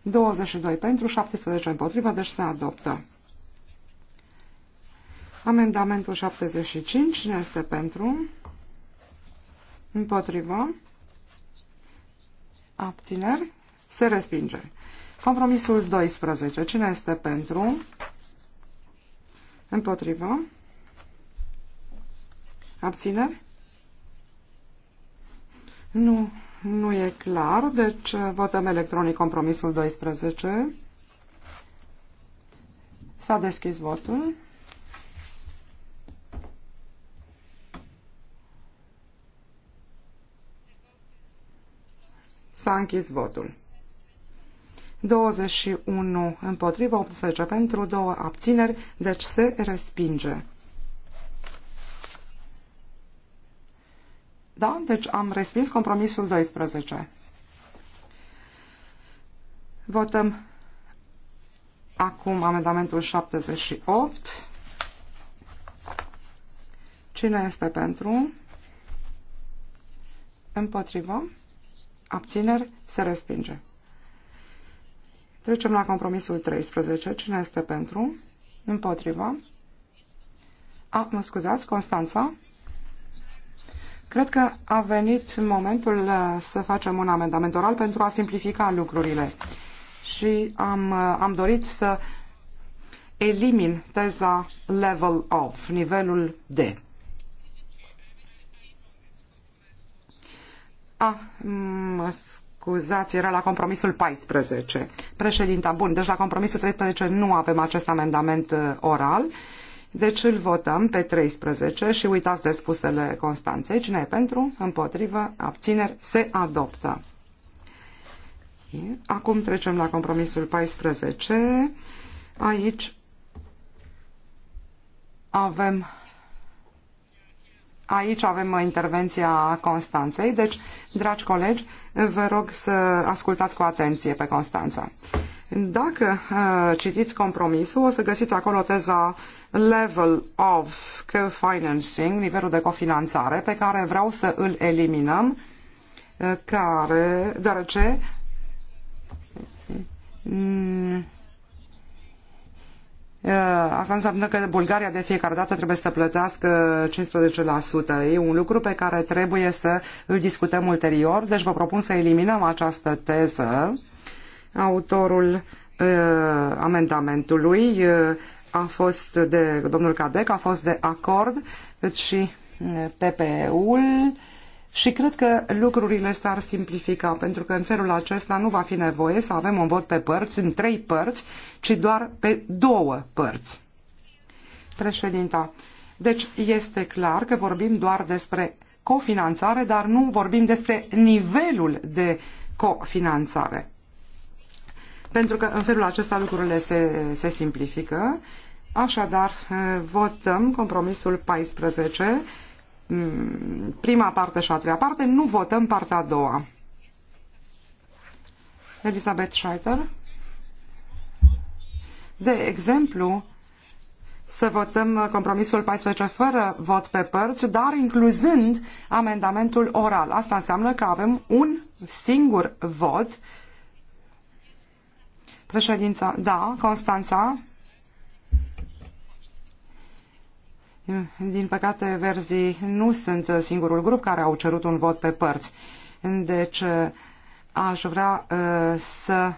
22 pentru, 17 împotrivă, deci se adoptă. Amendamentul 75, cine este pentru? Împotrivă. Abțineri. Se respinge. Compromisul 12, cine este pentru? Împotrivă. Abțineri? Nu, nu e clar, deci uh, votăm electronic compromisul 12. S-a deschis votul. S-a închis votul. 21 împotriva, 18 pentru, 2 abțineri, deci se respinge. Da? Deci am respins compromisul 12. Votăm acum amendamentul 78. Cine este pentru? Împotrivă? Abțineri? Se respinge. Trecem la compromisul 13. Cine este pentru? Împotrivă. A, mă scuzați, Constanța. Cred că a venit momentul uh, să facem un amendament oral pentru a simplifica lucrurile. Și am, uh, am dorit să elimin teza level of, nivelul D. A, mă scuzați scuzați, era la compromisul 14. Președinta, bun, deci la compromisul 13 nu avem acest amendament uh, oral. Deci îl votăm pe 13 și uitați de spusele Constanței. Cine e pentru? Împotrivă? Abțineri? Se adoptă. Acum trecem la compromisul 14. Aici avem Aici avem intervenția Constanței, deci, dragi colegi, vă rog să ascultați cu atenție pe Constanța. Dacă uh, citiți compromisul, o să găsiți acolo teza level of co-financing, nivelul de cofinanțare, pe care vreau să îl eliminăm, uh, care, deoarece mm, Uh, asta înseamnă că Bulgaria de fiecare dată trebuie să plătească 15%. E un lucru pe care trebuie să îl discutăm ulterior, deci vă propun să eliminăm această teză. Autorul uh, amendamentului uh, a fost de domnul Cadec, a fost de acord, cât deci și PPE-ul și cred că lucrurile s-ar simplifica, pentru că în felul acesta nu va fi nevoie să avem un vot pe părți, în trei părți, ci doar pe două părți. Președinta, deci este clar că vorbim doar despre cofinanțare, dar nu vorbim despre nivelul de cofinanțare. Pentru că în felul acesta lucrurile se, se simplifică. Așadar, votăm compromisul 14 prima parte și a treia parte, nu votăm partea a doua. Elisabeth Schreiter. De exemplu, să votăm compromisul 14 fără vot pe părți, dar incluzând amendamentul oral. Asta înseamnă că avem un singur vot. Președința, da, Constanța, Din păcate, verzii nu sunt singurul grup care au cerut un vot pe părți. Deci, aș vrea uh, să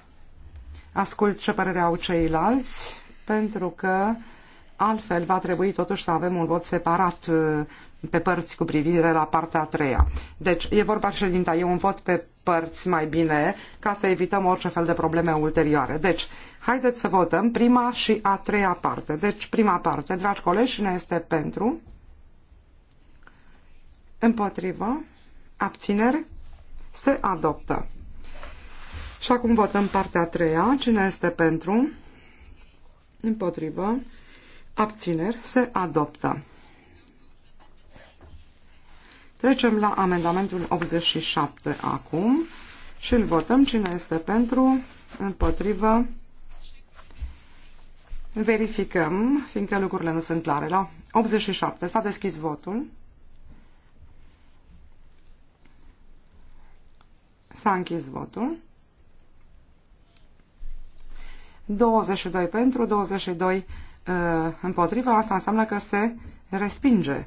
ascult ce părere au ceilalți, pentru că altfel va trebui totuși să avem un vot separat uh, pe părți cu privire la partea a treia. Deci e vorba ședinta, e un vot pe părți mai bine ca să evităm orice fel de probleme ulterioare. Deci, haideți să votăm prima și a treia parte. Deci, prima parte, dragi colegi, cine este pentru? Împotrivă? Abțineri? Se adoptă. Și acum votăm partea a treia. Cine este pentru? Împotrivă? Abțineri? Se adoptă. Trecem la amendamentul 87 acum și îl votăm cine este pentru, împotrivă. Verificăm, fiindcă lucrurile nu sunt clare. La 87 s-a deschis votul. S-a închis votul. 22 pentru, 22 uh, împotrivă. Asta înseamnă că se respinge.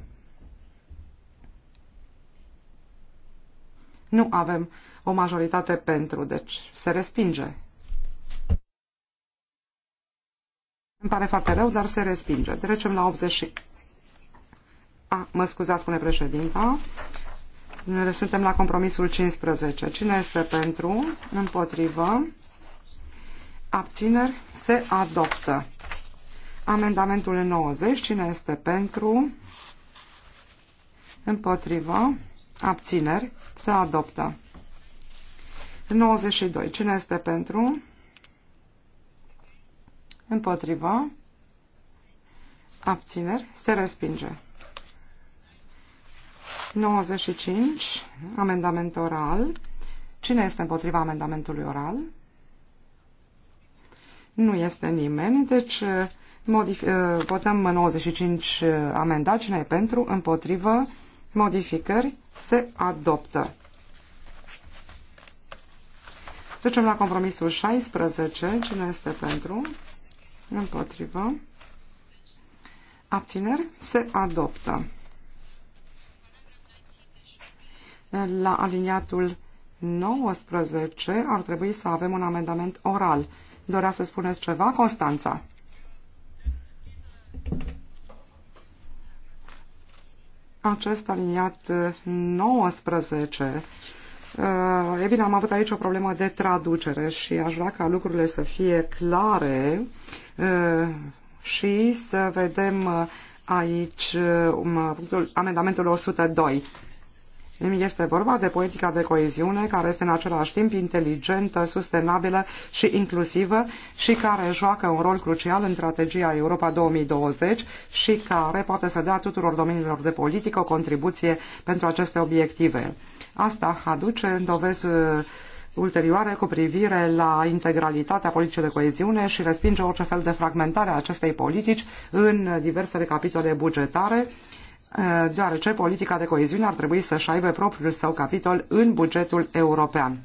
Nu avem o majoritate pentru, deci se respinge. Îmi pare foarte rău, dar se respinge. Trecem la 80. A, mă scuzați, spune președinta. Suntem la compromisul 15. Cine este pentru? Împotrivă. Abțineri. Se adoptă. Amendamentul 90. Cine este pentru? Împotrivă. Abțineri. Se adoptă. 92. Cine este pentru? Împotriva. Abțineri. Se respinge. 95. Amendament oral. Cine este împotriva amendamentului oral? Nu este nimeni, deci uh, uh, votăm 95 uh, amendat. Cine e pentru? Împotrivă. Modificări se adoptă. Trecem la compromisul 16. Cine este pentru? Împotrivă. Abțineri se adoptă. La aliniatul 19 ar trebui să avem un amendament oral. Dorea să spuneți ceva, Constanța? acest aliniat 19, uh, e bine, am avut aici o problemă de traducere și aș vrea ca lucrurile să fie clare uh, și să vedem uh, aici um, punctul, amendamentul 102. Este vorba de politica de coeziune care este în același timp inteligentă, sustenabilă și inclusivă și care joacă un rol crucial în strategia Europa 2020 și care poate să dea tuturor domeniilor de politică o contribuție pentru aceste obiective. Asta aduce dovezi uh, ulterioare cu privire la integralitatea politicii de coeziune și respinge orice fel de fragmentare a acestei politici în diversele capitole bugetare Eh, deoarece politica de coeziune ar trebui să-și aibă propriul său capitol în bugetul european.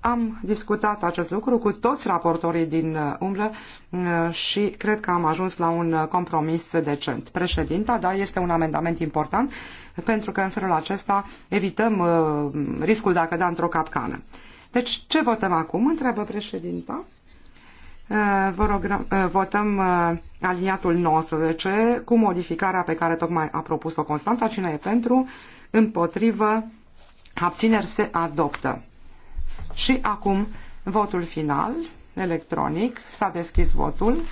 Am discutat acest lucru cu toți raportorii din eh, umbră eh, și cred că am ajuns la un compromis decent. Președinta, da, este un amendament important pentru că în felul acesta evităm riscul de a cădea într-o capcană. Deci, ce votăm acum? Întreabă președinta. Eh, vă rog, eh, votăm eh, aliniatul 19 cu modificarea pe care tocmai a propus-o Constanța. Cine e pentru? Împotrivă? Abțineri se adoptă. Și acum votul final, electronic. S-a deschis votul.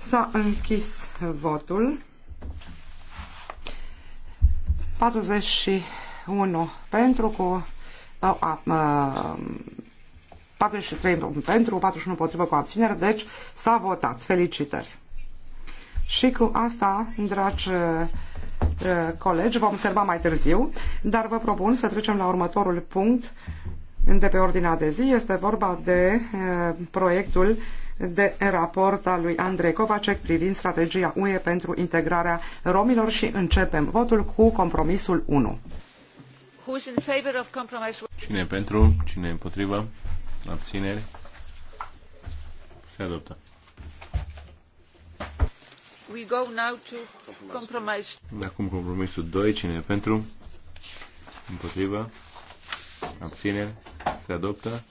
S-a închis votul. 41 pentru cu a, a, a, 43 pentru, 41 potrivă cu abținere, deci s-a votat. Felicitări! Și cu asta, dragi colegi, vom observa mai târziu, dar vă propun să trecem la următorul punct de pe ordinea de zi. Este vorba de proiectul de raport al lui Andrei Kovacek privind strategia UE pentru integrarea romilor și începem votul cu compromisul 1. Cine pentru? Cine împotriva? Abțineri? Se adoptă. We go now to compromise. Acum compromisul 2. Cine e pentru? Împotriva? Abțineri? Se adoptă.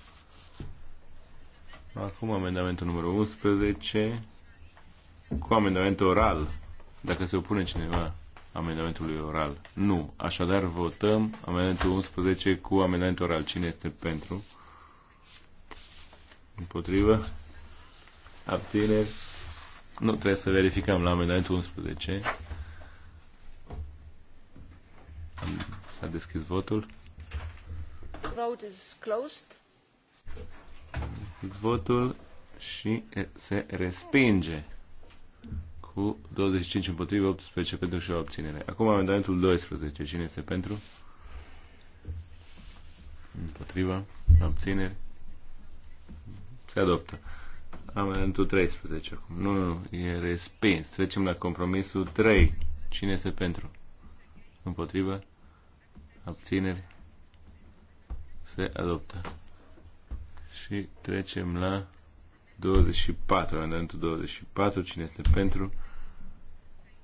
Acum amendamentul numărul 11 cu amendament oral. Dacă se opune cineva amendamentului oral. Nu. Așadar votăm amendamentul 11 cu amendament oral. Cine este pentru? Împotrivă? Abțineri? Nu, trebuie să verificăm la amendamentul 11. S-a deschis votul. Vote is closed votul și se respinge cu 25 împotriva, 18 pentru și o obținere. Acum amendamentul 12. Cine este pentru? Împotriva, Obținere? Se adoptă. Amendamentul 13 acum. Nu, nu, e respins. Trecem la compromisul 3. Cine este pentru? Împotriva? Obținere? Se adoptă. Și trecem la 24, amendamentul 24, cine este pentru,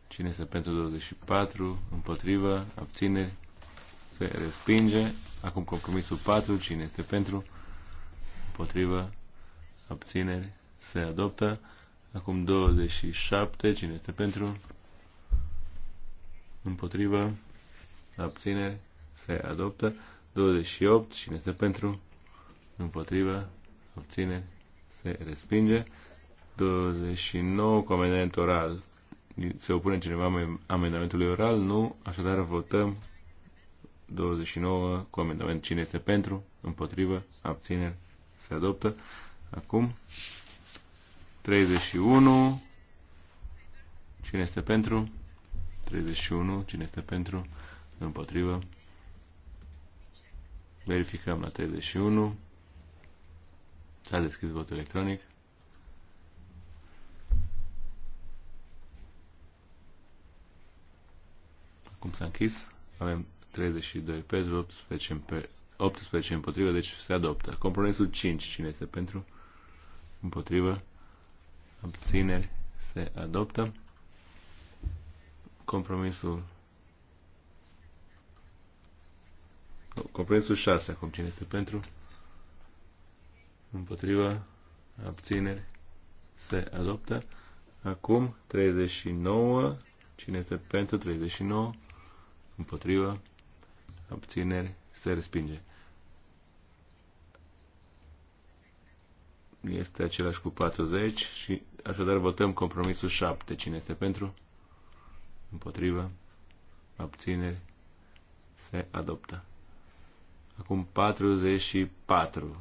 cine este pentru 24, împotrivă, abține, se respinge. Acum compromisul 4, cine este pentru, împotrivă, abțineri, se adoptă. Acum 27, cine este pentru, împotrivă, abțineri, se adoptă. 28, cine este pentru, împotrivă, Obține. Se respinge. 29. Comandament oral. Se opune cineva amendamentului oral? Nu. Așadar votăm 29 cu amendament. Cine este pentru? Împotrivă? abține Se adoptă. Acum 31. Cine este pentru? 31. Cine este pentru? Împotrivă? Verificăm la 31. S-a deschis votul electronic. Acum s-a închis. Avem 32 pentru, 18, 18 împotrivă, deci se adoptă. Compromisul 5, cine este pentru? Împotrivă. Abțineri se adoptă. Compromisul Compromisul 6, acum cine este pentru? împotriva, abțineri, se adoptă. Acum 39, cine este pentru 39, împotriva, abțineri, se respinge. Este același cu 40 și așadar votăm compromisul 7. Cine este pentru? Împotriva, abțineri, se adoptă. Acum 44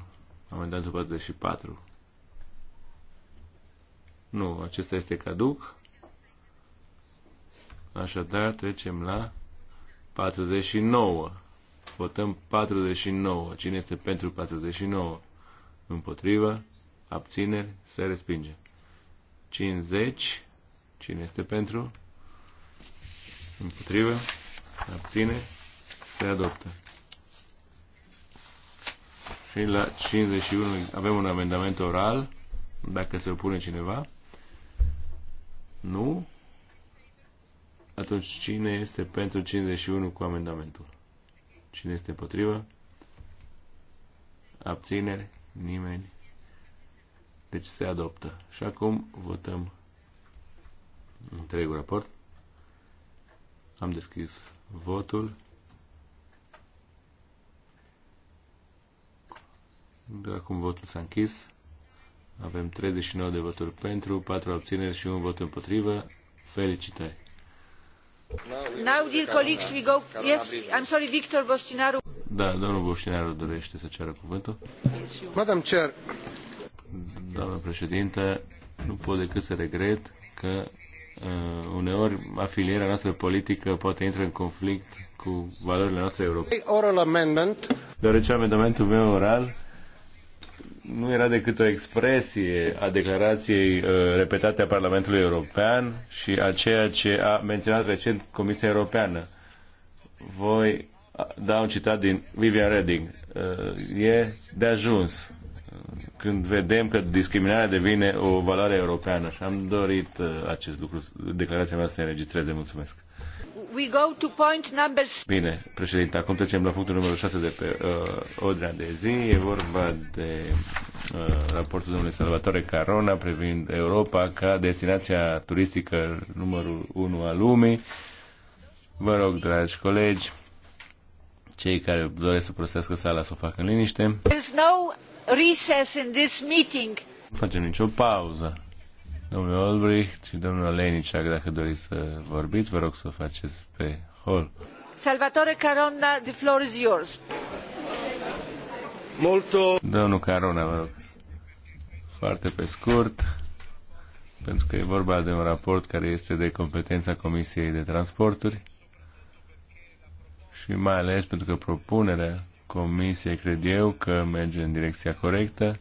Amendamentul 44. Nu, acesta este caduc. Așadar, trecem la 49. Votăm 49. Cine este pentru 49? Împotrivă? Abțineri? Se respinge. 50. Cine este pentru? Împotrivă? Abține? Se adoptă. Și la 51 avem un amendament oral, dacă se opune cineva. Nu? Atunci cine este pentru 51 cu amendamentul? Cine este împotrivă? Abțineri? Nimeni? Deci se adoptă. Și acum votăm întregul raport. Am deschis votul. De da, acum votul s-a închis. Avem 39 de voturi pentru, 4 abțineri și un vot împotrivă. Felicitări! Now, dear colleagues, we go... Yes, I'm sorry, Victor Bostinaru. Da, domnul Bostinaru dorește să ceară cuvântul. Madam Chair. Doamna președinte, nu pot decât să regret că uh, uneori afilierea noastră politică poate intra în conflict cu valorile noastre europene. Oral amendment. Deoarece amendamentul meu oral nu era decât o expresie a declarației uh, repetate a Parlamentului European și a ceea ce a menționat recent Comisia Europeană. Voi uh, da un citat din Vivian Redding. Uh, e de ajuns când vedem că discriminarea devine o valoare europeană și am dorit acest lucru, declarația mea să se înregistreze. Mulțumesc! we go to point number... Bine, președinte, acum trecem la punctul numărul 6 de pe uh, ordinea de zi. E vorba de uh, raportul domnului Salvatore Carona privind Europa ca destinația turistică numărul 1 al lumii. Vă rog, dragi colegi, cei care doresc să prostească sala să o facă în liniște. There's no recess in this meeting. Nu facem nicio pauză. Domnul Olbricht și domnul Leniciac, dacă doriți să vorbiți, vă rog să o faceți pe hol. Salvatore Carona, the floor is yours. Molto... Domnul Carona, vă rog. Foarte pe scurt, pentru că e vorba de un raport care este de competența Comisiei de Transporturi și mai ales pentru că propunerea Comisiei cred eu că merge în direcția corectă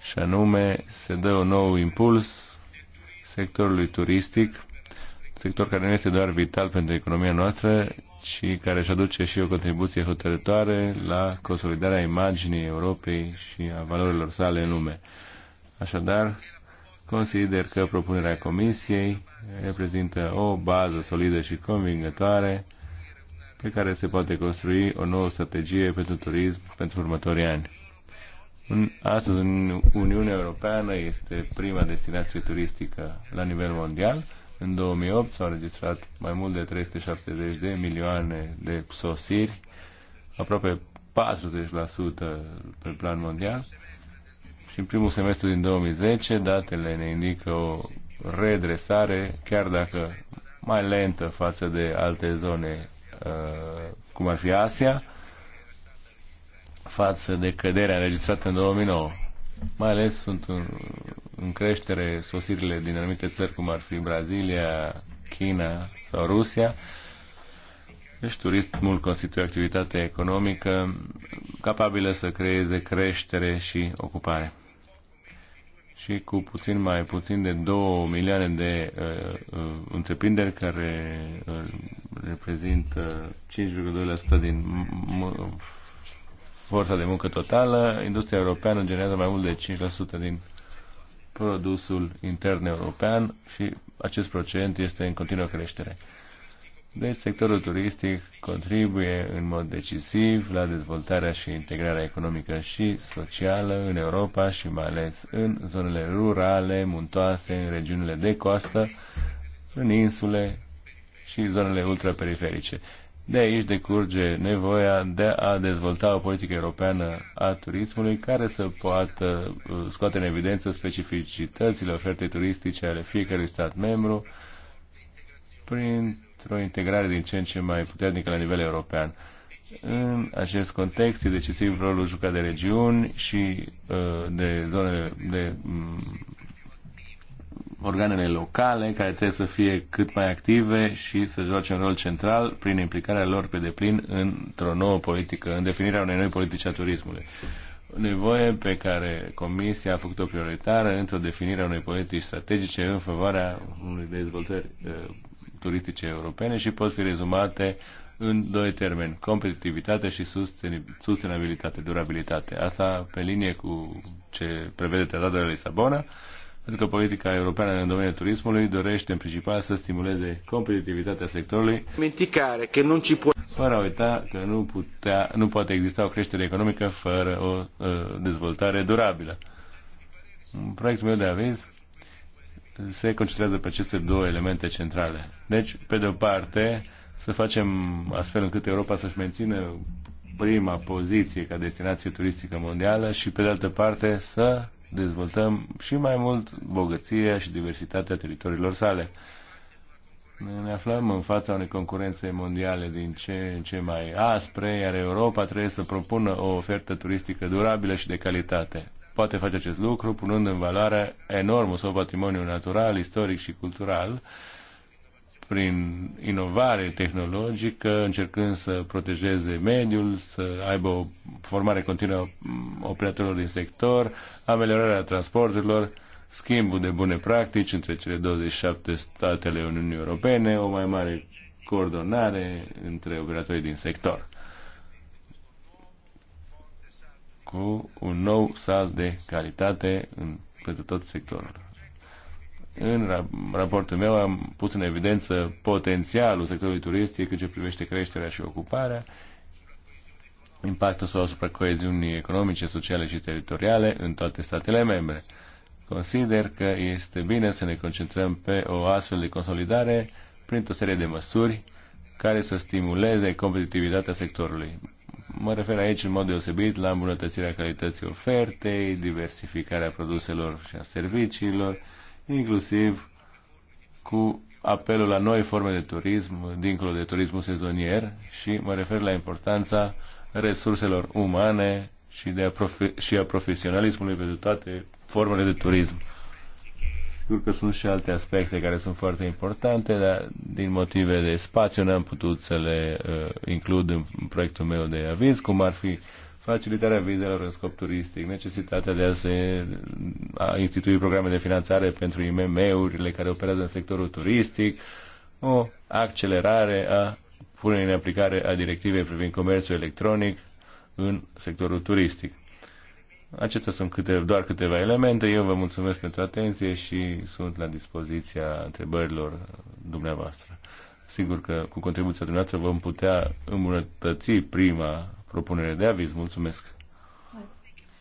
și anume se dă un nou impuls sectorului turistic, sector care nu este doar vital pentru economia noastră, ci care își aduce și o contribuție hotărătoare la consolidarea imaginii Europei și a valorilor sale în lume. Așadar, consider că propunerea Comisiei reprezintă o bază solidă și convingătoare pe care se poate construi o nouă strategie pentru turism pentru următorii ani astăzi, în Uniunea Europeană este prima destinație turistică la nivel mondial. În 2008 s-au înregistrat mai mult de 370 de milioane de sosiri, aproape 40% pe plan mondial. Și în primul semestru din 2010 datele ne indică o redresare, chiar dacă mai lentă față de alte zone, uh, cum ar fi Asia, față de căderea înregistrată în 2009. Mai ales sunt în, în creștere sosirile din anumite țări, cum ar fi Brazilia, China sau Rusia. Deci turismul constituie activitate economică capabilă să creeze creștere și ocupare. Și cu puțin mai puțin de 2 milioane de uh, uh, întreprinderi care uh, reprezintă 5,2% din forța de muncă totală, industria europeană generează mai mult de 5% din produsul intern european și acest procent este în continuă creștere. Deci sectorul turistic contribuie în mod decisiv la dezvoltarea și integrarea economică și socială în Europa și mai ales în zonele rurale, muntoase, în regiunile de coastă, în insule și zonele ultraperiferice. De aici decurge nevoia de a dezvolta o politică europeană a turismului care să poată uh, scoate în evidență specificitățile ofertei turistice ale fiecărui stat membru printr-o integrare din ce în ce mai puternică la nivel european. În acest context e decisiv rolul jucat de regiuni și uh, de zonele de mm, organele locale care trebuie să fie cât mai active și să joace un rol central prin implicarea lor pe deplin într-o nouă politică, în definirea unei noi politici a turismului. Nevoie pe care Comisia a făcut-o prioritară într-o definire a unei politici strategice în favoarea unei dezvoltări uh, turistice europene și pot fi rezumate în doi termeni, competitivitate și sustenabilitate, durabilitate. Asta pe linie cu ce prevede Tratatul de Lisabona pentru că politica europeană în domeniul turismului dorește în principal să stimuleze competitivitatea sectorului. Menticare că nu ci fără a uita că nu, putea, nu poate exista o creștere economică fără o ă, dezvoltare durabilă. Proiectul meu de aviz se concentrează pe aceste două elemente centrale. Deci, pe de o parte, să facem astfel încât Europa să-și mențină prima poziție ca destinație turistică mondială și, pe de altă parte, să dezvoltăm și mai mult bogăția și diversitatea teritoriilor sale. Ne aflăm în fața unei concurențe mondiale din ce în ce mai aspre, iar Europa trebuie să propună o ofertă turistică durabilă și de calitate. Poate face acest lucru punând în valoare enormul său patrimoniu natural, istoric și cultural, prin inovare tehnologică, încercând să protejeze mediul, să aibă o formare continuă a operatorilor din sector, ameliorarea transporturilor, schimbul de bune practici între cele 27 statele Uniunii Europene, o mai mare coordonare între operatorii din sector cu un nou sal de calitate în, pentru tot sectorul. În raportul meu am pus în evidență potențialul sectorului turistic în ce privește creșterea și ocuparea, impactul său asupra coeziunii economice, sociale și teritoriale în toate statele membre. Consider că este bine să ne concentrăm pe o astfel de consolidare printr-o serie de măsuri care să stimuleze competitivitatea sectorului. Mă refer aici în mod deosebit la îmbunătățirea calității ofertei, diversificarea produselor și a serviciilor, inclusiv cu apelul la noi forme de turism, dincolo de turismul sezonier, și mă refer la importanța resurselor umane și, de a profe- și a profesionalismului pentru toate formele de turism. Sigur că sunt și alte aspecte care sunt foarte importante, dar din motive de spațiu n-am putut să le uh, includ în proiectul meu de aviz, cum ar fi facilitarea vizelor în scop turistic, necesitatea de a se a institui programe de finanțare pentru IMM-urile care operează în sectorul turistic, o accelerare a punerii în aplicare a directivei privind comerțul electronic în sectorul turistic. Acestea sunt câte, doar câteva elemente. Eu vă mulțumesc pentru atenție și sunt la dispoziția întrebărilor dumneavoastră. Sigur că cu contribuția dumneavoastră vom putea îmbunătăți prima propunere de aviz. Mulțumesc!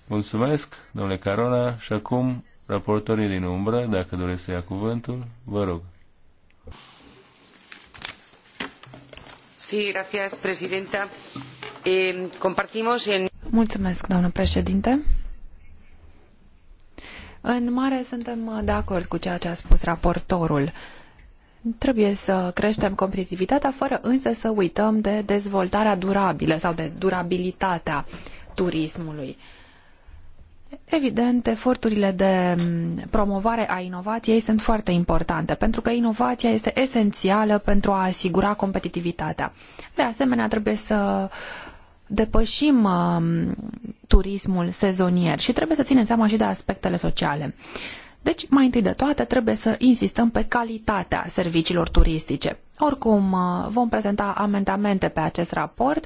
Mulțumesc, domnule Carona, și acum raportorii din umbră, dacă doresc să ia cuvântul, vă rog. Sí, gracias, presidenta. Eh, compartimos en... Mulțumesc, doamnă președinte. În mare suntem de acord cu ceea ce a spus raportorul. Trebuie să creștem competitivitatea fără însă să uităm de dezvoltarea durabilă sau de durabilitatea turismului. Evident, eforturile de promovare a inovației sunt foarte importante, pentru că inovația este esențială pentru a asigura competitivitatea. De asemenea, trebuie să depășim um, turismul sezonier și trebuie să ținem seama și de aspectele sociale. Deci, mai întâi de toate, trebuie să insistăm pe calitatea serviciilor turistice. Oricum, uh, vom prezenta amendamente pe acest raport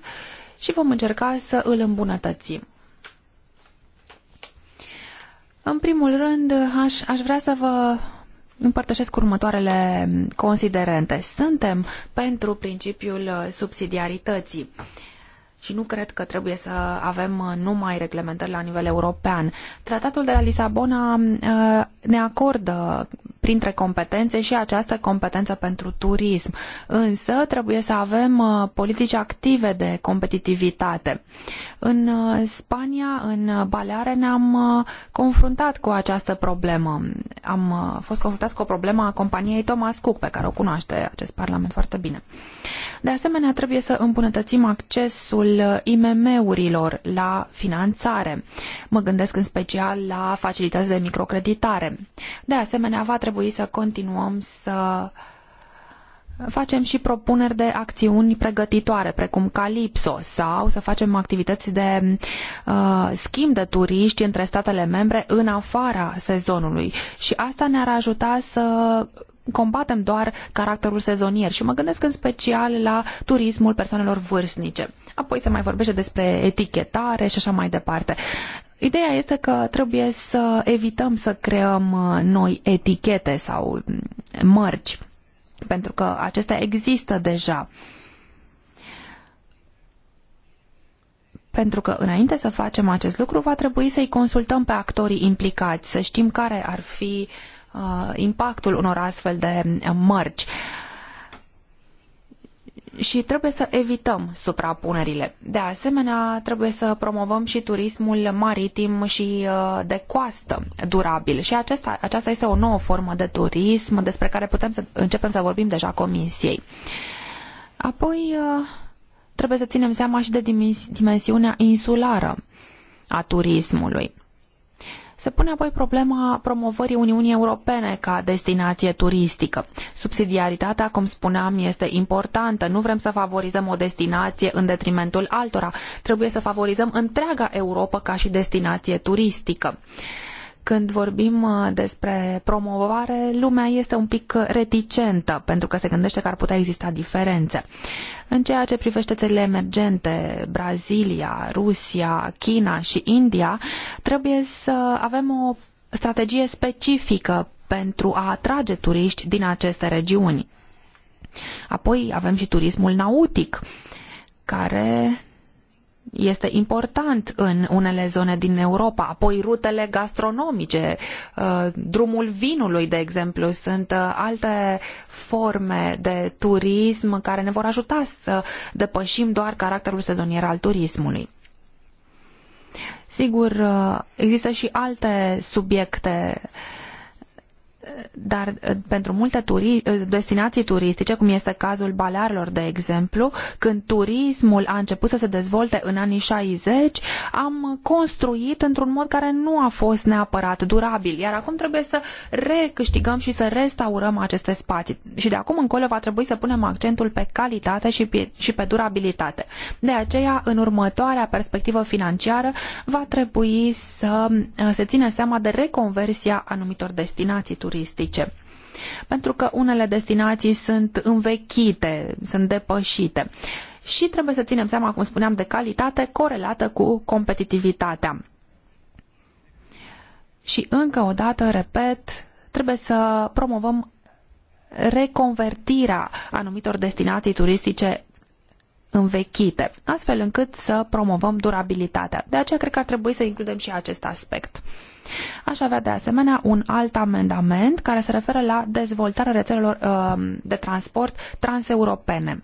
și vom încerca să îl îmbunătățim. În primul rând, aș, aș vrea să vă împărtășesc următoarele considerente. Suntem pentru principiul uh, subsidiarității. Uh, și nu cred că trebuie să avem uh, numai reglementări la nivel european. Tratatul de la Lisabona uh, ne acordă printre competențe și această competență pentru turism, însă trebuie să avem uh, politici active de competitivitate. În Spania, în Baleare, ne-am confruntat cu această problemă. Am fost confruntați cu o problemă a companiei Thomas Cook, pe care o cunoaște acest parlament foarte bine. De asemenea, trebuie să îmbunătățim accesul rolul IMM-urilor la finanțare. Mă gândesc în special la facilități de microcreditare. De asemenea, va trebui să continuăm să facem și propuneri de acțiuni pregătitoare, precum Calipso, sau să facem activități de uh, schimb de turiști între statele membre în afara sezonului. Și asta ne-ar ajuta să combatem doar caracterul sezonier și mă gândesc în special la turismul persoanelor vârstnice apoi se mai vorbește despre etichetare și așa mai departe. Ideea este că trebuie să evităm să creăm uh, noi etichete sau mm, mărci, pentru că acestea există deja. pentru că înainte să facem acest lucru va trebui să-i consultăm pe actorii implicați, să știm care ar fi uh, impactul unor astfel de mm, mărci. Uh, și trebuie să evităm suprapunerile. De asemenea, trebuie să promovăm și turismul maritim și uh, de coastă durabil. Și aceasta, aceasta este o nouă formă de turism despre care putem să începem să vorbim deja Comisiei. Apoi, uh, trebuie să ținem seama și de dimensiunea insulară a turismului. Se pune apoi problema promovării Uniunii Europene ca destinație turistică. Subsidiaritatea, cum spuneam, este importantă. Nu vrem să favorizăm o destinație în detrimentul altora. Trebuie să favorizăm întreaga Europa ca și destinație turistică. Când vorbim uh, despre promovare, lumea este un pic uh, reticentă pentru că se gândește că ar putea exista diferențe. În ceea ce privește țările emergente, Brazilia, Rusia, China și India, trebuie să avem o strategie specifică pentru a atrage turiști din aceste regiuni. Apoi avem și turismul nautic, care este important în unele zone din Europa. Apoi rutele gastronomice, uh, drumul vinului, de exemplu, sunt uh, alte forme de turism care ne vor ajuta să depășim doar caracterul sezonier al turismului. Sigur, uh, există și alte subiecte uh, dar eh, pentru multe turi- eh, destinații turistice, cum este cazul Balearilor, de exemplu, când turismul a început să se dezvolte în anii 60, am construit într-un mod care nu a fost neapărat durabil, iar acum trebuie să recâștigăm și să restaurăm aceste spații. Și de acum încolo va trebui să punem accentul pe calitate și pe, și pe durabilitate. De aceea, în următoarea perspectivă financiară, va trebui să eh, se țină seama de reconversia anumitor destinații turistice turistice. Pentru că unele destinații sunt învechite, sunt depășite și trebuie să ținem seama, cum spuneam, de calitate corelată cu competitivitatea. Și încă o dată, repet, trebuie să promovăm reconvertirea anumitor destinații turistice învechite, astfel încât să promovăm durabilitatea. De aceea cred că ar trebui să includem și acest aspect. Aș avea de asemenea un alt amendament care se referă la dezvoltarea rețelelor uh, de transport transeuropene.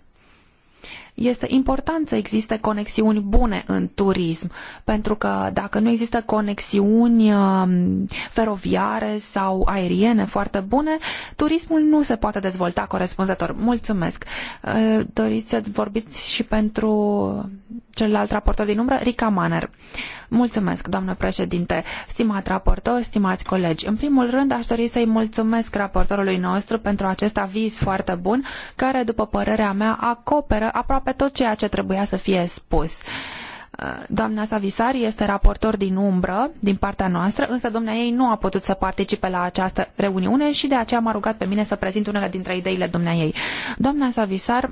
Este important să existe conexiuni bune în turism, pentru că dacă nu există conexiuni um, feroviare sau aeriene foarte bune, turismul nu se poate dezvolta corespunzător. Mulțumesc! Uh, doriți să vorbiți și pentru celălalt raportor din umbră, Rica Maner. Mulțumesc, doamnă președinte, stimat raportor, stimați colegi. În primul rând, aș dori să-i mulțumesc raportorului nostru pentru acest aviz foarte bun, care, după părerea mea, acoperă aproape aproape tot ceea ce trebuia să fie spus. Uh, doamna Savisari este raportor din umbră, din partea noastră, însă domnia ei nu a putut să participe la această reuniune și de aceea m-a rugat pe mine să prezint unele dintre ideile domnia ei. Doamna Savisar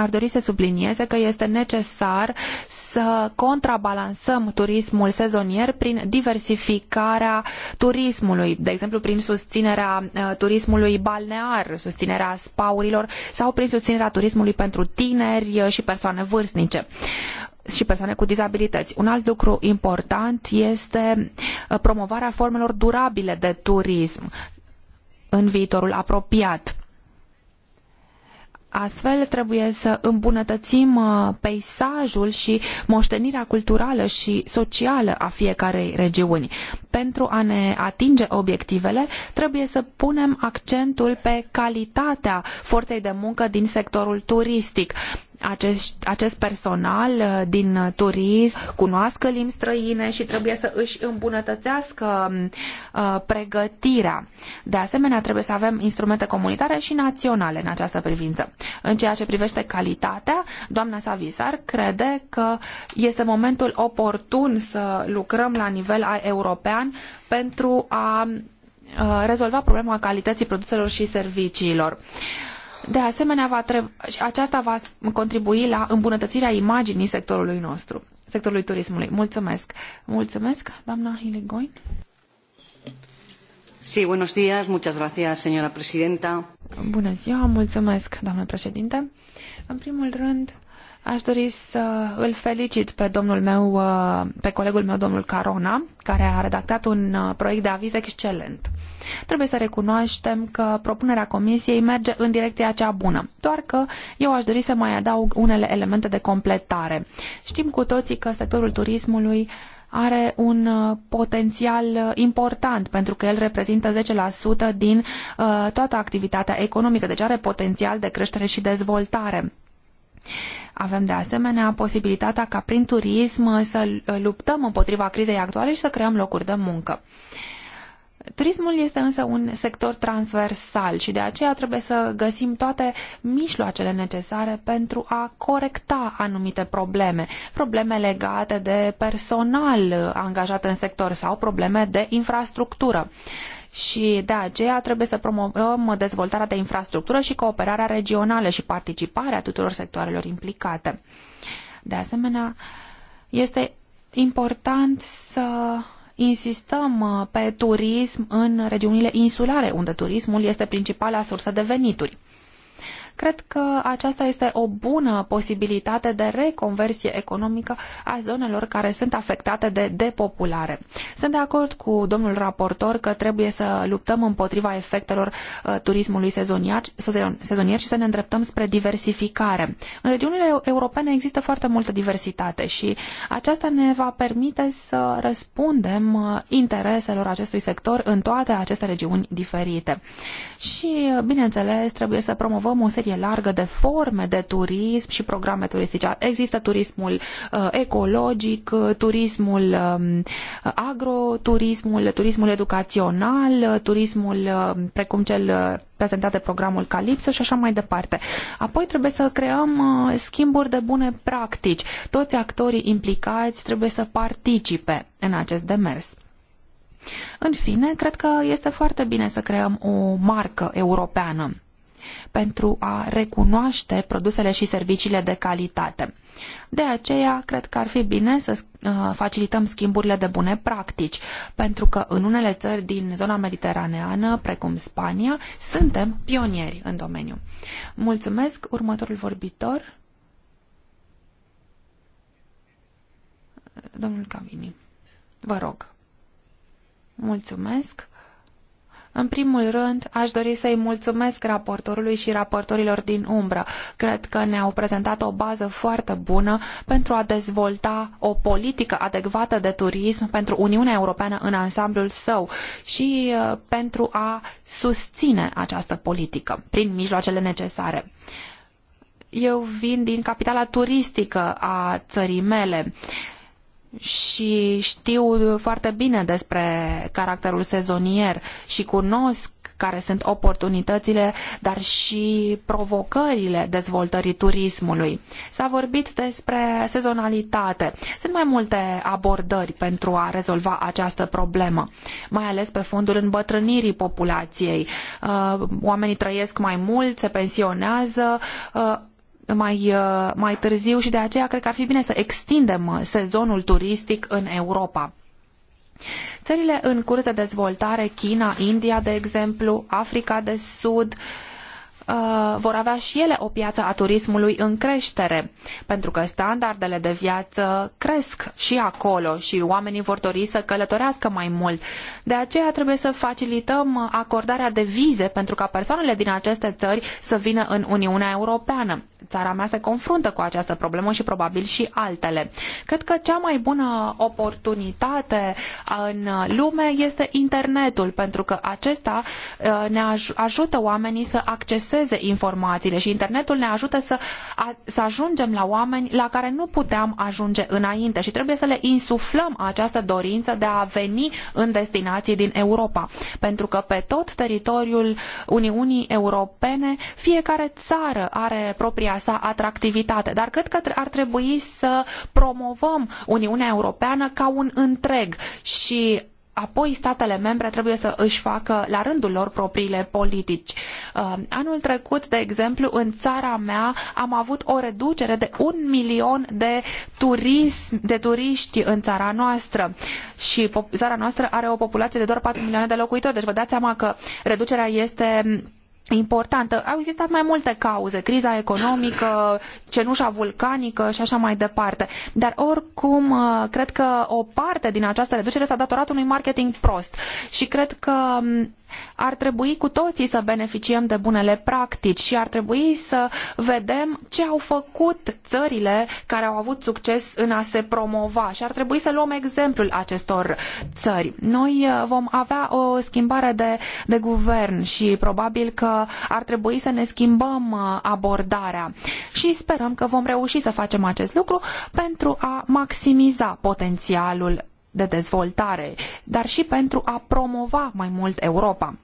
ar dori să sublinieze că este necesar să contrabalansăm turismul sezonier prin diversificarea turismului, de exemplu prin susținerea uh, turismului balnear, susținerea spaurilor sau prin susținerea turismului pentru tineri uh, și persoane vârstnice și persoane cu dizabilități. Un alt lucru important este uh, promovarea formelor durabile de turism în viitorul apropiat Astfel trebuie să îmbunătățim uh, peisajul și moștenirea culturală și socială a fiecarei regiuni. Pentru a ne atinge obiectivele, trebuie să punem accentul pe calitatea forței de muncă din sectorul turistic acest, acest personal uh, din turism cunoască limbi străine și trebuie să își îmbunătățească um, uh, pregătirea. De asemenea, trebuie să avem instrumente comunitare și naționale în această privință. În ceea ce privește calitatea, doamna Savisar crede că este momentul oportun să lucrăm la nivel european pentru a uh, rezolva problema calității produselor și serviciilor. De asemenea, va treb, și aceasta va contribui la îmbunătățirea imaginii sectorului nostru, sectorului turismului. Mulțumesc! Mulțumesc, doamna Hiligoin! Sí, buenos días, muchas gracias, señora presidenta. Bună ziua, mulțumesc, doamnă președinte. În primul rând, Aș dori să îl felicit pe domnul meu, uh, pe colegul meu, domnul Carona, care a redactat un uh, proiect de aviz excelent. Trebuie să recunoaștem că propunerea comisiei merge în direcția cea bună, doar că eu aș dori să mai adaug unele elemente de completare. Știm cu toții că sectorul turismului are un uh, potențial important pentru că el reprezintă 10% din toată activitatea economică, deci are potențial de creștere și dezvoltare. Avem de asemenea posibilitatea ca prin turism să luptăm împotriva crizei actuale și să creăm locuri de muncă. Turismul este însă un sector transversal și de aceea trebuie să găsim toate mijloacele necesare pentru a corecta anumite probleme, probleme legate de personal angajat în sector sau probleme de infrastructură și de aceea trebuie să promovăm dezvoltarea de infrastructură și cooperarea regională și participarea tuturor sectoarelor implicate. De asemenea, este important să insistăm uh, pe turism în regiunile insulare, unde turismul este principala sursă de venituri. Cred că aceasta este o bună posibilitate de reconversie economică a zonelor care sunt afectate de depopulare. Sunt de acord cu domnul raportor că trebuie să luptăm împotriva efectelor uh, turismului sezonier și să ne îndreptăm spre diversificare. În regiunile europene există foarte multă diversitate și aceasta ne va permite să răspundem uh, intereselor acestui sector în toate aceste regiuni diferite. Și, uh, bineînțeles, trebuie să promovăm o serie serie largă de forme de turism și programe turistice. Există turismul uh, ecologic, uh, turismul um, agro, turismul, turismul educațional, uh, turismul precum cel prezentat de programul Calipso și așa mai departe. Apoi trebuie să creăm schimburi de bune practici. Toți actorii implicați trebuie să participe în acest demers. În fine, cred că este foarte bine să creăm o marcă europeană pentru a recunoaște produsele și serviciile de calitate. De aceea, cred că ar fi bine să uh, facilităm schimburile de bune practici, pentru că în unele țări din zona mediteraneană, precum Spania, suntem pionieri în domeniu. Mulțumesc, următorul vorbitor. Domnul Cavini, vă rog. Mulțumesc. În primul rând, aș dori să-i mulțumesc raportorului și raportorilor din umbră. Cred că ne-au prezentat o bază foarte bună pentru a dezvolta o politică adecvată de turism pentru Uniunea Europeană în ansamblul său și uh, pentru a susține această politică prin mijloacele necesare. Eu vin din capitala turistică a țării mele și știu foarte bine despre caracterul sezonier și cunosc care sunt oportunitățile, dar și provocările dezvoltării turismului. S-a vorbit despre sezonalitate. Sunt mai multe abordări pentru a rezolva această problemă, mai ales pe fondul îmbătrânirii populației. Uh, oamenii trăiesc mai mult, se pensionează, uh, mai, uh, mai târziu și de aceea cred că ar fi bine să extindem uh, sezonul turistic în Europa. Țările în curs de dezvoltare, China, India, de exemplu, Africa de Sud, uh, Uh, vor avea și ele o piață a turismului în creștere, pentru că standardele de viață cresc și acolo și oamenii vor dori să călătorească mai mult. De aceea trebuie să facilităm acordarea de vize pentru ca persoanele din aceste țări să vină în Uniunea Europeană. Țara mea se confruntă cu această problemă și probabil și altele. Cred că cea mai bună oportunitate în lume este internetul, pentru că acesta uh, ne ajută oamenii să acceseze acceseze informațiile și internetul ne ajută să, a, să ajungem la oameni la care nu puteam ajunge înainte și trebuie să le insuflăm această dorință de a veni în destinații din Europa. Pentru că pe tot teritoriul Uniunii Europene fiecare țară are propria sa atractivitate, dar cred că ar trebui să promovăm Uniunea Europeană ca un întreg și apoi statele membre trebuie să își facă la rândul lor propriile politici. Uh, anul trecut, de exemplu, în țara mea am avut o reducere de un milion de, turism, de turiști în țara noastră și țara noastră are o populație de doar patru milioane de locuitori, deci vă dați seama că reducerea este importantă. Au existat mai multe cauze, criza economică, cenușa vulcanică și așa mai departe. Dar oricum, uh, cred că o parte din această reducere s-a datorat unui marketing prost și cred că um, ar trebui cu toții să beneficiem de bunele practici și ar trebui să vedem ce au făcut țările care au avut succes în a se promova și ar trebui să luăm exemplul acestor țări. Noi uh, vom avea o schimbare de, de guvern și probabil că ar trebui să ne schimbăm uh, abordarea și sperăm că vom reuși să facem acest lucru pentru a maximiza potențialul de dezvoltare, dar și pentru a promova mai mult Europa.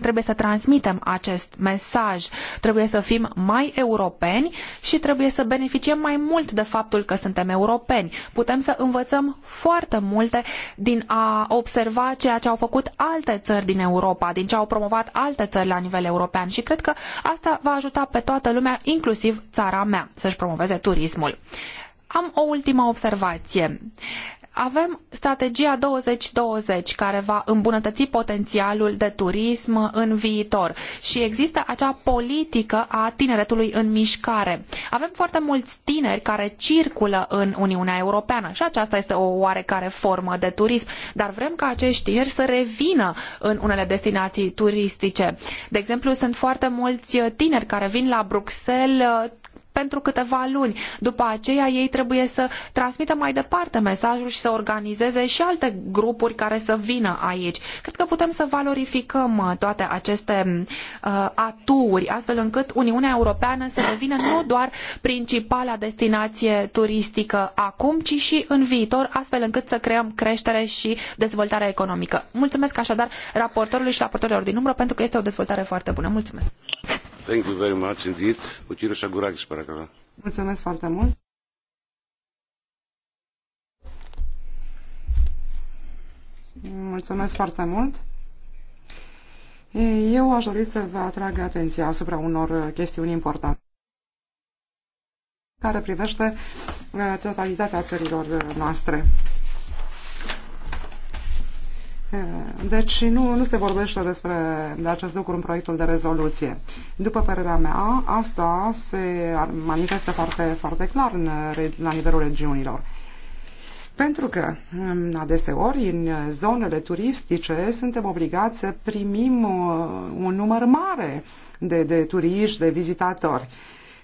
Trebuie să transmitem acest mesaj, trebuie să fim mai europeni și trebuie să beneficiem mai mult de faptul că suntem europeni. Putem să învățăm foarte multe din a observa ceea ce au făcut alte țări din Europa, din ce au promovat alte țări la nivel european și cred că asta va ajuta pe toată lumea, inclusiv țara mea, să-și promoveze turismul. Am o ultimă observație. Avem strategia 2020 care va îmbunătăți potențialul de turism în viitor și există acea politică a tineretului în mișcare. Avem foarte mulți tineri care circulă în Uniunea Europeană și aceasta este o oarecare formă de turism, dar vrem ca acești tineri să revină în unele destinații turistice. De exemplu, sunt foarte mulți tineri care vin la Bruxelles pentru câteva luni. După aceea ei trebuie să transmită mai departe mesajul și să organizeze și alte grupuri care să vină aici. Cred că putem să valorificăm uh, toate aceste uh, aturi, astfel încât Uniunea Europeană să devină nu doar principala destinație turistică acum, ci și în viitor, astfel încât să creăm creștere și dezvoltare economică. Mulțumesc așadar raportorului și raportorilor din umbră pentru că este o dezvoltare foarte bună. Mulțumesc! Thank you very much indeed. Ο κύριος Σαγκουράκης, παρακαλώ. Mulțumesc foarte mult. Mulțumesc foarte mult. Eu aș dori să vă atrag atenția asupra unor chestiuni importante care privește uh, totalitatea țărilor uh, noastre. Eh, deci nu, nu se vorbește despre de acest lucru în proiectul de rezoluție. După părerea mea, asta se manifestă foarte, foarte clar în, la nivelul regiunilor. Pentru că adeseori în zonele turistice suntem obligați să primim uh, un număr mare de, de turiști, de vizitatori.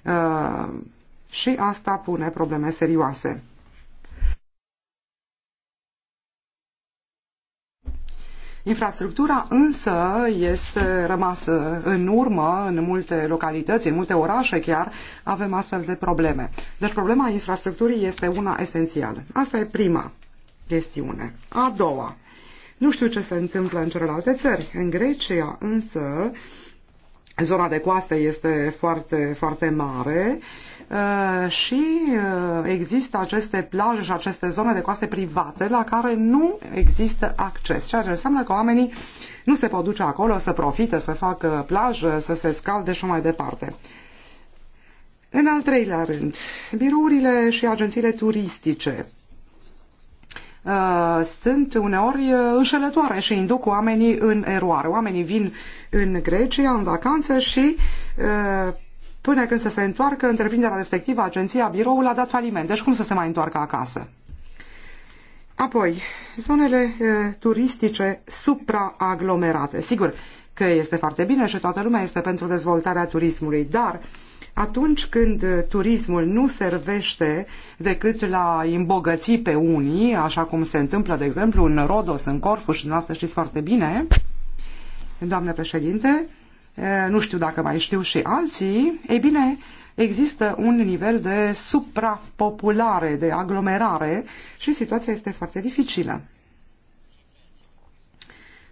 Eh, și asta pune probleme serioase. Infrastructura însă este rămasă în urmă în multe localități, în multe orașe chiar, avem astfel de probleme. Deci problema infrastructurii este una esențială. Asta e prima chestiune. A doua. Nu știu ce se întâmplă în celelalte țări. În Grecia însă zona de coastă este foarte, foarte mare Uh, și uh, există aceste plaje și aceste zone de coaste private la care nu există acces, ceea ce înseamnă că oamenii nu se pot duce acolo să profite, să facă plajă, să se scalde și mai departe. În al treilea rând, birourile și agențiile turistice uh, sunt uneori înșelătoare și induc oamenii în eroare. Oamenii vin în Grecia, în vacanță și Până când să se întoarcă, întreprinderea respectivă, agenția, biroul a dat faliment. Deci cum să se mai întoarcă acasă? Apoi, zonele e, turistice supraaglomerate. Sigur că este foarte bine și toată lumea este pentru dezvoltarea turismului, dar atunci când turismul nu servește decât la îmbogăți pe unii, așa cum se întâmplă, de exemplu, în Rodos, în Corfu și dumneavoastră știți foarte bine, doamne președinte, nu știu dacă mai știu și alții, ei bine, există un nivel de suprapopulare, de aglomerare și situația este foarte dificilă.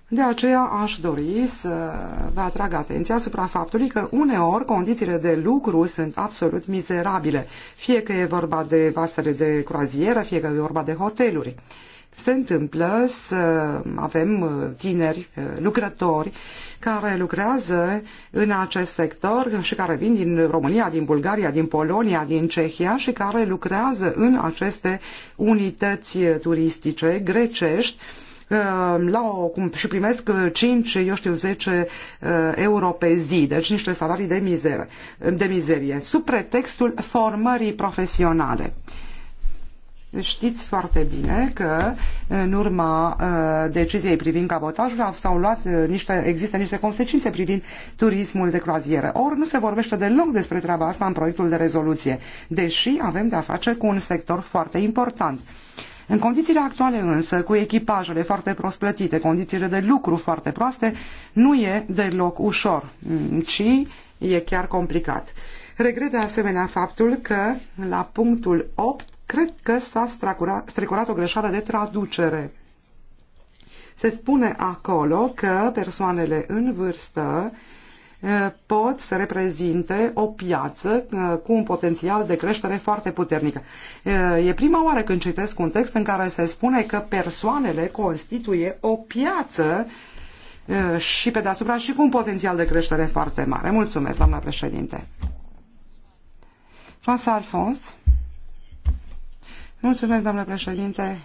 De aceea aș dori să vă atrag atenția asupra faptului că uneori condițiile de lucru sunt absolut mizerabile, fie că e vorba de vasele de croazieră, fie că e vorba de hoteluri. Uh, se întâmplă să avem uh, tineri uh, lucrători care lucrează în acest sector și care vin din România, din Bulgaria, din Polonia, din Cehia și care lucrează în aceste unități turistice grecești uh, la o, cum, și primesc 5, eu știu, 10 euro pe zi, deci niște salarii de, mizere, de mizerie, sub pretextul formării profesionale. Uh, Știți foarte bine că în urma uh, deciziei privind cabotajul s-au luat uh, niște, există niște consecințe privind turismul de croazieră. Or, nu se vorbește deloc despre treaba asta în proiectul de rezoluție, deși avem de-a face cu un sector foarte important. În condițiile actuale însă, cu echipajele foarte prost plătite, condițiile de lucru foarte proaste, nu e deloc ușor, mm, ci e chiar complicat. Regret de asemenea faptul că la punctul 8 Cred că s-a strecurat o greșeală de traducere. Se spune acolo că persoanele în vârstă eh, pot să reprezinte o piață eh, cu un potențial de creștere foarte puternică. Eh, e prima oară când citesc un text în care se spune că persoanele constituie o piață și pe deasupra și cu un potențial de creștere foarte mare. Mulțumesc, doamna președinte. François Alphonse. Mulțumesc, doamnă președinte.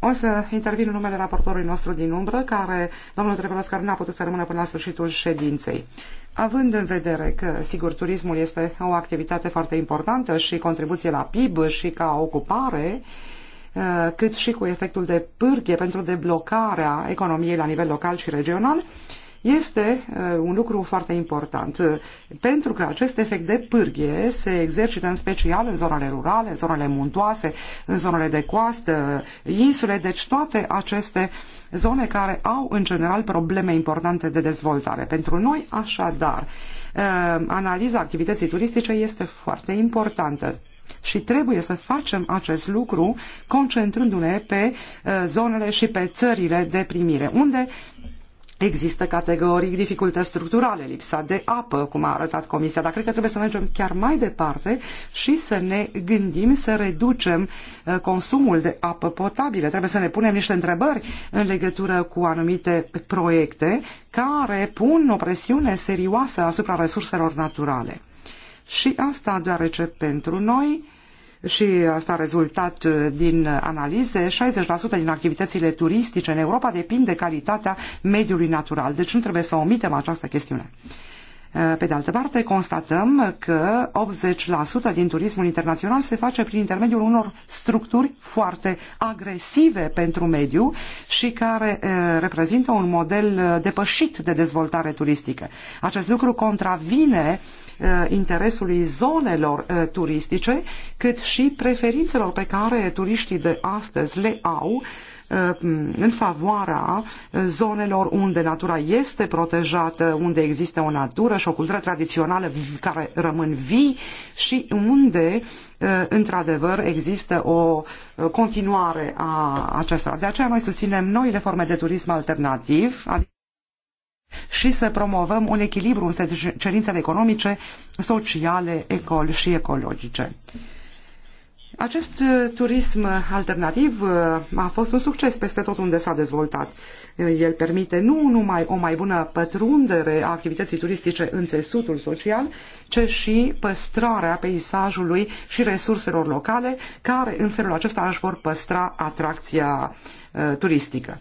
O să intervin în numele raportorului nostru din umbră, care, domnul Trebălăscar, nu a putut să rămână până la sfârșitul ședinței. Având în vedere că, sigur, turismul este o activitate foarte importantă și contribuție la PIB și ca ocupare, eh, cât și cu efectul de pârghie pentru deblocarea economiei la nivel local și regional, este uh, un lucru foarte important, uh, pentru că acest efect de pârghie se exercită în special în zonele rurale, în zonele muntoase, în zonele de coastă, insule, deci toate aceste zone care au în general probleme importante de dezvoltare. Pentru noi, așadar, uh, analiza activității turistice este foarte importantă. Și trebuie să facem acest lucru concentrându-ne pe zonele și pe țările de primire, unde Există categorii dificultăți structurale, lipsa de apă, cum a arătat Comisia, dar cred că trebuie să mergem chiar mai departe și să ne gândim să reducem uh, consumul de apă potabilă. Trebuie să ne punem niște întrebări în legătură cu anumite proiecte care pun o presiune serioasă asupra resurselor naturale. Și asta deoarece pentru noi și asta a rezultat uh, din analize, 60% din activitățile turistice în Europa depind de calitatea mediului natural. Deci nu trebuie să omitem această chestiune. Uh, pe de altă parte, constatăm că 80% din turismul internațional se face prin intermediul unor structuri foarte agresive pentru mediu și care uh, reprezintă un model depășit de dezvoltare turistică. Acest lucru contravine uh, Uh, interesului zonelor uh, turistice, cât și preferințelor pe care turiștii de astăzi le au uh, în favoarea zonelor unde natura este protejată, unde există o natură și o cultură tradițională care rămân vii și unde, într-adevăr, există o continuare a acestora. De aceea noi susținem noile forme de turism alternativ, adică și să promovăm un echilibru între cerințele economice, sociale, ecol și ecologice. Acest uh, turism alternativ uh, a fost un succes peste tot unde s-a dezvoltat. Uh, el permite nu numai o mai bună pătrundere a activității turistice în țesutul social, ci și păstrarea peisajului și resurselor locale, care în felul acesta își vor păstra atracția turistică.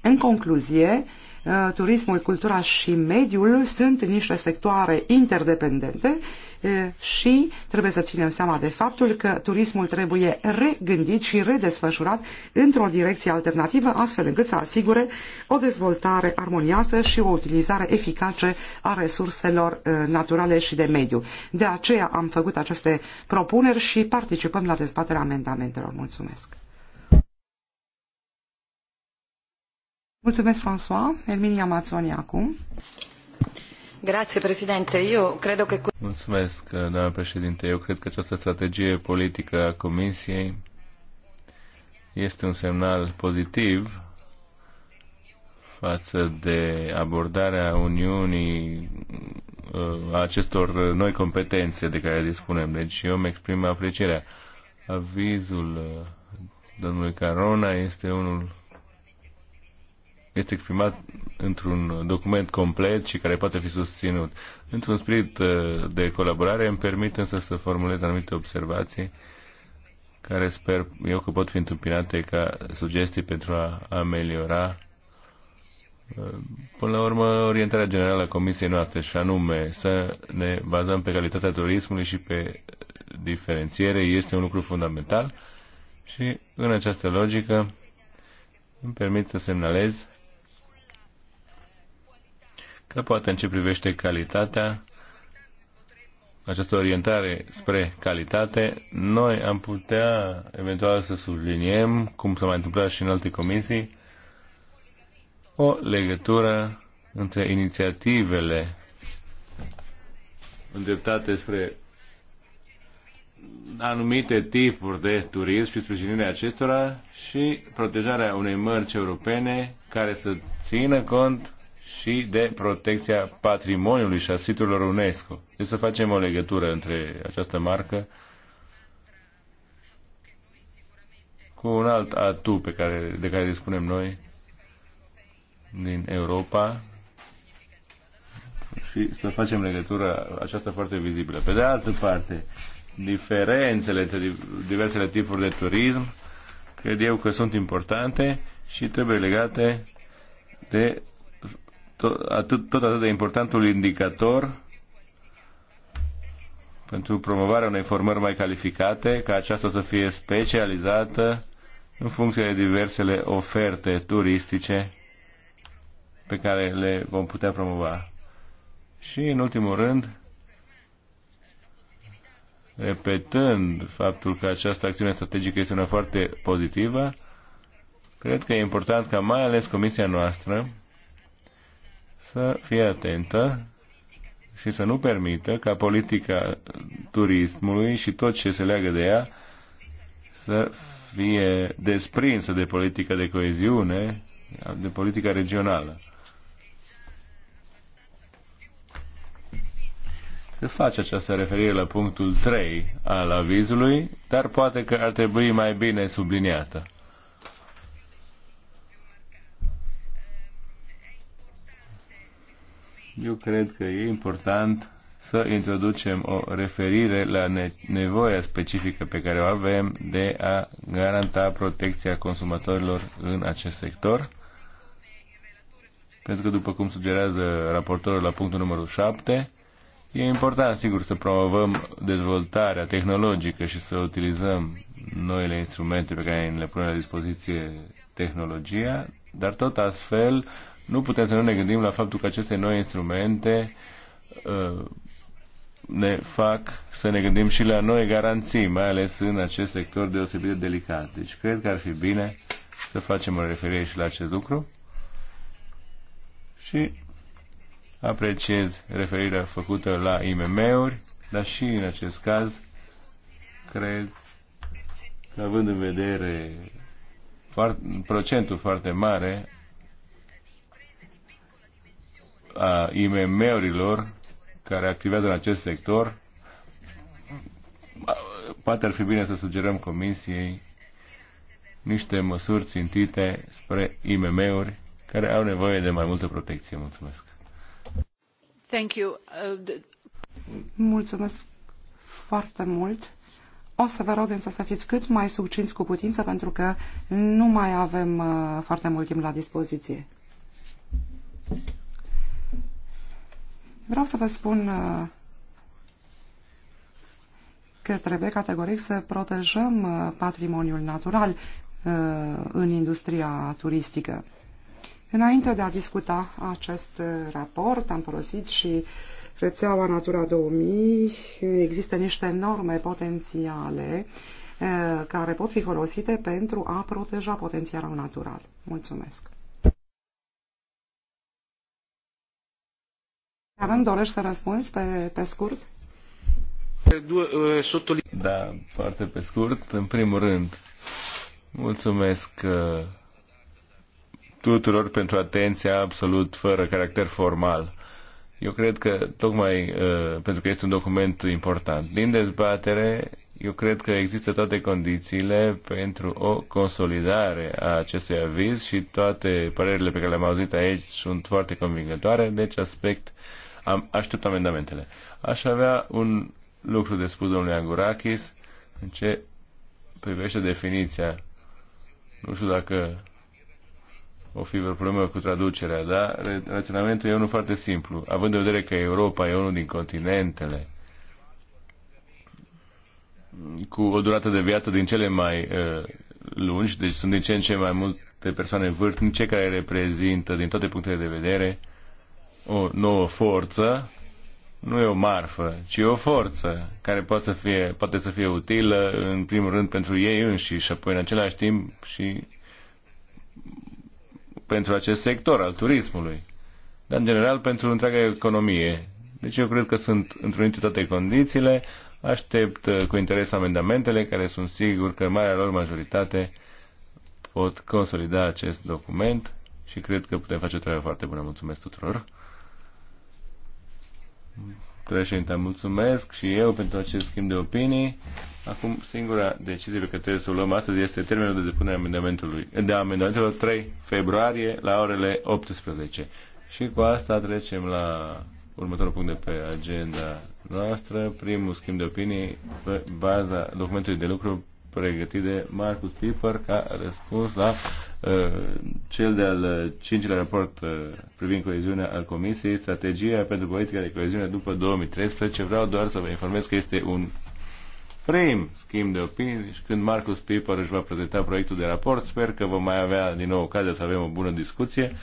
În concluzie, Uh, turismul, cultura și mediul sunt niște sectoare interdependente uh, și trebuie să ținem seama de faptul că turismul trebuie regândit și redesfășurat într-o direcție alternativă, astfel încât să asigure o dezvoltare armonioasă și o utilizare eficace a resurselor uh, naturale și de mediu. De aceea am făcut aceste propuneri și participăm la dezbaterea amendamentelor. Mulțumesc! Mulțumesc, François. Erminia Mazzoni acum. Grazie, Eu cred că... Mulțumesc, eh, doamna președinte. Eu cred că această strategie politică a Comisiei este un semnal pozitiv față de abordarea Uniunii eh, a acestor noi competențe de care dispunem. Deci eu îmi exprim aprecierea. Avizul eh, domnului Carona este unul este exprimat într-un document complet și care poate fi susținut. Într-un spirit uh, de colaborare îmi permit însă să formulez anumite observații care sper eu că pot fi întâmpinate ca sugestii pentru a ameliora uh, Până la urmă, orientarea generală a Comisiei noastre, și anume să ne bazăm pe calitatea turismului și pe diferențiere, este un lucru fundamental și în această logică îmi permit să semnalez dar poate în ce privește calitatea, această orientare spre calitate, noi am putea eventual să subliniem, cum s-a mai întâmplat și în alte comisii, o legătură între inițiativele îndreptate spre anumite tipuri de turism și sprijinirea acestora și protejarea unei mărci europene care să țină cont și de protecția patrimoniului și a siturilor UNESCO. Deci să facem o legătură între această marcă cu un alt atu pe care, de care dispunem noi din Europa și să facem legătura aceasta foarte vizibilă. Pe de altă parte, diferențele între diversele tipuri de turism cred eu că sunt importante și trebuie legate de tot atât, tot atât de importantul indicator pentru promovarea unei formări mai calificate, ca aceasta să fie specializată în funcție de diversele oferte turistice pe care le vom putea promova. Și, în ultimul rând, repetând faptul că această acțiune strategică este una foarte pozitivă, cred că e important ca mai ales Comisia noastră să fie atentă și să nu permită ca politica turismului și tot ce se leagă de ea să fie desprinsă de politica de coeziune, de politica regională. Se face această referire la punctul 3 al avizului, dar poate că ar trebui mai bine subliniată. Eu cred că e important să introducem o referire la nevoia specifică pe care o avem de a garanta protecția consumatorilor în acest sector. Pentru că, după cum sugerează raportorul la punctul numărul 7, e important, sigur, să promovăm dezvoltarea tehnologică și să utilizăm noile instrumente pe care ne le pune la dispoziție tehnologia, dar tot astfel nu putem să nu ne gândim la faptul că aceste noi instrumente uh, ne fac să ne gândim și la noi garanții, mai ales în acest sector deosebit de delicat. Deci cred că ar fi bine să facem o referire și la acest lucru și apreciez referirea făcută la IMM-uri, dar și în acest caz cred că având în vedere procentul foarte mare a IMM-urilor care activează în acest sector. Poate ar fi bine să sugerăm Comisiei niște măsuri țintite spre IMM-uri care au nevoie de mai multă protecție. Mulțumesc. Thank you. Uh, Mulțumesc foarte mult. O să vă rog însă să fiți cât mai succinți cu putință pentru că nu mai avem uh, foarte mult timp la dispoziție. Vreau să vă spun uh, că trebuie categoric să protejăm uh, patrimoniul natural uh, în industria turistică. Înainte de a discuta acest raport, am folosit și rețeaua Natura 2000. Există niște norme potențiale care pot fi folosite pentru a proteja potențialul natural. Mulțumesc! Avem dorești să răspunzi pe, pe scurt? Da, foarte pe scurt. În primul rând, mulțumesc uh, tuturor pentru atenția absolut fără caracter formal. Eu cred că, tocmai uh, pentru că este un document important, din dezbatere, eu cred că există toate condițiile pentru o consolidare a acestui aviz și toate părerile pe care le-am auzit aici sunt foarte convingătoare, deci aspect uh, am, aștept amendamentele. Aș avea un lucru de spus domnului Angurakis în ce privește definiția. Nu știu dacă o fi vreo problemă cu traducerea, dar raționamentul e unul foarte simplu. Având în vedere că Europa e unul din continentele cu o durată de viață din cele mai uh, lungi, deci sunt din ce în ce mai multe persoane vârstnice care reprezintă din toate punctele de vedere uh, o nouă forță, nu e o marfă, ci o forță care poate să fie, poate să fie utilă, în primul rând, pentru ei înșiși și apoi, în același timp, și pentru acest sector al turismului, dar, în general, pentru întreaga economie. Deci eu cred că sunt întrunite toate condițiile, aștept uh, cu interes amendamentele, care sunt sigur că marea lor majoritate pot consolida acest document și cred că putem face o treabă foarte bună. Mulțumesc tuturor! Președinte, mulțumesc și eu pentru acest schimb de opinii. Acum, singura decizie pe care trebuie să o luăm astăzi este termenul de depunere a amendamentului, de amendamentelor 3 februarie la orele 18. Și cu asta trecem la următorul punct de pe agenda noastră, primul schimb de opinii pe baza documentului de lucru pregătit de Marcus Piper ca răspuns la uh, cel de-al uh, cincilea raport uh, privind coeziunea al Comisiei, strategia pentru politica de coeziune după 2013. Vreau doar să vă informez că este un prim schimb de opinii și când Marcus Piper își va prezenta proiectul de raport, sper că vom mai avea din nou ocazia să avem o bună discuție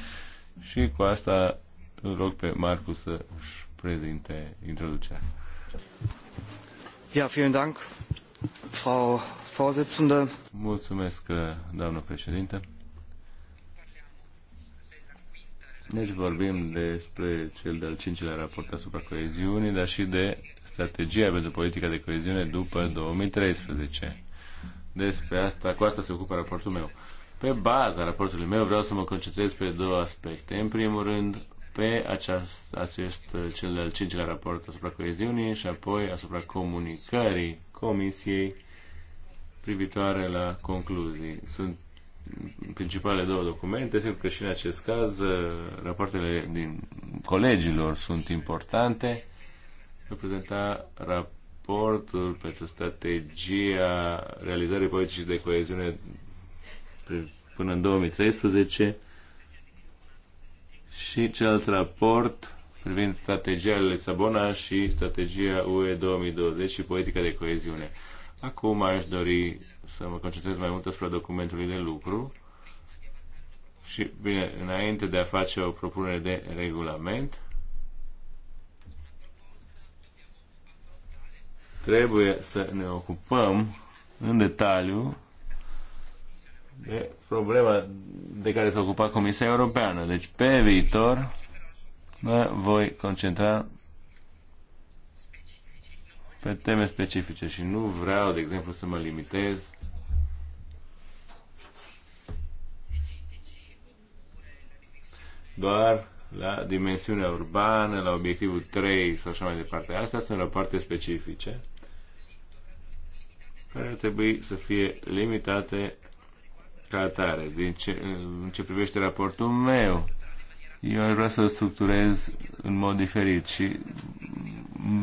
și cu asta îl rog pe Marcus să își prezinte introducerea. Ja, vielen Dank. Frau Vorsitzende. Mulțumesc, uh, doamnă președinte. Deci vorbim despre cel de-al cincilea raport asupra coeziunii, dar și de strategia pentru politica de coeziune după 2013. Despre asta, cu asta se ocupă raportul meu. Pe baza raportului meu vreau să mă concentrez pe două aspecte. În primul rând, pe acest, acest uh, cel de-al cincilea raport asupra coeziunii și apoi asupra comunicării Comisiei privitoare la concluzii. Sunt principale două documente. Sigur că și în acest caz uh, rapoartele din colegilor sunt importante. Vă prezenta raportul pentru strategia realizării politicii de coeziune până în 2013 și celălalt raport privind strategia Lisabona și strategia UE 2020 și politica de coeziune. Acum aș dori să mă concentrez mai mult asupra documentului de lucru și, bine, înainte de a face o propunere de regulament, trebuie să ne ocupăm în detaliu de problema de care s-a ocupat Comisia Europeană. Deci, pe viitor, mă voi concentra pe teme specifice și nu vreau, de exemplu, să mă limitez doar la dimensiunea urbană, la obiectivul 3 sau așa mai departe. Astea sunt rapoarte specifice care ar trebui să fie limitate ca atare. Din ce, în ce privește raportul meu, eu aș vrea să structurez în mod diferit și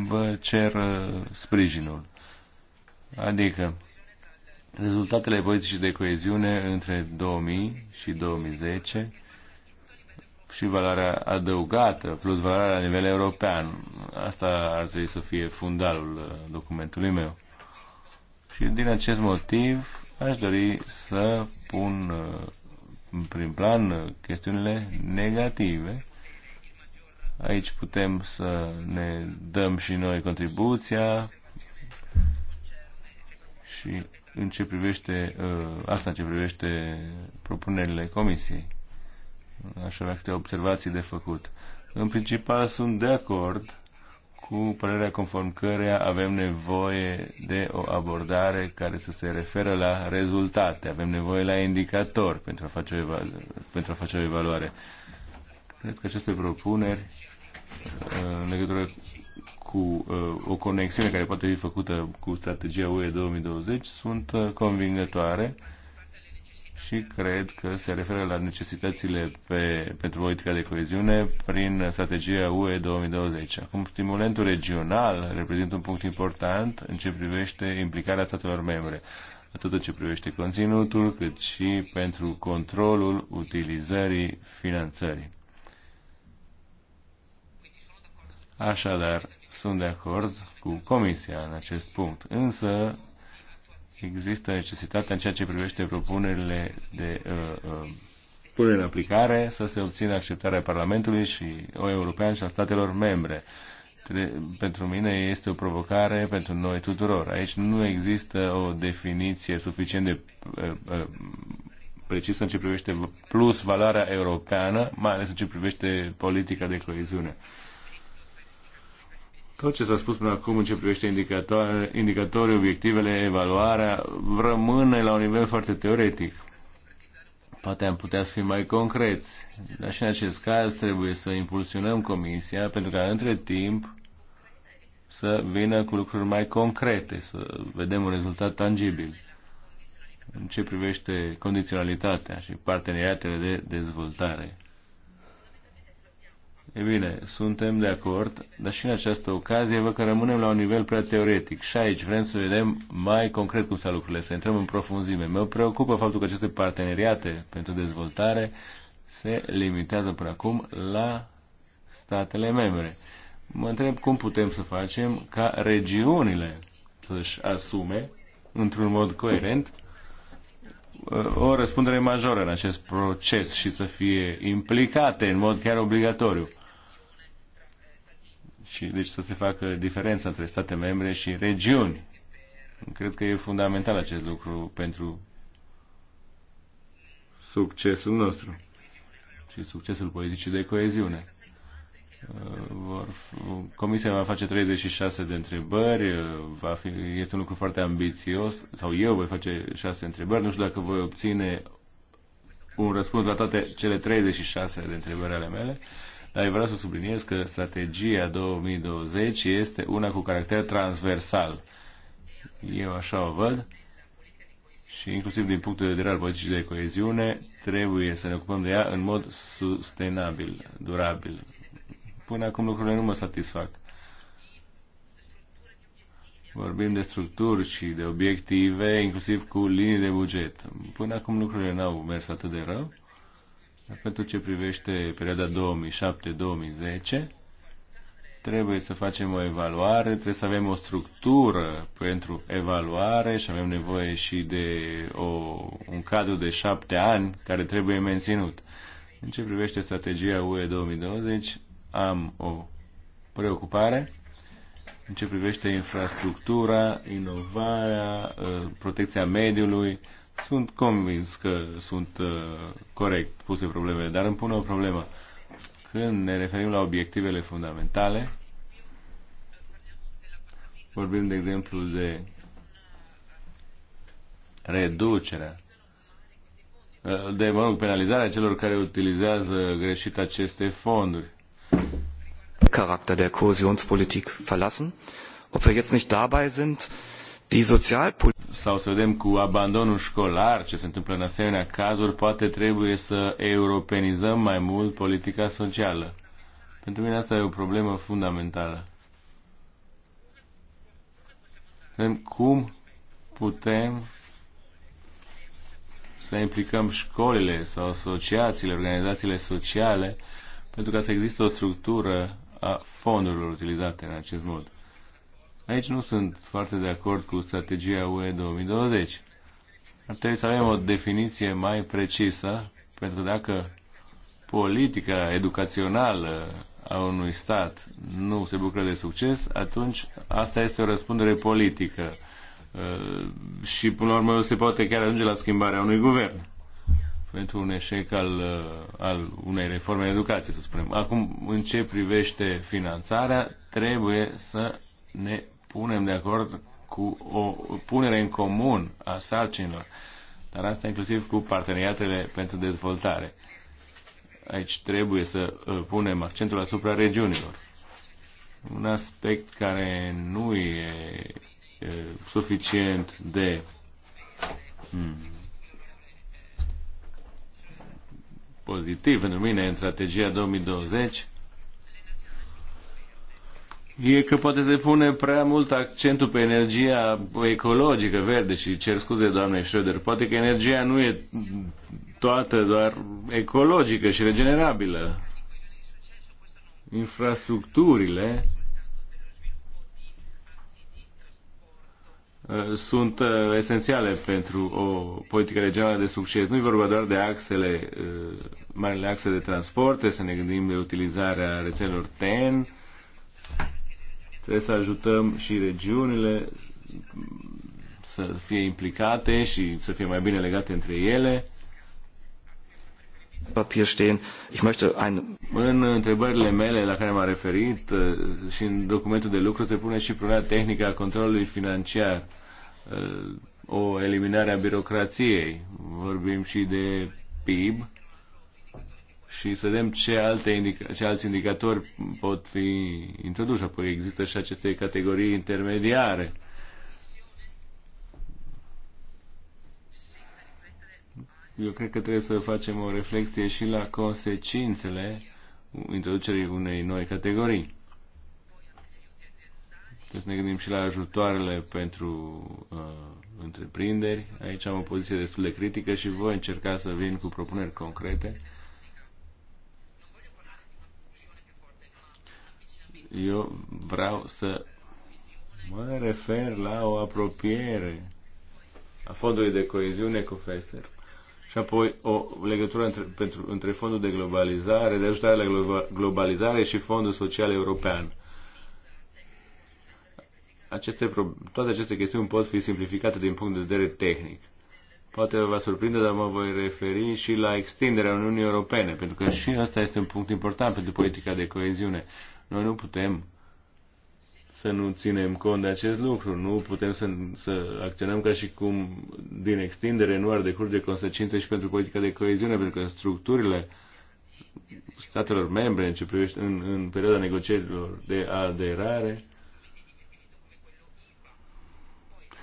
vă cer uh, sprijinul. Adică, rezultatele politicii de coeziune între 2000 și 2010 și valoarea adăugată plus valoarea la nivel european. Asta ar trebui să fie fundalul uh, documentului meu. Și din acest motiv aș dori să pun uh, în prim plan chestiunile negative. Aici putem să ne dăm și noi contribuția și în ce privește, uh, asta în ce privește propunerile comisiei. Aș avea câte observații de făcut. În principal sunt de acord cu părerea conform căreia avem nevoie de o abordare care să se referă la rezultate, avem nevoie la indicator pentru a face o, evalu- pentru a face o evaluare. Cred că aceste propuneri uh, în legătură cu uh, o conexiune care poate fi făcută cu strategia UE 2020 sunt uh, convingătoare și cred că se referă la necesitățile pe, pentru politica de coeziune prin strategia UE 2020. Acum, stimulentul regional reprezintă un punct important în ce privește implicarea statelor membre, atât în ce privește conținutul, cât și pentru controlul utilizării finanțării. Așadar, sunt de acord cu Comisia în acest punct, însă există necesitatea în ceea ce privește propunerile de uh, uh, punere în aplicare să se obțină acceptarea Parlamentului și o european și a statelor membre. Tre- pentru mine este o provocare pentru noi tuturor. Aici nu există o definiție suficient de uh, uh, precisă în ce privește plus valoarea europeană, mai ales în ce privește politica de coeziune. Uh, tot ce s-a spus până acum în ce privește indicatorii, obiectivele, evaluarea, rămâne la un nivel foarte teoretic. Poate am putea să fim mai concreți, dar și în acest caz trebuie să impulsionăm Comisia pentru ca între timp să vină cu lucruri mai concrete, să vedem un rezultat tangibil în ce privește condiționalitatea și parteneriatele de dezvoltare. E bine, suntem de acord, dar și în această ocazie vă că rămânem la un nivel prea teoretic și aici vrem să vedem mai concret cum stau lucrurile, să intrăm în profunzime. Mă preocupă faptul că aceste parteneriate pentru dezvoltare se limitează până acum la statele membre. Mă întreb cum putem să facem ca regiunile să-și asume într-un mod coerent o răspundere majoră în acest proces și să fie implicate în mod chiar obligatoriu și deci să se facă diferența între state membre și regiuni. Cred că e fundamental acest lucru pentru succesul nostru și succesul politicii de coeziune. Uh, comisia va face 36 de întrebări, uh, va fi, este un lucru foarte ambițios, sau eu voi face 6 întrebări, nu știu dacă voi obține un răspuns la toate cele 36 de întrebări ale mele. Uh, dar vreau să subliniez că strategia 2020 este una cu caracter transversal. Eu așa o văd și inclusiv din punctul de vedere al politicii de coeziune trebuie să ne ocupăm de ea în mod sustenabil, durabil. Până acum lucrurile nu mă satisfac. Vorbim de structuri și de obiective, inclusiv cu linii de buget. Până acum lucrurile n-au mers atât de rău pentru ce privește perioada 2007-2010, trebuie să facem o evaluare, trebuie să avem o structură pentru evaluare și avem nevoie și de o, un cadru de șapte ani care trebuie menținut. În ce privește strategia UE 2020, am o preocupare în ce privește infrastructura, inovarea, uh, protecția mediului, sunt convins că sunt uh, corect puse problemele, dar îmi pun o problemă. Când ne referim la obiectivele fundamentale, vorbim, de exemplu, de reducerea uh, de, mă rog, penalizarea celor care utilizează greșit aceste fonduri. Charakter der Kohäsionspolitik verlassen. Ob wir jetzt nicht dabei sind, die Sozialpolitik sau să vedem cu abandonul școlar ce se întâmplă în asemenea cazuri, poate trebuie să europenizăm mai mult politica socială. Pentru mine asta e o problemă fundamentală. Cum putem să implicăm școlile sau asociațiile, organizațiile sociale, pentru ca să există o structură a fondurilor utilizate în acest mod. Aici nu sunt foarte de acord cu strategia UE 2020. Ar trebui să avem o definiție mai precisă, pentru că dacă politica educațională a unui stat nu se bucură de succes, atunci asta este o răspundere politică. Uh, și până la urmă se poate chiar ajunge la schimbarea unui guvern pentru un eșec al, uh, al unei reforme în educație, să spunem. Acum, în ce privește finanțarea, trebuie să ne punem de acord cu o punere în comun a sarcinilor, dar asta inclusiv cu parteneriatele pentru dezvoltare. Aici trebuie să uh, punem accentul asupra regiunilor. Un aspect care nu e, e uh, suficient de hmm, pozitiv pentru mine în strategia 2020 e că poate se pune prea mult accentul pe energia ecologică, verde și cer scuze doamnei Schroeder, poate că energia nu e toată doar ecologică și regenerabilă. Infrastructurile uh, sunt uh, esențiale pentru o politică regională de succes. Nu e vorba doar de axele, uh, marile axe de transport, să ne gândim de utilizarea rețelelor TEN, Trebuie să ajutăm și regiunile să fie implicate și să fie mai bine legate între ele. Papier stehen. Ich möchte ein... În întrebările mele la care m-am referit uh, și în documentul de lucru se pune și problema tehnică a controlului financiar, uh, o eliminare a birocrației. Vorbim și de PIB, și să vedem ce, alte indica- ce alți indicatori pot fi introduși. Apoi există și aceste categorii intermediare. Eu cred că trebuie să facem o reflexie și la consecințele introducerii unei noi categorii. Trebuie să ne gândim și la ajutoarele pentru uh, întreprinderi. Aici am o poziție destul de critică și voi încerca să vin cu propuneri concrete eu vreau să mă refer la o apropiere a fondului de coeziune cu FESER și apoi o legătură între, pentru, între fondul de globalizare, de ajutare la globalizare și fondul social european. Aceste, toate aceste chestiuni pot fi simplificate din punct de vedere tehnic. Poate vă va surprinde, dar mă voi referi și la extinderea Uniunii Europene, pentru că și asta este un punct important pentru politica de coeziune. Noi nu putem să nu ținem cont de acest lucru. Nu putem să, să acționăm ca și cum din extindere nu ar decurge consecințe și pentru politica de coeziune, pentru că structurile statelor membre în, ce privește, în, în perioada negocierilor de aderare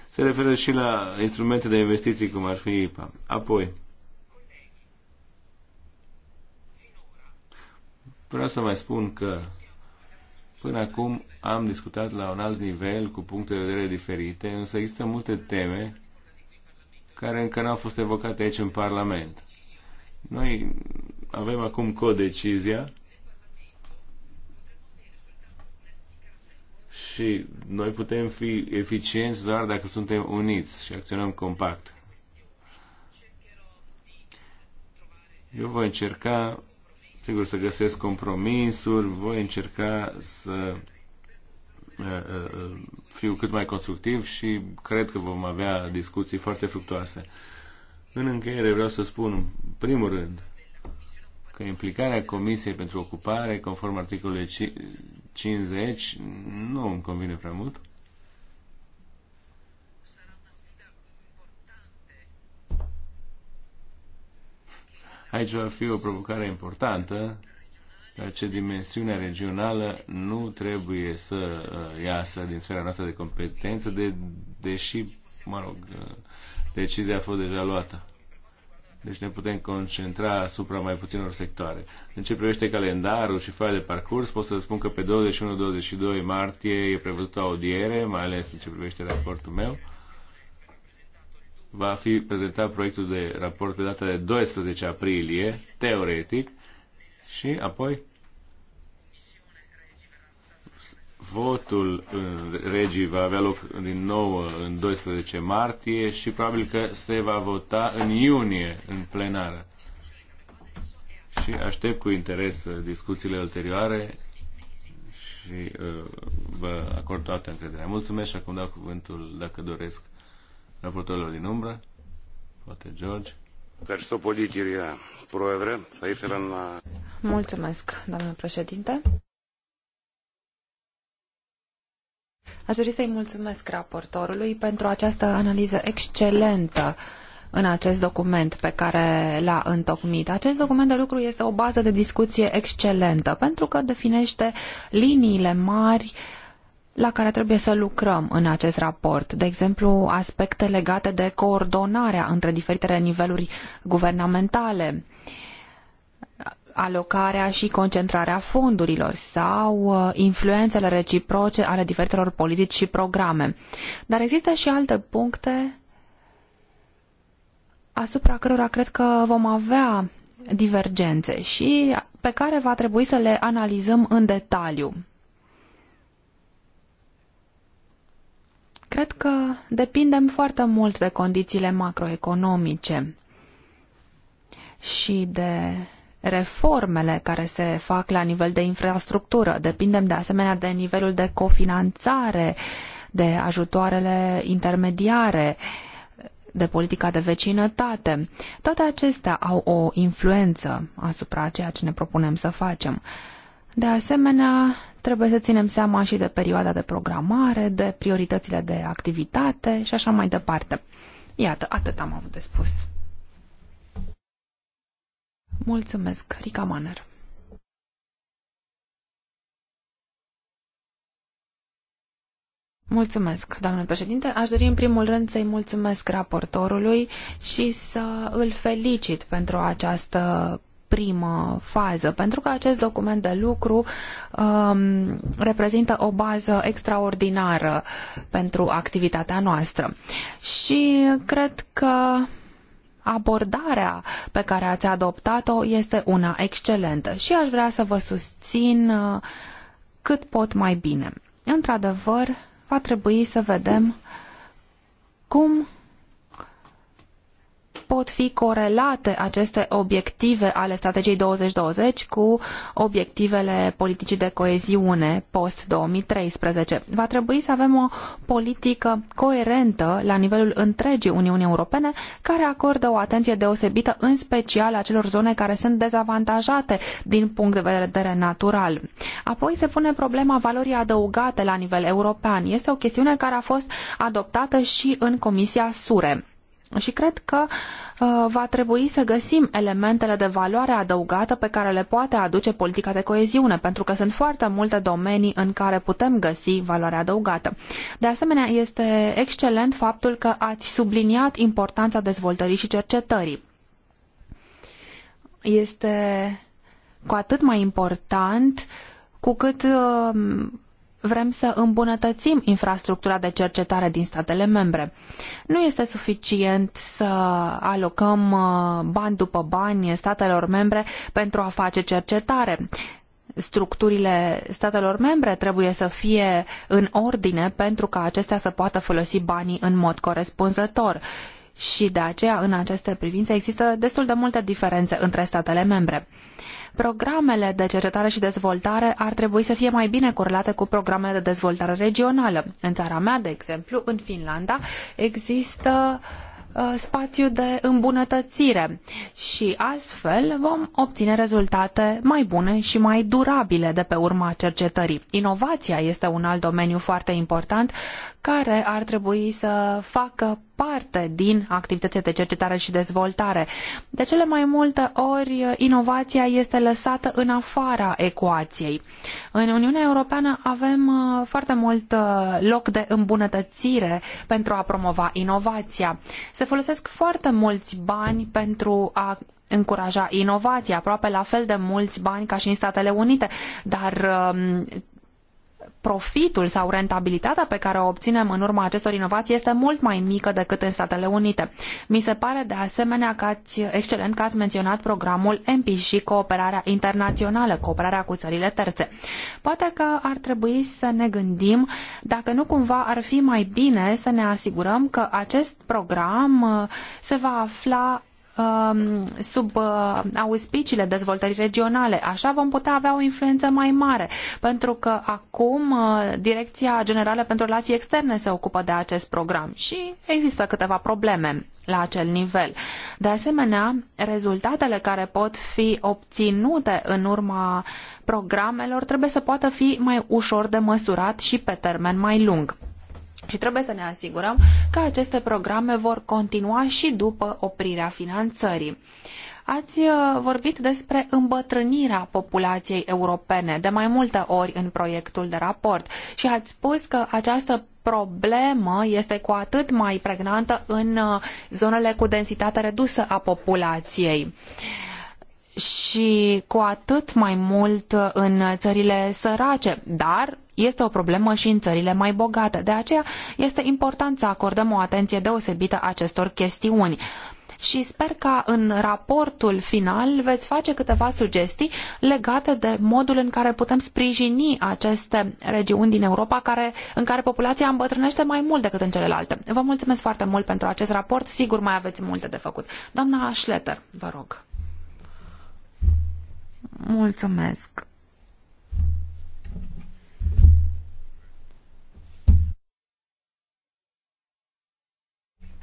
se referă și la instrumente de investiții cum ar fi IPA. Apoi, vreau să mai spun că Până acum am discutat la un alt nivel, cu puncte de vedere diferite, însă există multe teme care încă nu au fost evocate aici în Parlament. Noi avem acum codecizia și noi putem fi eficienți doar dacă suntem uniți și acționăm compact. Eu voi încerca sigur, să găsesc compromisuri, voi încerca să uh, uh, uh, fiu cât mai constructiv și cred că vom avea discuții foarte fructoase. În încheiere vreau să spun, în primul rând, că implicarea Comisiei pentru Ocupare, conform articolului 50, nu îmi convine prea mult. Aici va fi o provocare importantă, dar ce dimensiunea regională nu trebuie să uh, iasă din sfera noastră de competență, de, deși, mă rog, uh, decizia a fost deja luată. Deci ne putem concentra asupra mai puținor sectoare. În ce privește calendarul și foaia de parcurs, pot să spun că pe 21-22 martie e prevăzută audiere, mai ales în ce privește raportul meu va fi prezentat proiectul de raport pe data de 12 aprilie, teoretic, și apoi votul în regii va avea loc din nou în 12 martie și probabil că se va vota în iunie în plenară. Și aștept cu interes discuțiile ulterioare și uh, vă acord toată încrederea. Mulțumesc și acum dau cuvântul dacă doresc raportorilor din umbră. Poate George. Mulțumesc, doamnă președinte. Aș dori să-i mulțumesc raportorului pentru această analiză excelentă în acest document pe care l-a întocmit. Acest document de lucru este o bază de discuție excelentă pentru că definește liniile mari uh, la care trebuie să lucrăm în acest raport. De exemplu, aspecte legate de coordonarea între diferitele niveluri guvernamentale, alocarea și concentrarea fondurilor sau uh, influențele reciproce ale diferitelor politici și programe. Dar există și alte puncte asupra cărora cred că vom avea divergențe și pe care va trebui să le analizăm în detaliu. Cred că depindem foarte mult de condițiile macroeconomice și de reformele care se fac la nivel de infrastructură. Depindem de asemenea de nivelul de cofinanțare, de ajutoarele intermediare, de politica de vecinătate. Toate acestea au o influență asupra ceea ce ne propunem să facem. De asemenea, trebuie să ținem seama și de perioada de programare, de prioritățile de activitate și așa mai departe. Iată, atât am avut de spus. Mulțumesc, Rica Maner. Mulțumesc, doamnă președinte. Aș dori în primul rând să-i mulțumesc raportorului și să îl felicit pentru această primă fază, pentru că acest document de lucru um, reprezintă o bază extraordinară pentru activitatea noastră. Și cred că abordarea pe care ați adoptat-o este una excelentă și aș vrea să vă susțin uh, cât pot mai bine. Într-adevăr, va trebui să vedem cum pot fi corelate aceste obiective ale strategiei 2020 cu obiectivele politicii de coeziune post-2013. Va trebui să avem o politică coerentă la nivelul întregii Uniuni Europene care acordă o atenție deosebită în special acelor zone care sunt dezavantajate din punct de vedere natural. Apoi se pune problema valorii adăugate la nivel european. Este o chestiune care a fost adoptată și în Comisia SURE. Și cred că uh, va trebui să găsim elementele de valoare adăugată pe care le poate aduce politica de coeziune, pentru că sunt foarte multe domenii în care putem găsi valoare adăugată. De asemenea, este excelent faptul că ați subliniat importanța dezvoltării și cercetării. Este cu atât mai important cu cât uh, vrem să îmbunătățim infrastructura de cercetare din statele membre. Nu este suficient să alocăm uh, bani după bani statelor membre pentru a face cercetare structurile statelor membre trebuie să fie în ordine pentru ca acestea să poată folosi banii în mod corespunzător și de aceea în această privință există destul de multe diferențe între statele membre. Programele de cercetare și dezvoltare ar trebui să fie mai bine corelate cu programele de dezvoltare regională. În țara mea, de exemplu, în Finlanda, există ă, spațiu de îmbunătățire și astfel vom obține rezultate mai bune și mai durabile de pe urma cercetării. Inovația este un alt domeniu foarte important care ar trebui să facă parte din activitățile de cercetare și dezvoltare. De cele mai multe ori, inovația este lăsată în afara ecuației. În Uniunea Europeană avem uh, foarte mult uh, loc de îmbunătățire pentru a promova inovația. Se folosesc foarte mulți bani pentru a încuraja inovația, aproape la fel de mulți bani ca și în Statele Unite, dar um, profitul sau rentabilitatea pe care o obținem în urma acestor inovații este mult mai mică decât în Statele Unite. Mi se pare de asemenea că ați, excelent că ați menționat programul EMPI și cooperarea internațională, cooperarea cu țările terțe. Poate că ar trebui să ne gândim dacă nu cumva ar fi mai bine să ne asigurăm că acest program uh, se va afla Um, sub uh, auspiciile dezvoltării regionale. Așa vom putea avea o influență mai mare, pentru că acum uh, Direcția Generală pentru Relații Externe se ocupă de acest program și există câteva probleme la acel nivel. De asemenea, rezultatele care pot fi obținute în urma programelor trebuie să poată fi mai ușor de măsurat și pe termen mai lung. Și trebuie să ne asigurăm că aceste programe vor continua și după oprirea finanțării. Ați uh, vorbit despre îmbătrânirea populației europene de mai multe ori în proiectul de raport și ați spus că această problemă este cu atât mai pregnantă în uh, zonele cu densitate redusă a populației și cu atât mai mult uh, în țările sărace, dar este o problemă și în țările mai bogate. De aceea este important să acordăm o atenție deosebită acestor chestiuni și sper că în raportul final veți face câteva sugestii legate de modul în care putem sprijini aceste regiuni din Europa care, în care populația îmbătrânește mai mult decât în celelalte. Vă mulțumesc foarte mult pentru acest raport. Sigur mai aveți multe de făcut. Doamna Schletter, vă rog. Mulțumesc.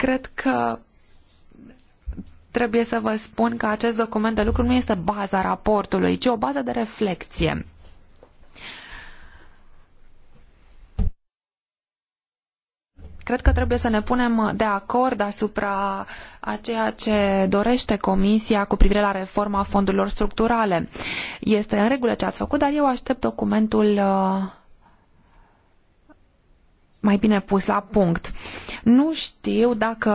Cred că trebuie să vă spun că acest document de lucru nu este baza raportului, ci o bază de reflexie. Cred că trebuie să ne punem de acord asupra a ceea ce dorește Comisia cu privire la reforma fondurilor structurale. Este în regulă ce ați făcut, dar eu aștept documentul uh, mai bine pus la punct. Nu știu dacă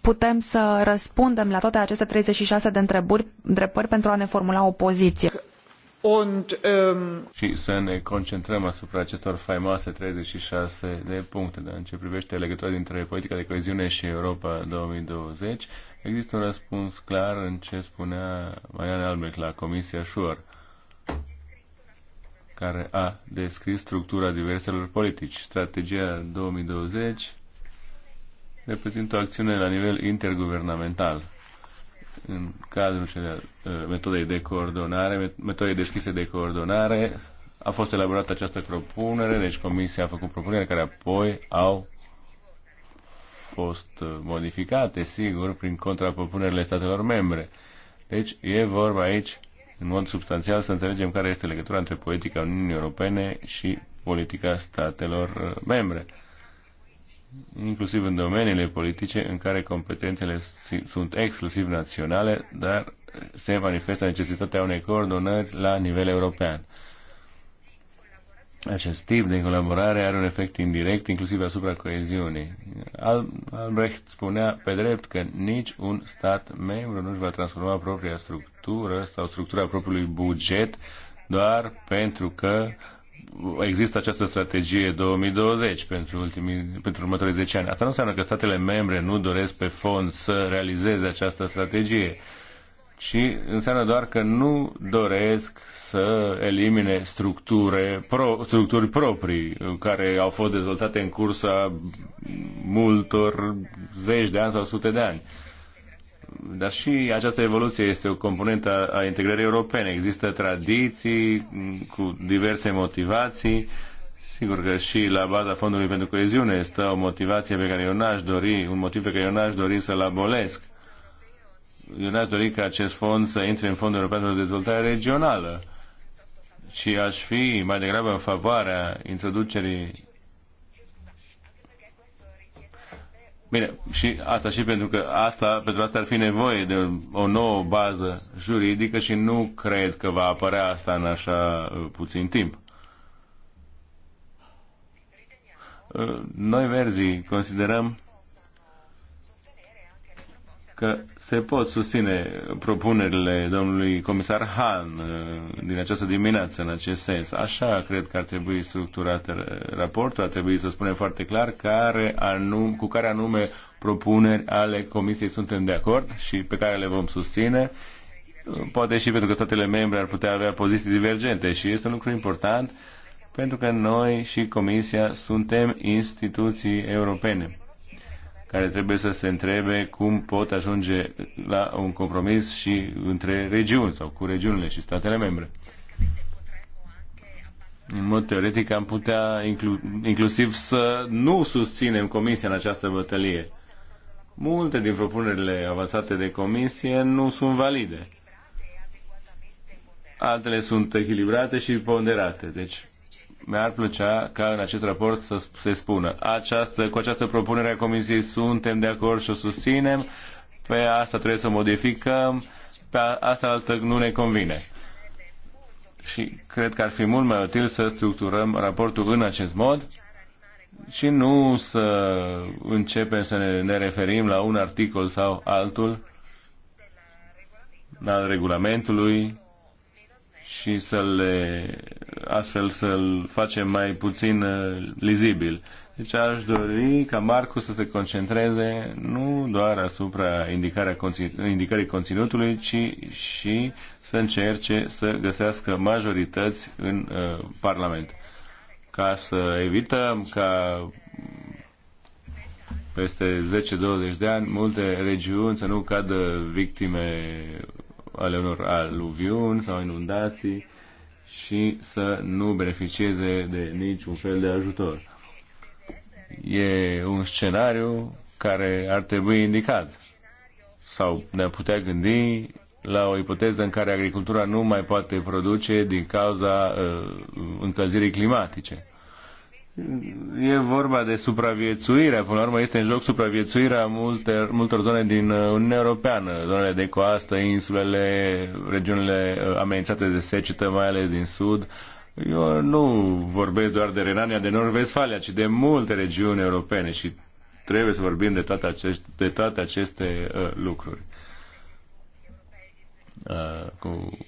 putem să răspundem la toate aceste 36 de întrebări, întrebări pentru a ne formula o poziție. Und, um... Și să ne concentrăm asupra acestor faimoase 36 de puncte. Dar în ce privește legătura dintre politica de coeziune și Europa 2020, există un răspuns clar în ce spunea Marian Albrecht la Comisia Sure care a descris structura diverselor politici. Strategia 2020 reprezintă o acțiune la nivel interguvernamental în cadrul celei uh, metodei de coordonare, metodei deschise de coordonare, a fost elaborată această propunere, deci Comisia a făcut propunere care apoi au fost uh, modificate, sigur, prin contrapropunerile statelor membre. Deci e vorba aici în mod substanțial să înțelegem care este legătura între politica Uniunii Europene și politica statelor uh, membre, inclusiv în domeniile politice în care competențele sunt exclusiv naționale, dar se manifestă necesitatea unei coordonări la nivel european acest tip de colaborare are un efect indirect inclusiv asupra coeziunii. Albrecht spunea pe drept că nici un stat membru nu-și va transforma propria structură sau structura propriului buget doar pentru că există această strategie 2020 pentru, ultimii, pentru următorii 10 ani. Asta nu înseamnă că statele membre nu doresc pe fond să realizeze această strategie ci înseamnă doar că nu doresc să elimine structure, pro, structuri proprii care au fost dezvoltate în cursa multor zeci de ani sau sute de ani. Dar și această evoluție este o componentă a integrării europene. Există tradiții cu diverse motivații. Sigur că și la baza Fondului pentru Coeziune este o motivație pe care eu n-aș dori, un motiv pe care eu n-aș dori să-l abolesc eu n-aș ca acest fond să intre în Fondul European de Dezvoltare Regională și aș fi mai degrabă în favoarea introducerii Bine, și asta și pentru că asta, pentru asta ar fi nevoie de o nouă bază juridică și nu cred că va apărea asta în așa uh, puțin timp. Uh, noi verzii considerăm că se pot susține propunerile domnului comisar Han uh, din această dimineață în acest sens. Așa cred că ar trebui structurat raportul, ar trebui să spunem foarte clar care anum, cu care anume propuneri ale comisiei suntem de acord și pe care le vom susține. Poate și pentru că statele membre ar putea avea poziții divergente și este un lucru important pentru că noi și Comisia suntem instituții europene care trebuie să se întrebe cum pot ajunge la un compromis și între regiuni sau cu regiunile și statele membre. În mod teoretic am putea inclu- inclusiv să nu susținem Comisia în această bătălie. Multe din propunerile avansate de Comisie nu sunt valide. Altele sunt echilibrate și ponderate. Deci mi-ar plăcea ca în acest raport să se spună această, cu această propunere a Comisiei suntem de acord și o susținem, pe asta trebuie să modificăm, pe asta altă nu ne convine. Și cred că ar fi mult mai util să structurăm raportul în acest mod și nu să începem să ne, ne referim la un articol sau altul al regulamentului și să le, astfel să-l facem mai puțin uh, lizibil. Deci aș dori ca Marcu să se concentreze nu doar asupra indicarea indicării conținutului, ci și să încerce să găsească majorități în uh, Parlament. Ca să evităm ca peste 10-20 de ani multe regiuni să nu cadă victime ale unor aluviuni sau inundații și să nu beneficieze de niciun fel de ajutor. E un scenariu care ar trebui indicat sau ne-am putea gândi la o ipoteză în care agricultura nu mai poate produce din cauza uh, încălzirii climatice. E vorba de supraviețuire, până la urmă este în joc supraviețuirea multor multor zone din uh, Uniunea Europeană, zonele de coastă, insulele, regiunile uh, amenințate de secetă, mai ales din sud. Eu nu vorbesc doar de Renania de Nord-Vestfalia, ci de multe regiuni europene și trebuie să vorbim de toate, aceste de toate aceste uh, lucruri. Uh, cu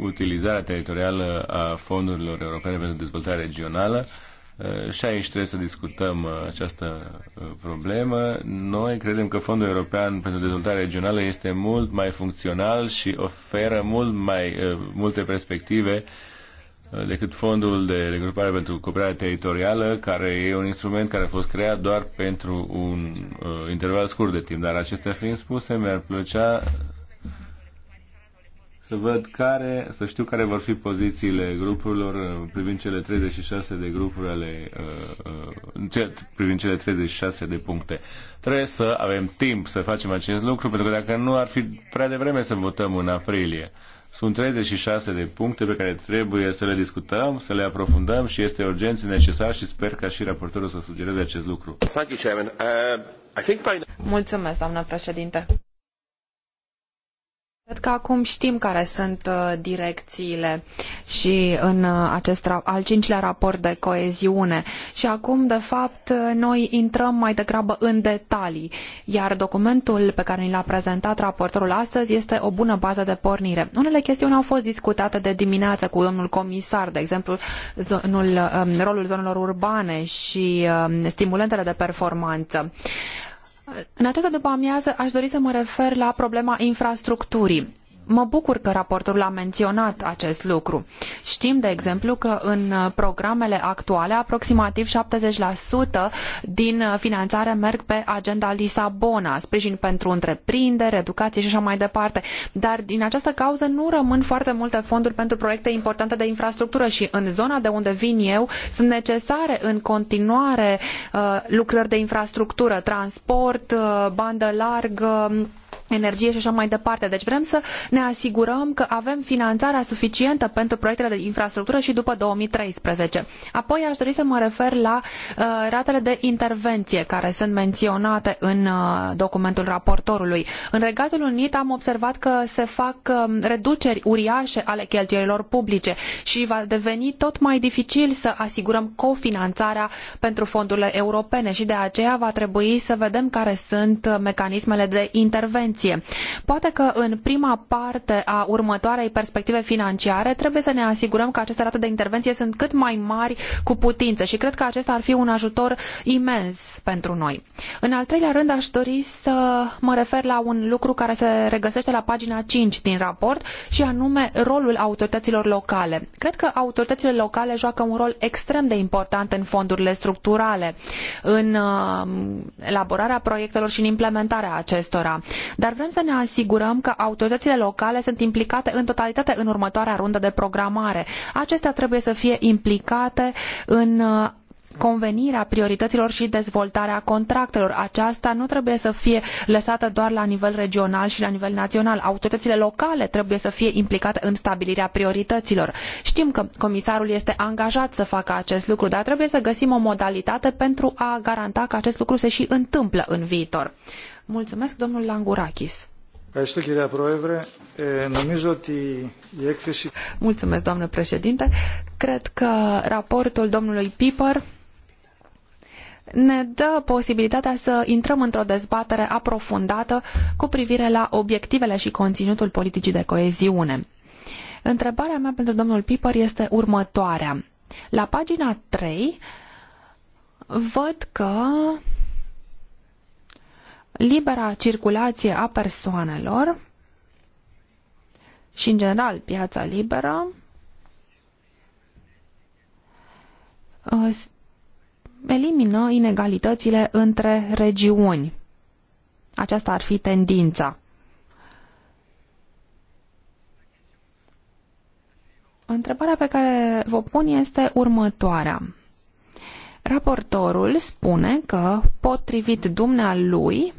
utilizarea teritorială a fondurilor europene pentru dezvoltare regională uh, Uh, și aici trebuie să discutăm uh, această uh, problemă. Noi credem că Fondul European pentru Dezvoltare Regională este mult mai funcțional și oferă mult mai multe perspective decât Fondul de Regrupare pentru Cooperare Teritorială, care e un instrument care a fost creat doar pentru un uh, interval scurt de timp. Dar acestea fiind spuse, mi-ar plăcea să văd care, să știu care vor fi pozițiile grupurilor uh, privind cele 36 de grupuri ale, uh, uh privind cele 36 de puncte. Trebuie să avem timp să facem acest lucru, pentru că dacă nu ar fi prea devreme să votăm în aprilie. Sunt 36 de puncte pe care trebuie să le discutăm, să le aprofundăm și este urgent necesar și sper ca și raportorul să sugereze acest lucru. Uh, Mulțumesc, doamnă președinte. Cred că acum știm care sunt uh, direcțiile și în uh, acest al cincilea raport de coeziune. Și acum, de fapt, uh, noi intrăm mai degrabă în detalii, iar documentul pe care ni l-a prezentat raportorul astăzi este o bună bază de pornire. Unele chestiuni au fost discutate de dimineață cu domnul comisar, de exemplu, zonul, um, rolul zonelor urbane și um, stimulentele de performanță. În această după amiază aș dori să mă refer la problema infrastructurii. Mă bucur că raportorul a menționat acest lucru. Știm, de exemplu, că în programele actuale, aproximativ 70% din finanțare merg pe agenda Lisabona, sprijin pentru întreprinderi, educație și așa mai departe. Dar din această cauză nu rămân foarte multe fonduri pentru proiecte importante de infrastructură și în zona de unde vin eu sunt necesare în continuare uh, lucrări de infrastructură, transport, uh, bandă largă, energie și așa mai departe. Deci vrem să ne asigurăm că avem finanțarea suficientă pentru proiectele de infrastructură și după 2013. Apoi aș dori să mă refer la uh, ratele de intervenție care sunt menționate în uh, documentul raportorului. În Regatul Unit am observat că se fac uh, reduceri uriașe ale cheltuielilor publice și va deveni tot mai dificil să asigurăm cofinanțarea pentru fondurile europene și de aceea va trebui să vedem care sunt uh, mecanismele de intervenție atenție. Poate că în prima parte a următoarei perspective financiare trebuie să ne asigurăm că aceste rate de intervenție sunt cât mai mari cu putință și cred că acesta ar fi un ajutor imens pentru noi. În al treilea rând aș dori să mă refer la un lucru care se regăsește la pagina 5 din raport și anume rolul autorităților locale. Cred că autoritățile locale joacă un rol extrem de important în fondurile structurale, în uh, elaborarea proiectelor și în implementarea acestora. Dar dar vrem să ne asigurăm că autoritățile locale sunt implicate în totalitate în următoarea rundă de programare. Acestea trebuie să fie implicate în uh, convenirea priorităților și dezvoltarea contractelor. Aceasta nu trebuie să fie lăsată doar la nivel regional și la nivel național. Autoritățile locale trebuie să fie implicate în stabilirea priorităților. Știm că comisarul este angajat să facă acest lucru, dar trebuie să găsim o modalitate pentru a garanta că acest lucru se și întâmplă în viitor. Mulțumesc, domnul Langurakis. Mulțumesc, doamnă președinte. Cred că raportul domnului Piper ne dă posibilitatea să intrăm într-o dezbatere aprofundată cu privire la obiectivele și conținutul politicii de coeziune. Întrebarea mea pentru domnul Piper este următoarea. La pagina 3 văd că libera circulație a persoanelor și, în general, piața liberă uh, elimină inegalitățile între regiuni. Aceasta ar fi tendința. Întrebarea pe care vă pun este următoarea. Raportorul spune că, potrivit dumnealui,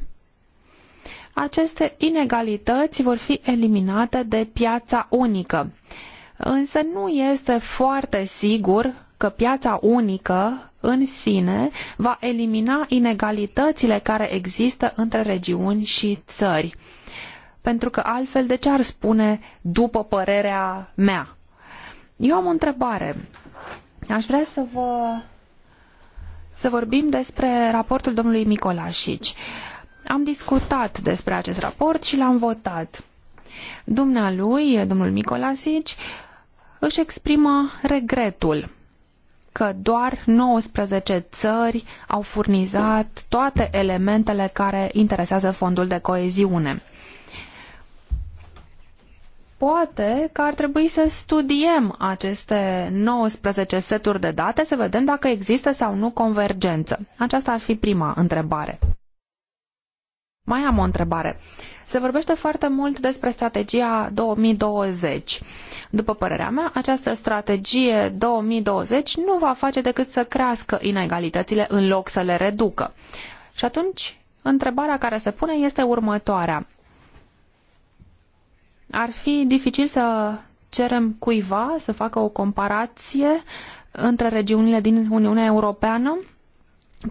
aceste inegalități vor fi eliminate de piața unică. Însă nu este foarte sigur că piața unică în sine va elimina inegalitățile care există între regiuni și țări. Pentru că altfel de ce ar spune după părerea mea? Eu am o întrebare. Aș vrea să vă să vorbim despre raportul domnului Micolașici. Uh, am discutat despre acest raport și l-am votat. Dumnealui, domnul Micolasici, își exprimă regretul că doar 19 țări au furnizat toate elementele care interesează fondul de coeziune. Poate că ar trebui să studiem aceste 19 seturi de date, să vedem dacă există sau nu convergență. Aceasta ar fi prima întrebare. Mai am o întrebare. Se vorbește foarte mult despre strategia 2020. După părerea mea, această strategie 2020 nu va face decât să crească inegalitățile în loc să le reducă. Și atunci, întrebarea care se pune este următoarea. Ar fi dificil să cerem cuiva să facă o comparație între regiunile din Uniunea Europeană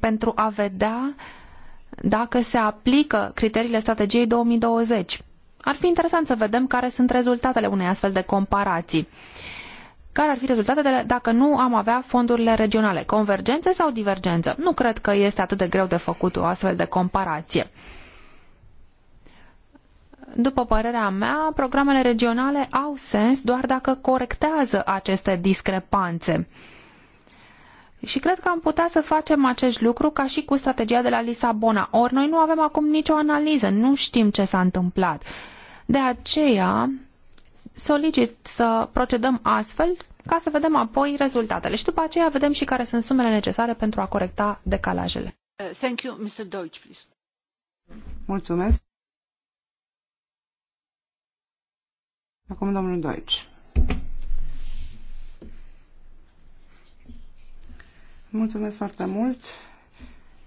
pentru a vedea uh, dacă se aplică criteriile strategiei 2020. Ar fi interesant să vedem care sunt rezultatele unei astfel de comparații. Care ar fi rezultatele dacă nu am avea fondurile regionale? Convergență sau divergență? Nu cred că este atât de greu de făcut o astfel de comparație. După părerea mea, programele regionale au sens doar dacă corectează aceste discrepanțe și cred că am putea să facem acest lucru ca și cu strategia de la Lisabona. Ori noi nu avem acum nicio analiză, nu știm ce s-a întâmplat. De aceea solicit să procedăm astfel ca să vedem apoi rezultatele și după aceea vedem și care sunt sumele necesare pentru a corecta decalajele. Thank you, Mr. Deutsch, please. Mulțumesc. Acum domnul Deutsch. Mulțumesc foarte mult,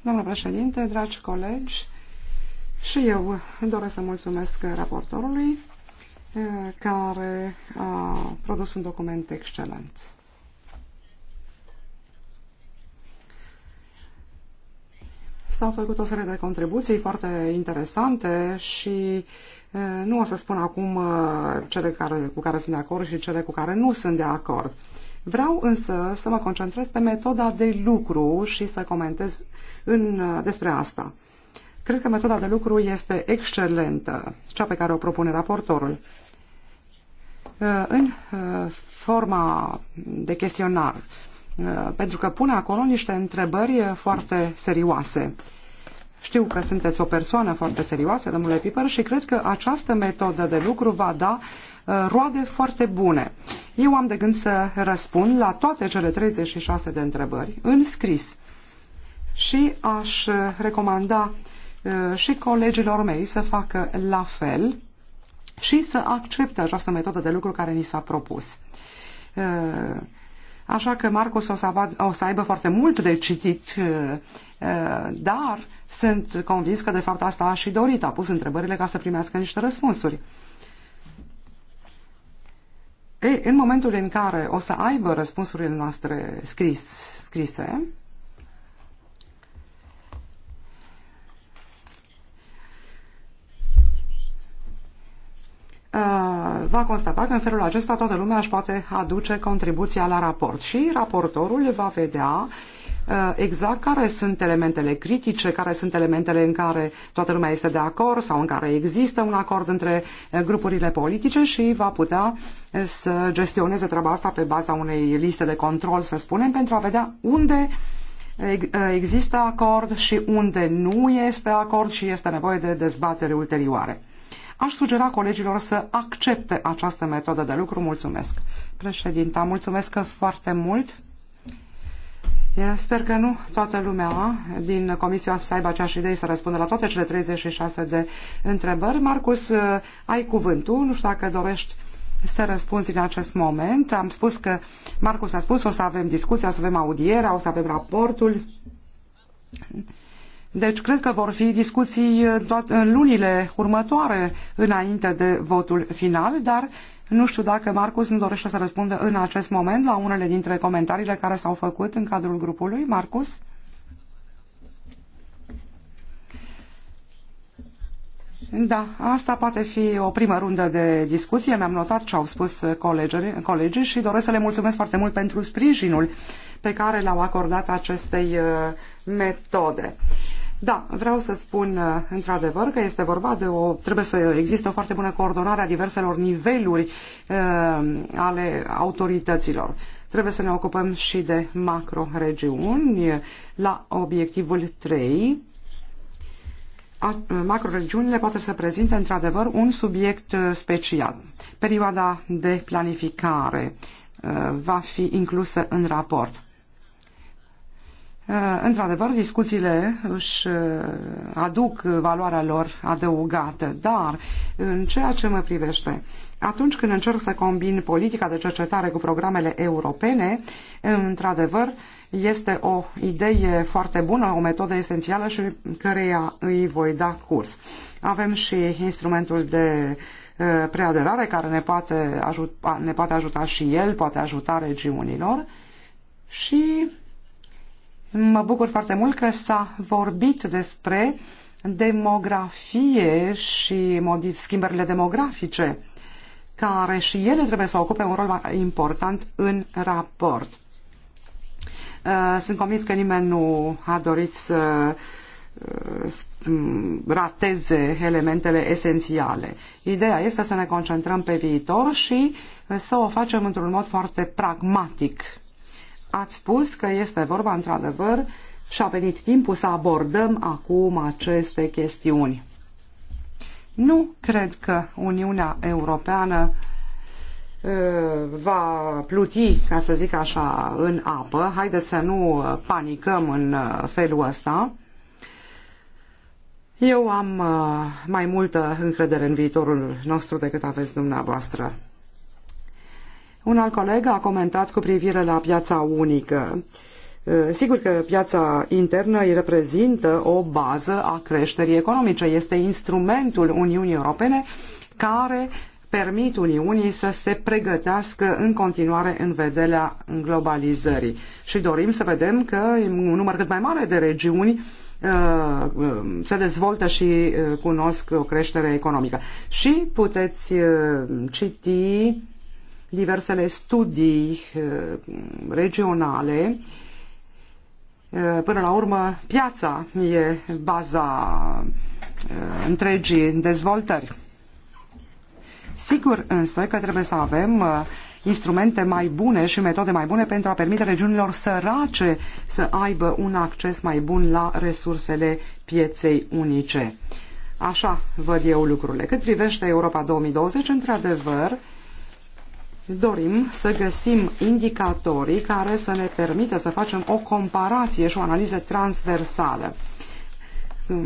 doamna președinte, dragi colegi. Și eu doresc să mulțumesc raportorului eh, care a produs un document excelent. S-au făcut o serie de contribuții foarte interesante și eh, nu o să spun acum eh, cele care, cu care sunt de acord și cele cu care nu sunt de acord. Vreau însă să mă concentrez pe metoda de lucru și să comentez în, despre asta. Cred că metoda de lucru este excelentă, cea pe care o propune raportorul. În forma de chestionar, pentru că pune acolo niște întrebări foarte serioase. Știu că sunteți o persoană foarte serioasă, domnule Piper, și cred că această metodă de lucru va da uh, Uh, roade foarte bune. Eu am de gând să răspund la toate cele 36 de întrebări în scris și aș uh, recomanda uh, și colegilor mei să facă la fel și să accepte această metodă de lucru care ni s-a propus. Așa că Marcos o să, o să aibă foarte mult de citit, dar sunt convins că de fapt asta a și dorit, a pus întrebările ca să primească niște răspunsuri. Ei, în momentul în care o să aibă răspunsurile noastre scris, scrise, Uh, va constata că în felul acesta toată lumea își poate aduce contribuția la raport și raportorul va vedea uh, exact care sunt elementele critice, care sunt elementele în care toată lumea este de acord sau în care există un acord între uh, grupurile politice și va putea să gestioneze treaba asta pe baza unei liste de control, să spunem, pentru a vedea unde există acord și unde nu este acord și este nevoie de dezbatere ulterioare. Aș sugera colegilor să accepte această metodă de lucru. Mulțumesc. Președinta, mulțumesc foarte mult. Sper că nu toată lumea din comisia să aibă aceeași idee să răspundă la toate cele 36 de întrebări. Marcus, ai cuvântul, nu știu dacă dorești să răspunzi în acest moment. Am spus că, Marcus a spus, o să avem discuția, o să avem audierea, o să avem raportul. Deci cred că vor fi discuții uh, în lunile următoare înainte de votul final, dar nu știu dacă Marcus nu dorește să răspundă în acest moment la unele dintre comentariile care s-au făcut în cadrul grupului. Marcus? Da, asta poate fi o primă rundă de discuție. Mi-am notat ce au spus colegii, colegii și doresc să le mulțumesc foarte mult pentru sprijinul pe care l-au acordat acestei uh, metode. Da, vreau să spun uh, într-adevăr că este vorba de o... trebuie să existe o foarte bună coordonare a diverselor niveluri uh, ale autorităților. Trebuie să ne ocupăm și de macroregiuni la obiectivul 3. Macroregiunile poate să prezinte într-adevăr un subiect uh, special. Perioada de planificare uh, va fi inclusă în raport Uh, într-adevăr, discuțiile își uh, aduc valoarea lor adăugată, dar în ceea ce mă privește, atunci când încerc să combin politica de cercetare cu programele europene, într-adevăr, este o idee foarte bună, o metodă esențială și căreia îi voi da curs. Avem și instrumentul de uh, preaderare care ne poate ajuta, ne poate ajuta și el, poate ajuta regiunilor și Mă bucur foarte mult că s-a vorbit despre demografie și schimbările demografice, care și ele trebuie să ocupe un rol important în raport. Uh, sunt convins că nimeni nu a dorit să uh, rateze elementele esențiale. Ideea este să ne concentrăm pe viitor și să o facem într-un mod foarte pragmatic Ați spus că este vorba, într-adevăr, și a venit timpul să abordăm acum aceste chestiuni. Nu cred că Uniunea Europeană va pluti, ca să zic așa, în apă. Haideți să nu panicăm în felul ăsta. Eu am mai multă încredere în viitorul nostru decât aveți dumneavoastră. Un alt coleg a comentat cu privire la piața unică. Uh, sigur că piața internă îi reprezintă o bază a creșterii economice. Este instrumentul Uniunii Europene care permit Uniunii să se pregătească în continuare în vederea globalizării. Și dorim să vedem că un număr cât mai mare de regiuni uh, uh, se dezvoltă și cunosc o creștere economică. Și puteți citi diversele studii eh, regionale. Eh, până la urmă, piața e baza eh, întregii dezvoltări. Sigur însă că trebuie să avem instrumente mai bune și metode mai bune pentru a permite regiunilor sărace să aibă un acces mai bun la resursele pieței unice. Așa văd eu lucrurile. Cât privește Europa 2020, într-adevăr, dorim să găsim indicatorii care să ne permită să facem o comparație și o analiză transversală.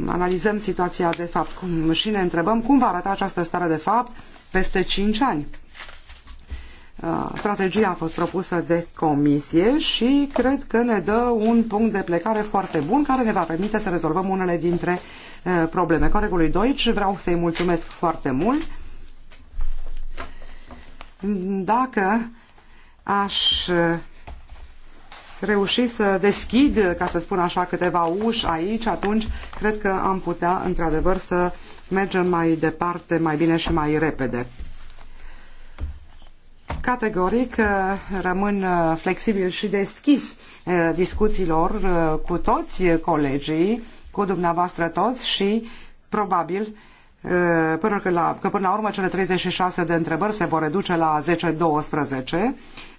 Analizăm situația de fapt și ne întrebăm cum va arăta această stare de fapt peste 5 ani. Uh, strategia a fost propusă de comisie și cred că ne dă un punct de plecare foarte bun care ne va permite să rezolvăm unele dintre uh, probleme. Colegului Deutsch vreau să-i mulțumesc foarte mult dacă aș uh, reuși să deschid, ca să spun așa, câteva uși aici, atunci cred că am putea, într-adevăr, să mergem mai departe, mai bine și mai repede. Categoric uh, rămân uh, flexibil și deschis discuțiilor cu toți colegii, cu dumneavoastră toți și probabil Eh, până că, la, că până la urmă cele 36 de întrebări se vor reduce la 10-12,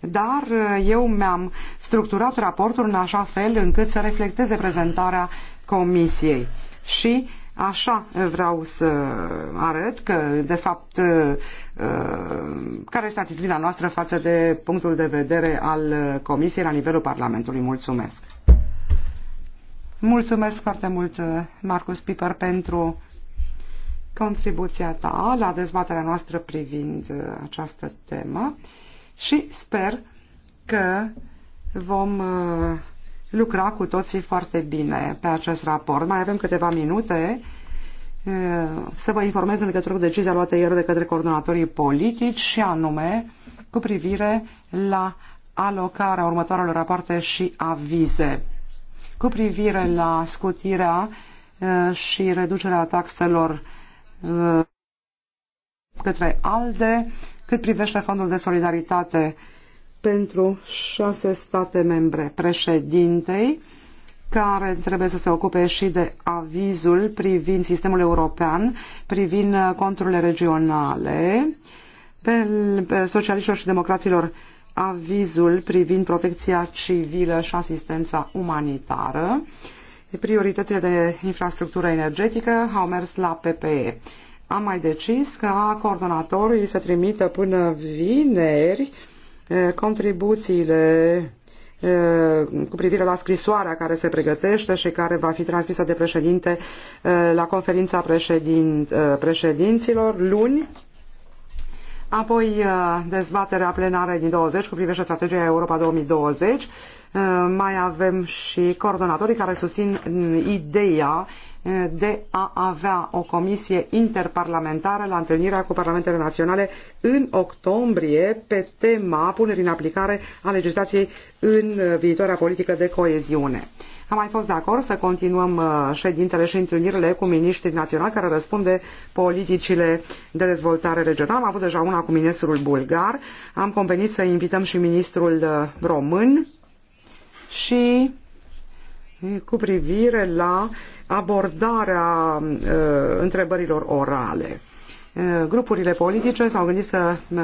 dar eh, eu mi-am structurat raportul în așa fel încât să reflecteze prezentarea comisiei. Și Așa eh, vreau să arăt că, de fapt, care este atitudinea noastră față de punctul de vedere al Comisiei la nivelul Parlamentului. Mulțumesc! Mulțumesc foarte mult, Marcus Piper, pentru contribuția ta la dezbaterea noastră privind uh, această temă și sper că vom uh, lucra cu toții foarte bine pe acest raport. Mai avem câteva minute uh, să vă informez în legătură cu decizia luată ieri de către coordonatorii politici și anume cu privire la alocarea următoarelor rapoarte și avize cu privire la scutirea și reducerea taxelor Uh, către ALDE cât privește fondul de solidaritate pentru șase state membre președintei care trebuie să se ocupe și de avizul privind sistemul european, privind conturile regionale, pe, pe socialiștilor și democraților avizul privind protecția civilă și asistența umanitară, prioritățile de infrastructură energetică au mers la PPE. Am mai decis ca coordonatorii să trimită până vineri contribuțiile cu privire la scrisoarea care se pregătește și care va fi transmisă de președinte la conferința președin, președinților luni. Apoi dezbaterea plenară din 20 cu privire la strategia Europa 2020 Uh, mai avem și coordonatorii care susțin uh, ideea uh, de a avea o comisie interparlamentară la întâlnirea cu parlamentele naționale în octombrie pe tema punerii în aplicare a legislației în viitoarea politică de coeziune. Am mai fost de acord să continuăm ședințele și întâlnirile cu miniștrii naționali care răspunde politicile de dezvoltare regională. Am avut deja una cu ministrul bulgar. Am convenit să invităm și ministrul român și cu privire la abordarea uh, întrebărilor orale. Uh, grupurile politice s-au gândit să uh,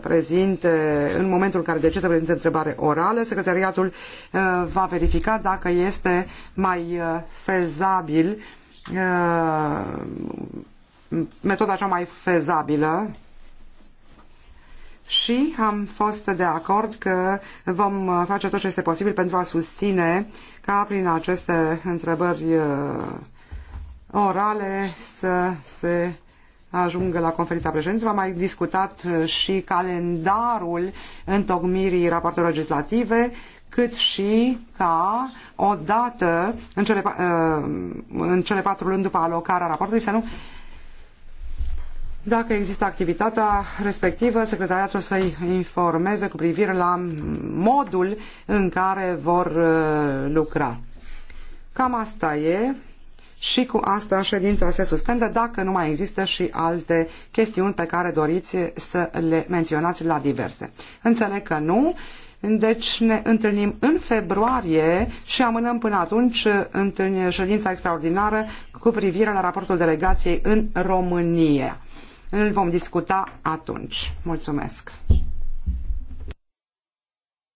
prezinte, în momentul în care decide să prezinte întrebare orală, secretariatul uh, va verifica dacă este mai fezabil metoda cea mai fezabilă și am fost de acord că vom uh, face tot ce este posibil pentru a susține ca prin aceste întrebări uh, orale să se ajungă la conferința președinților. Am mai discutat uh, și calendarul întocmirii raportelor legislative, cât și ca o în cele, în cele patru luni după alocarea raportului să nu dacă există activitatea respectivă, secretariatul să-i informeze cu privire la modul în care vor uh, lucra. Cam asta e și cu asta ședința se suspendă dacă nu mai există și alte chestiuni pe care doriți să le menționați la diverse. Înțeleg că nu, deci ne întâlnim în februarie și amânăm până atunci uh, ședința extraordinară cu privire la raportul delegației în România îl vom discuta atunci. Mulțumesc!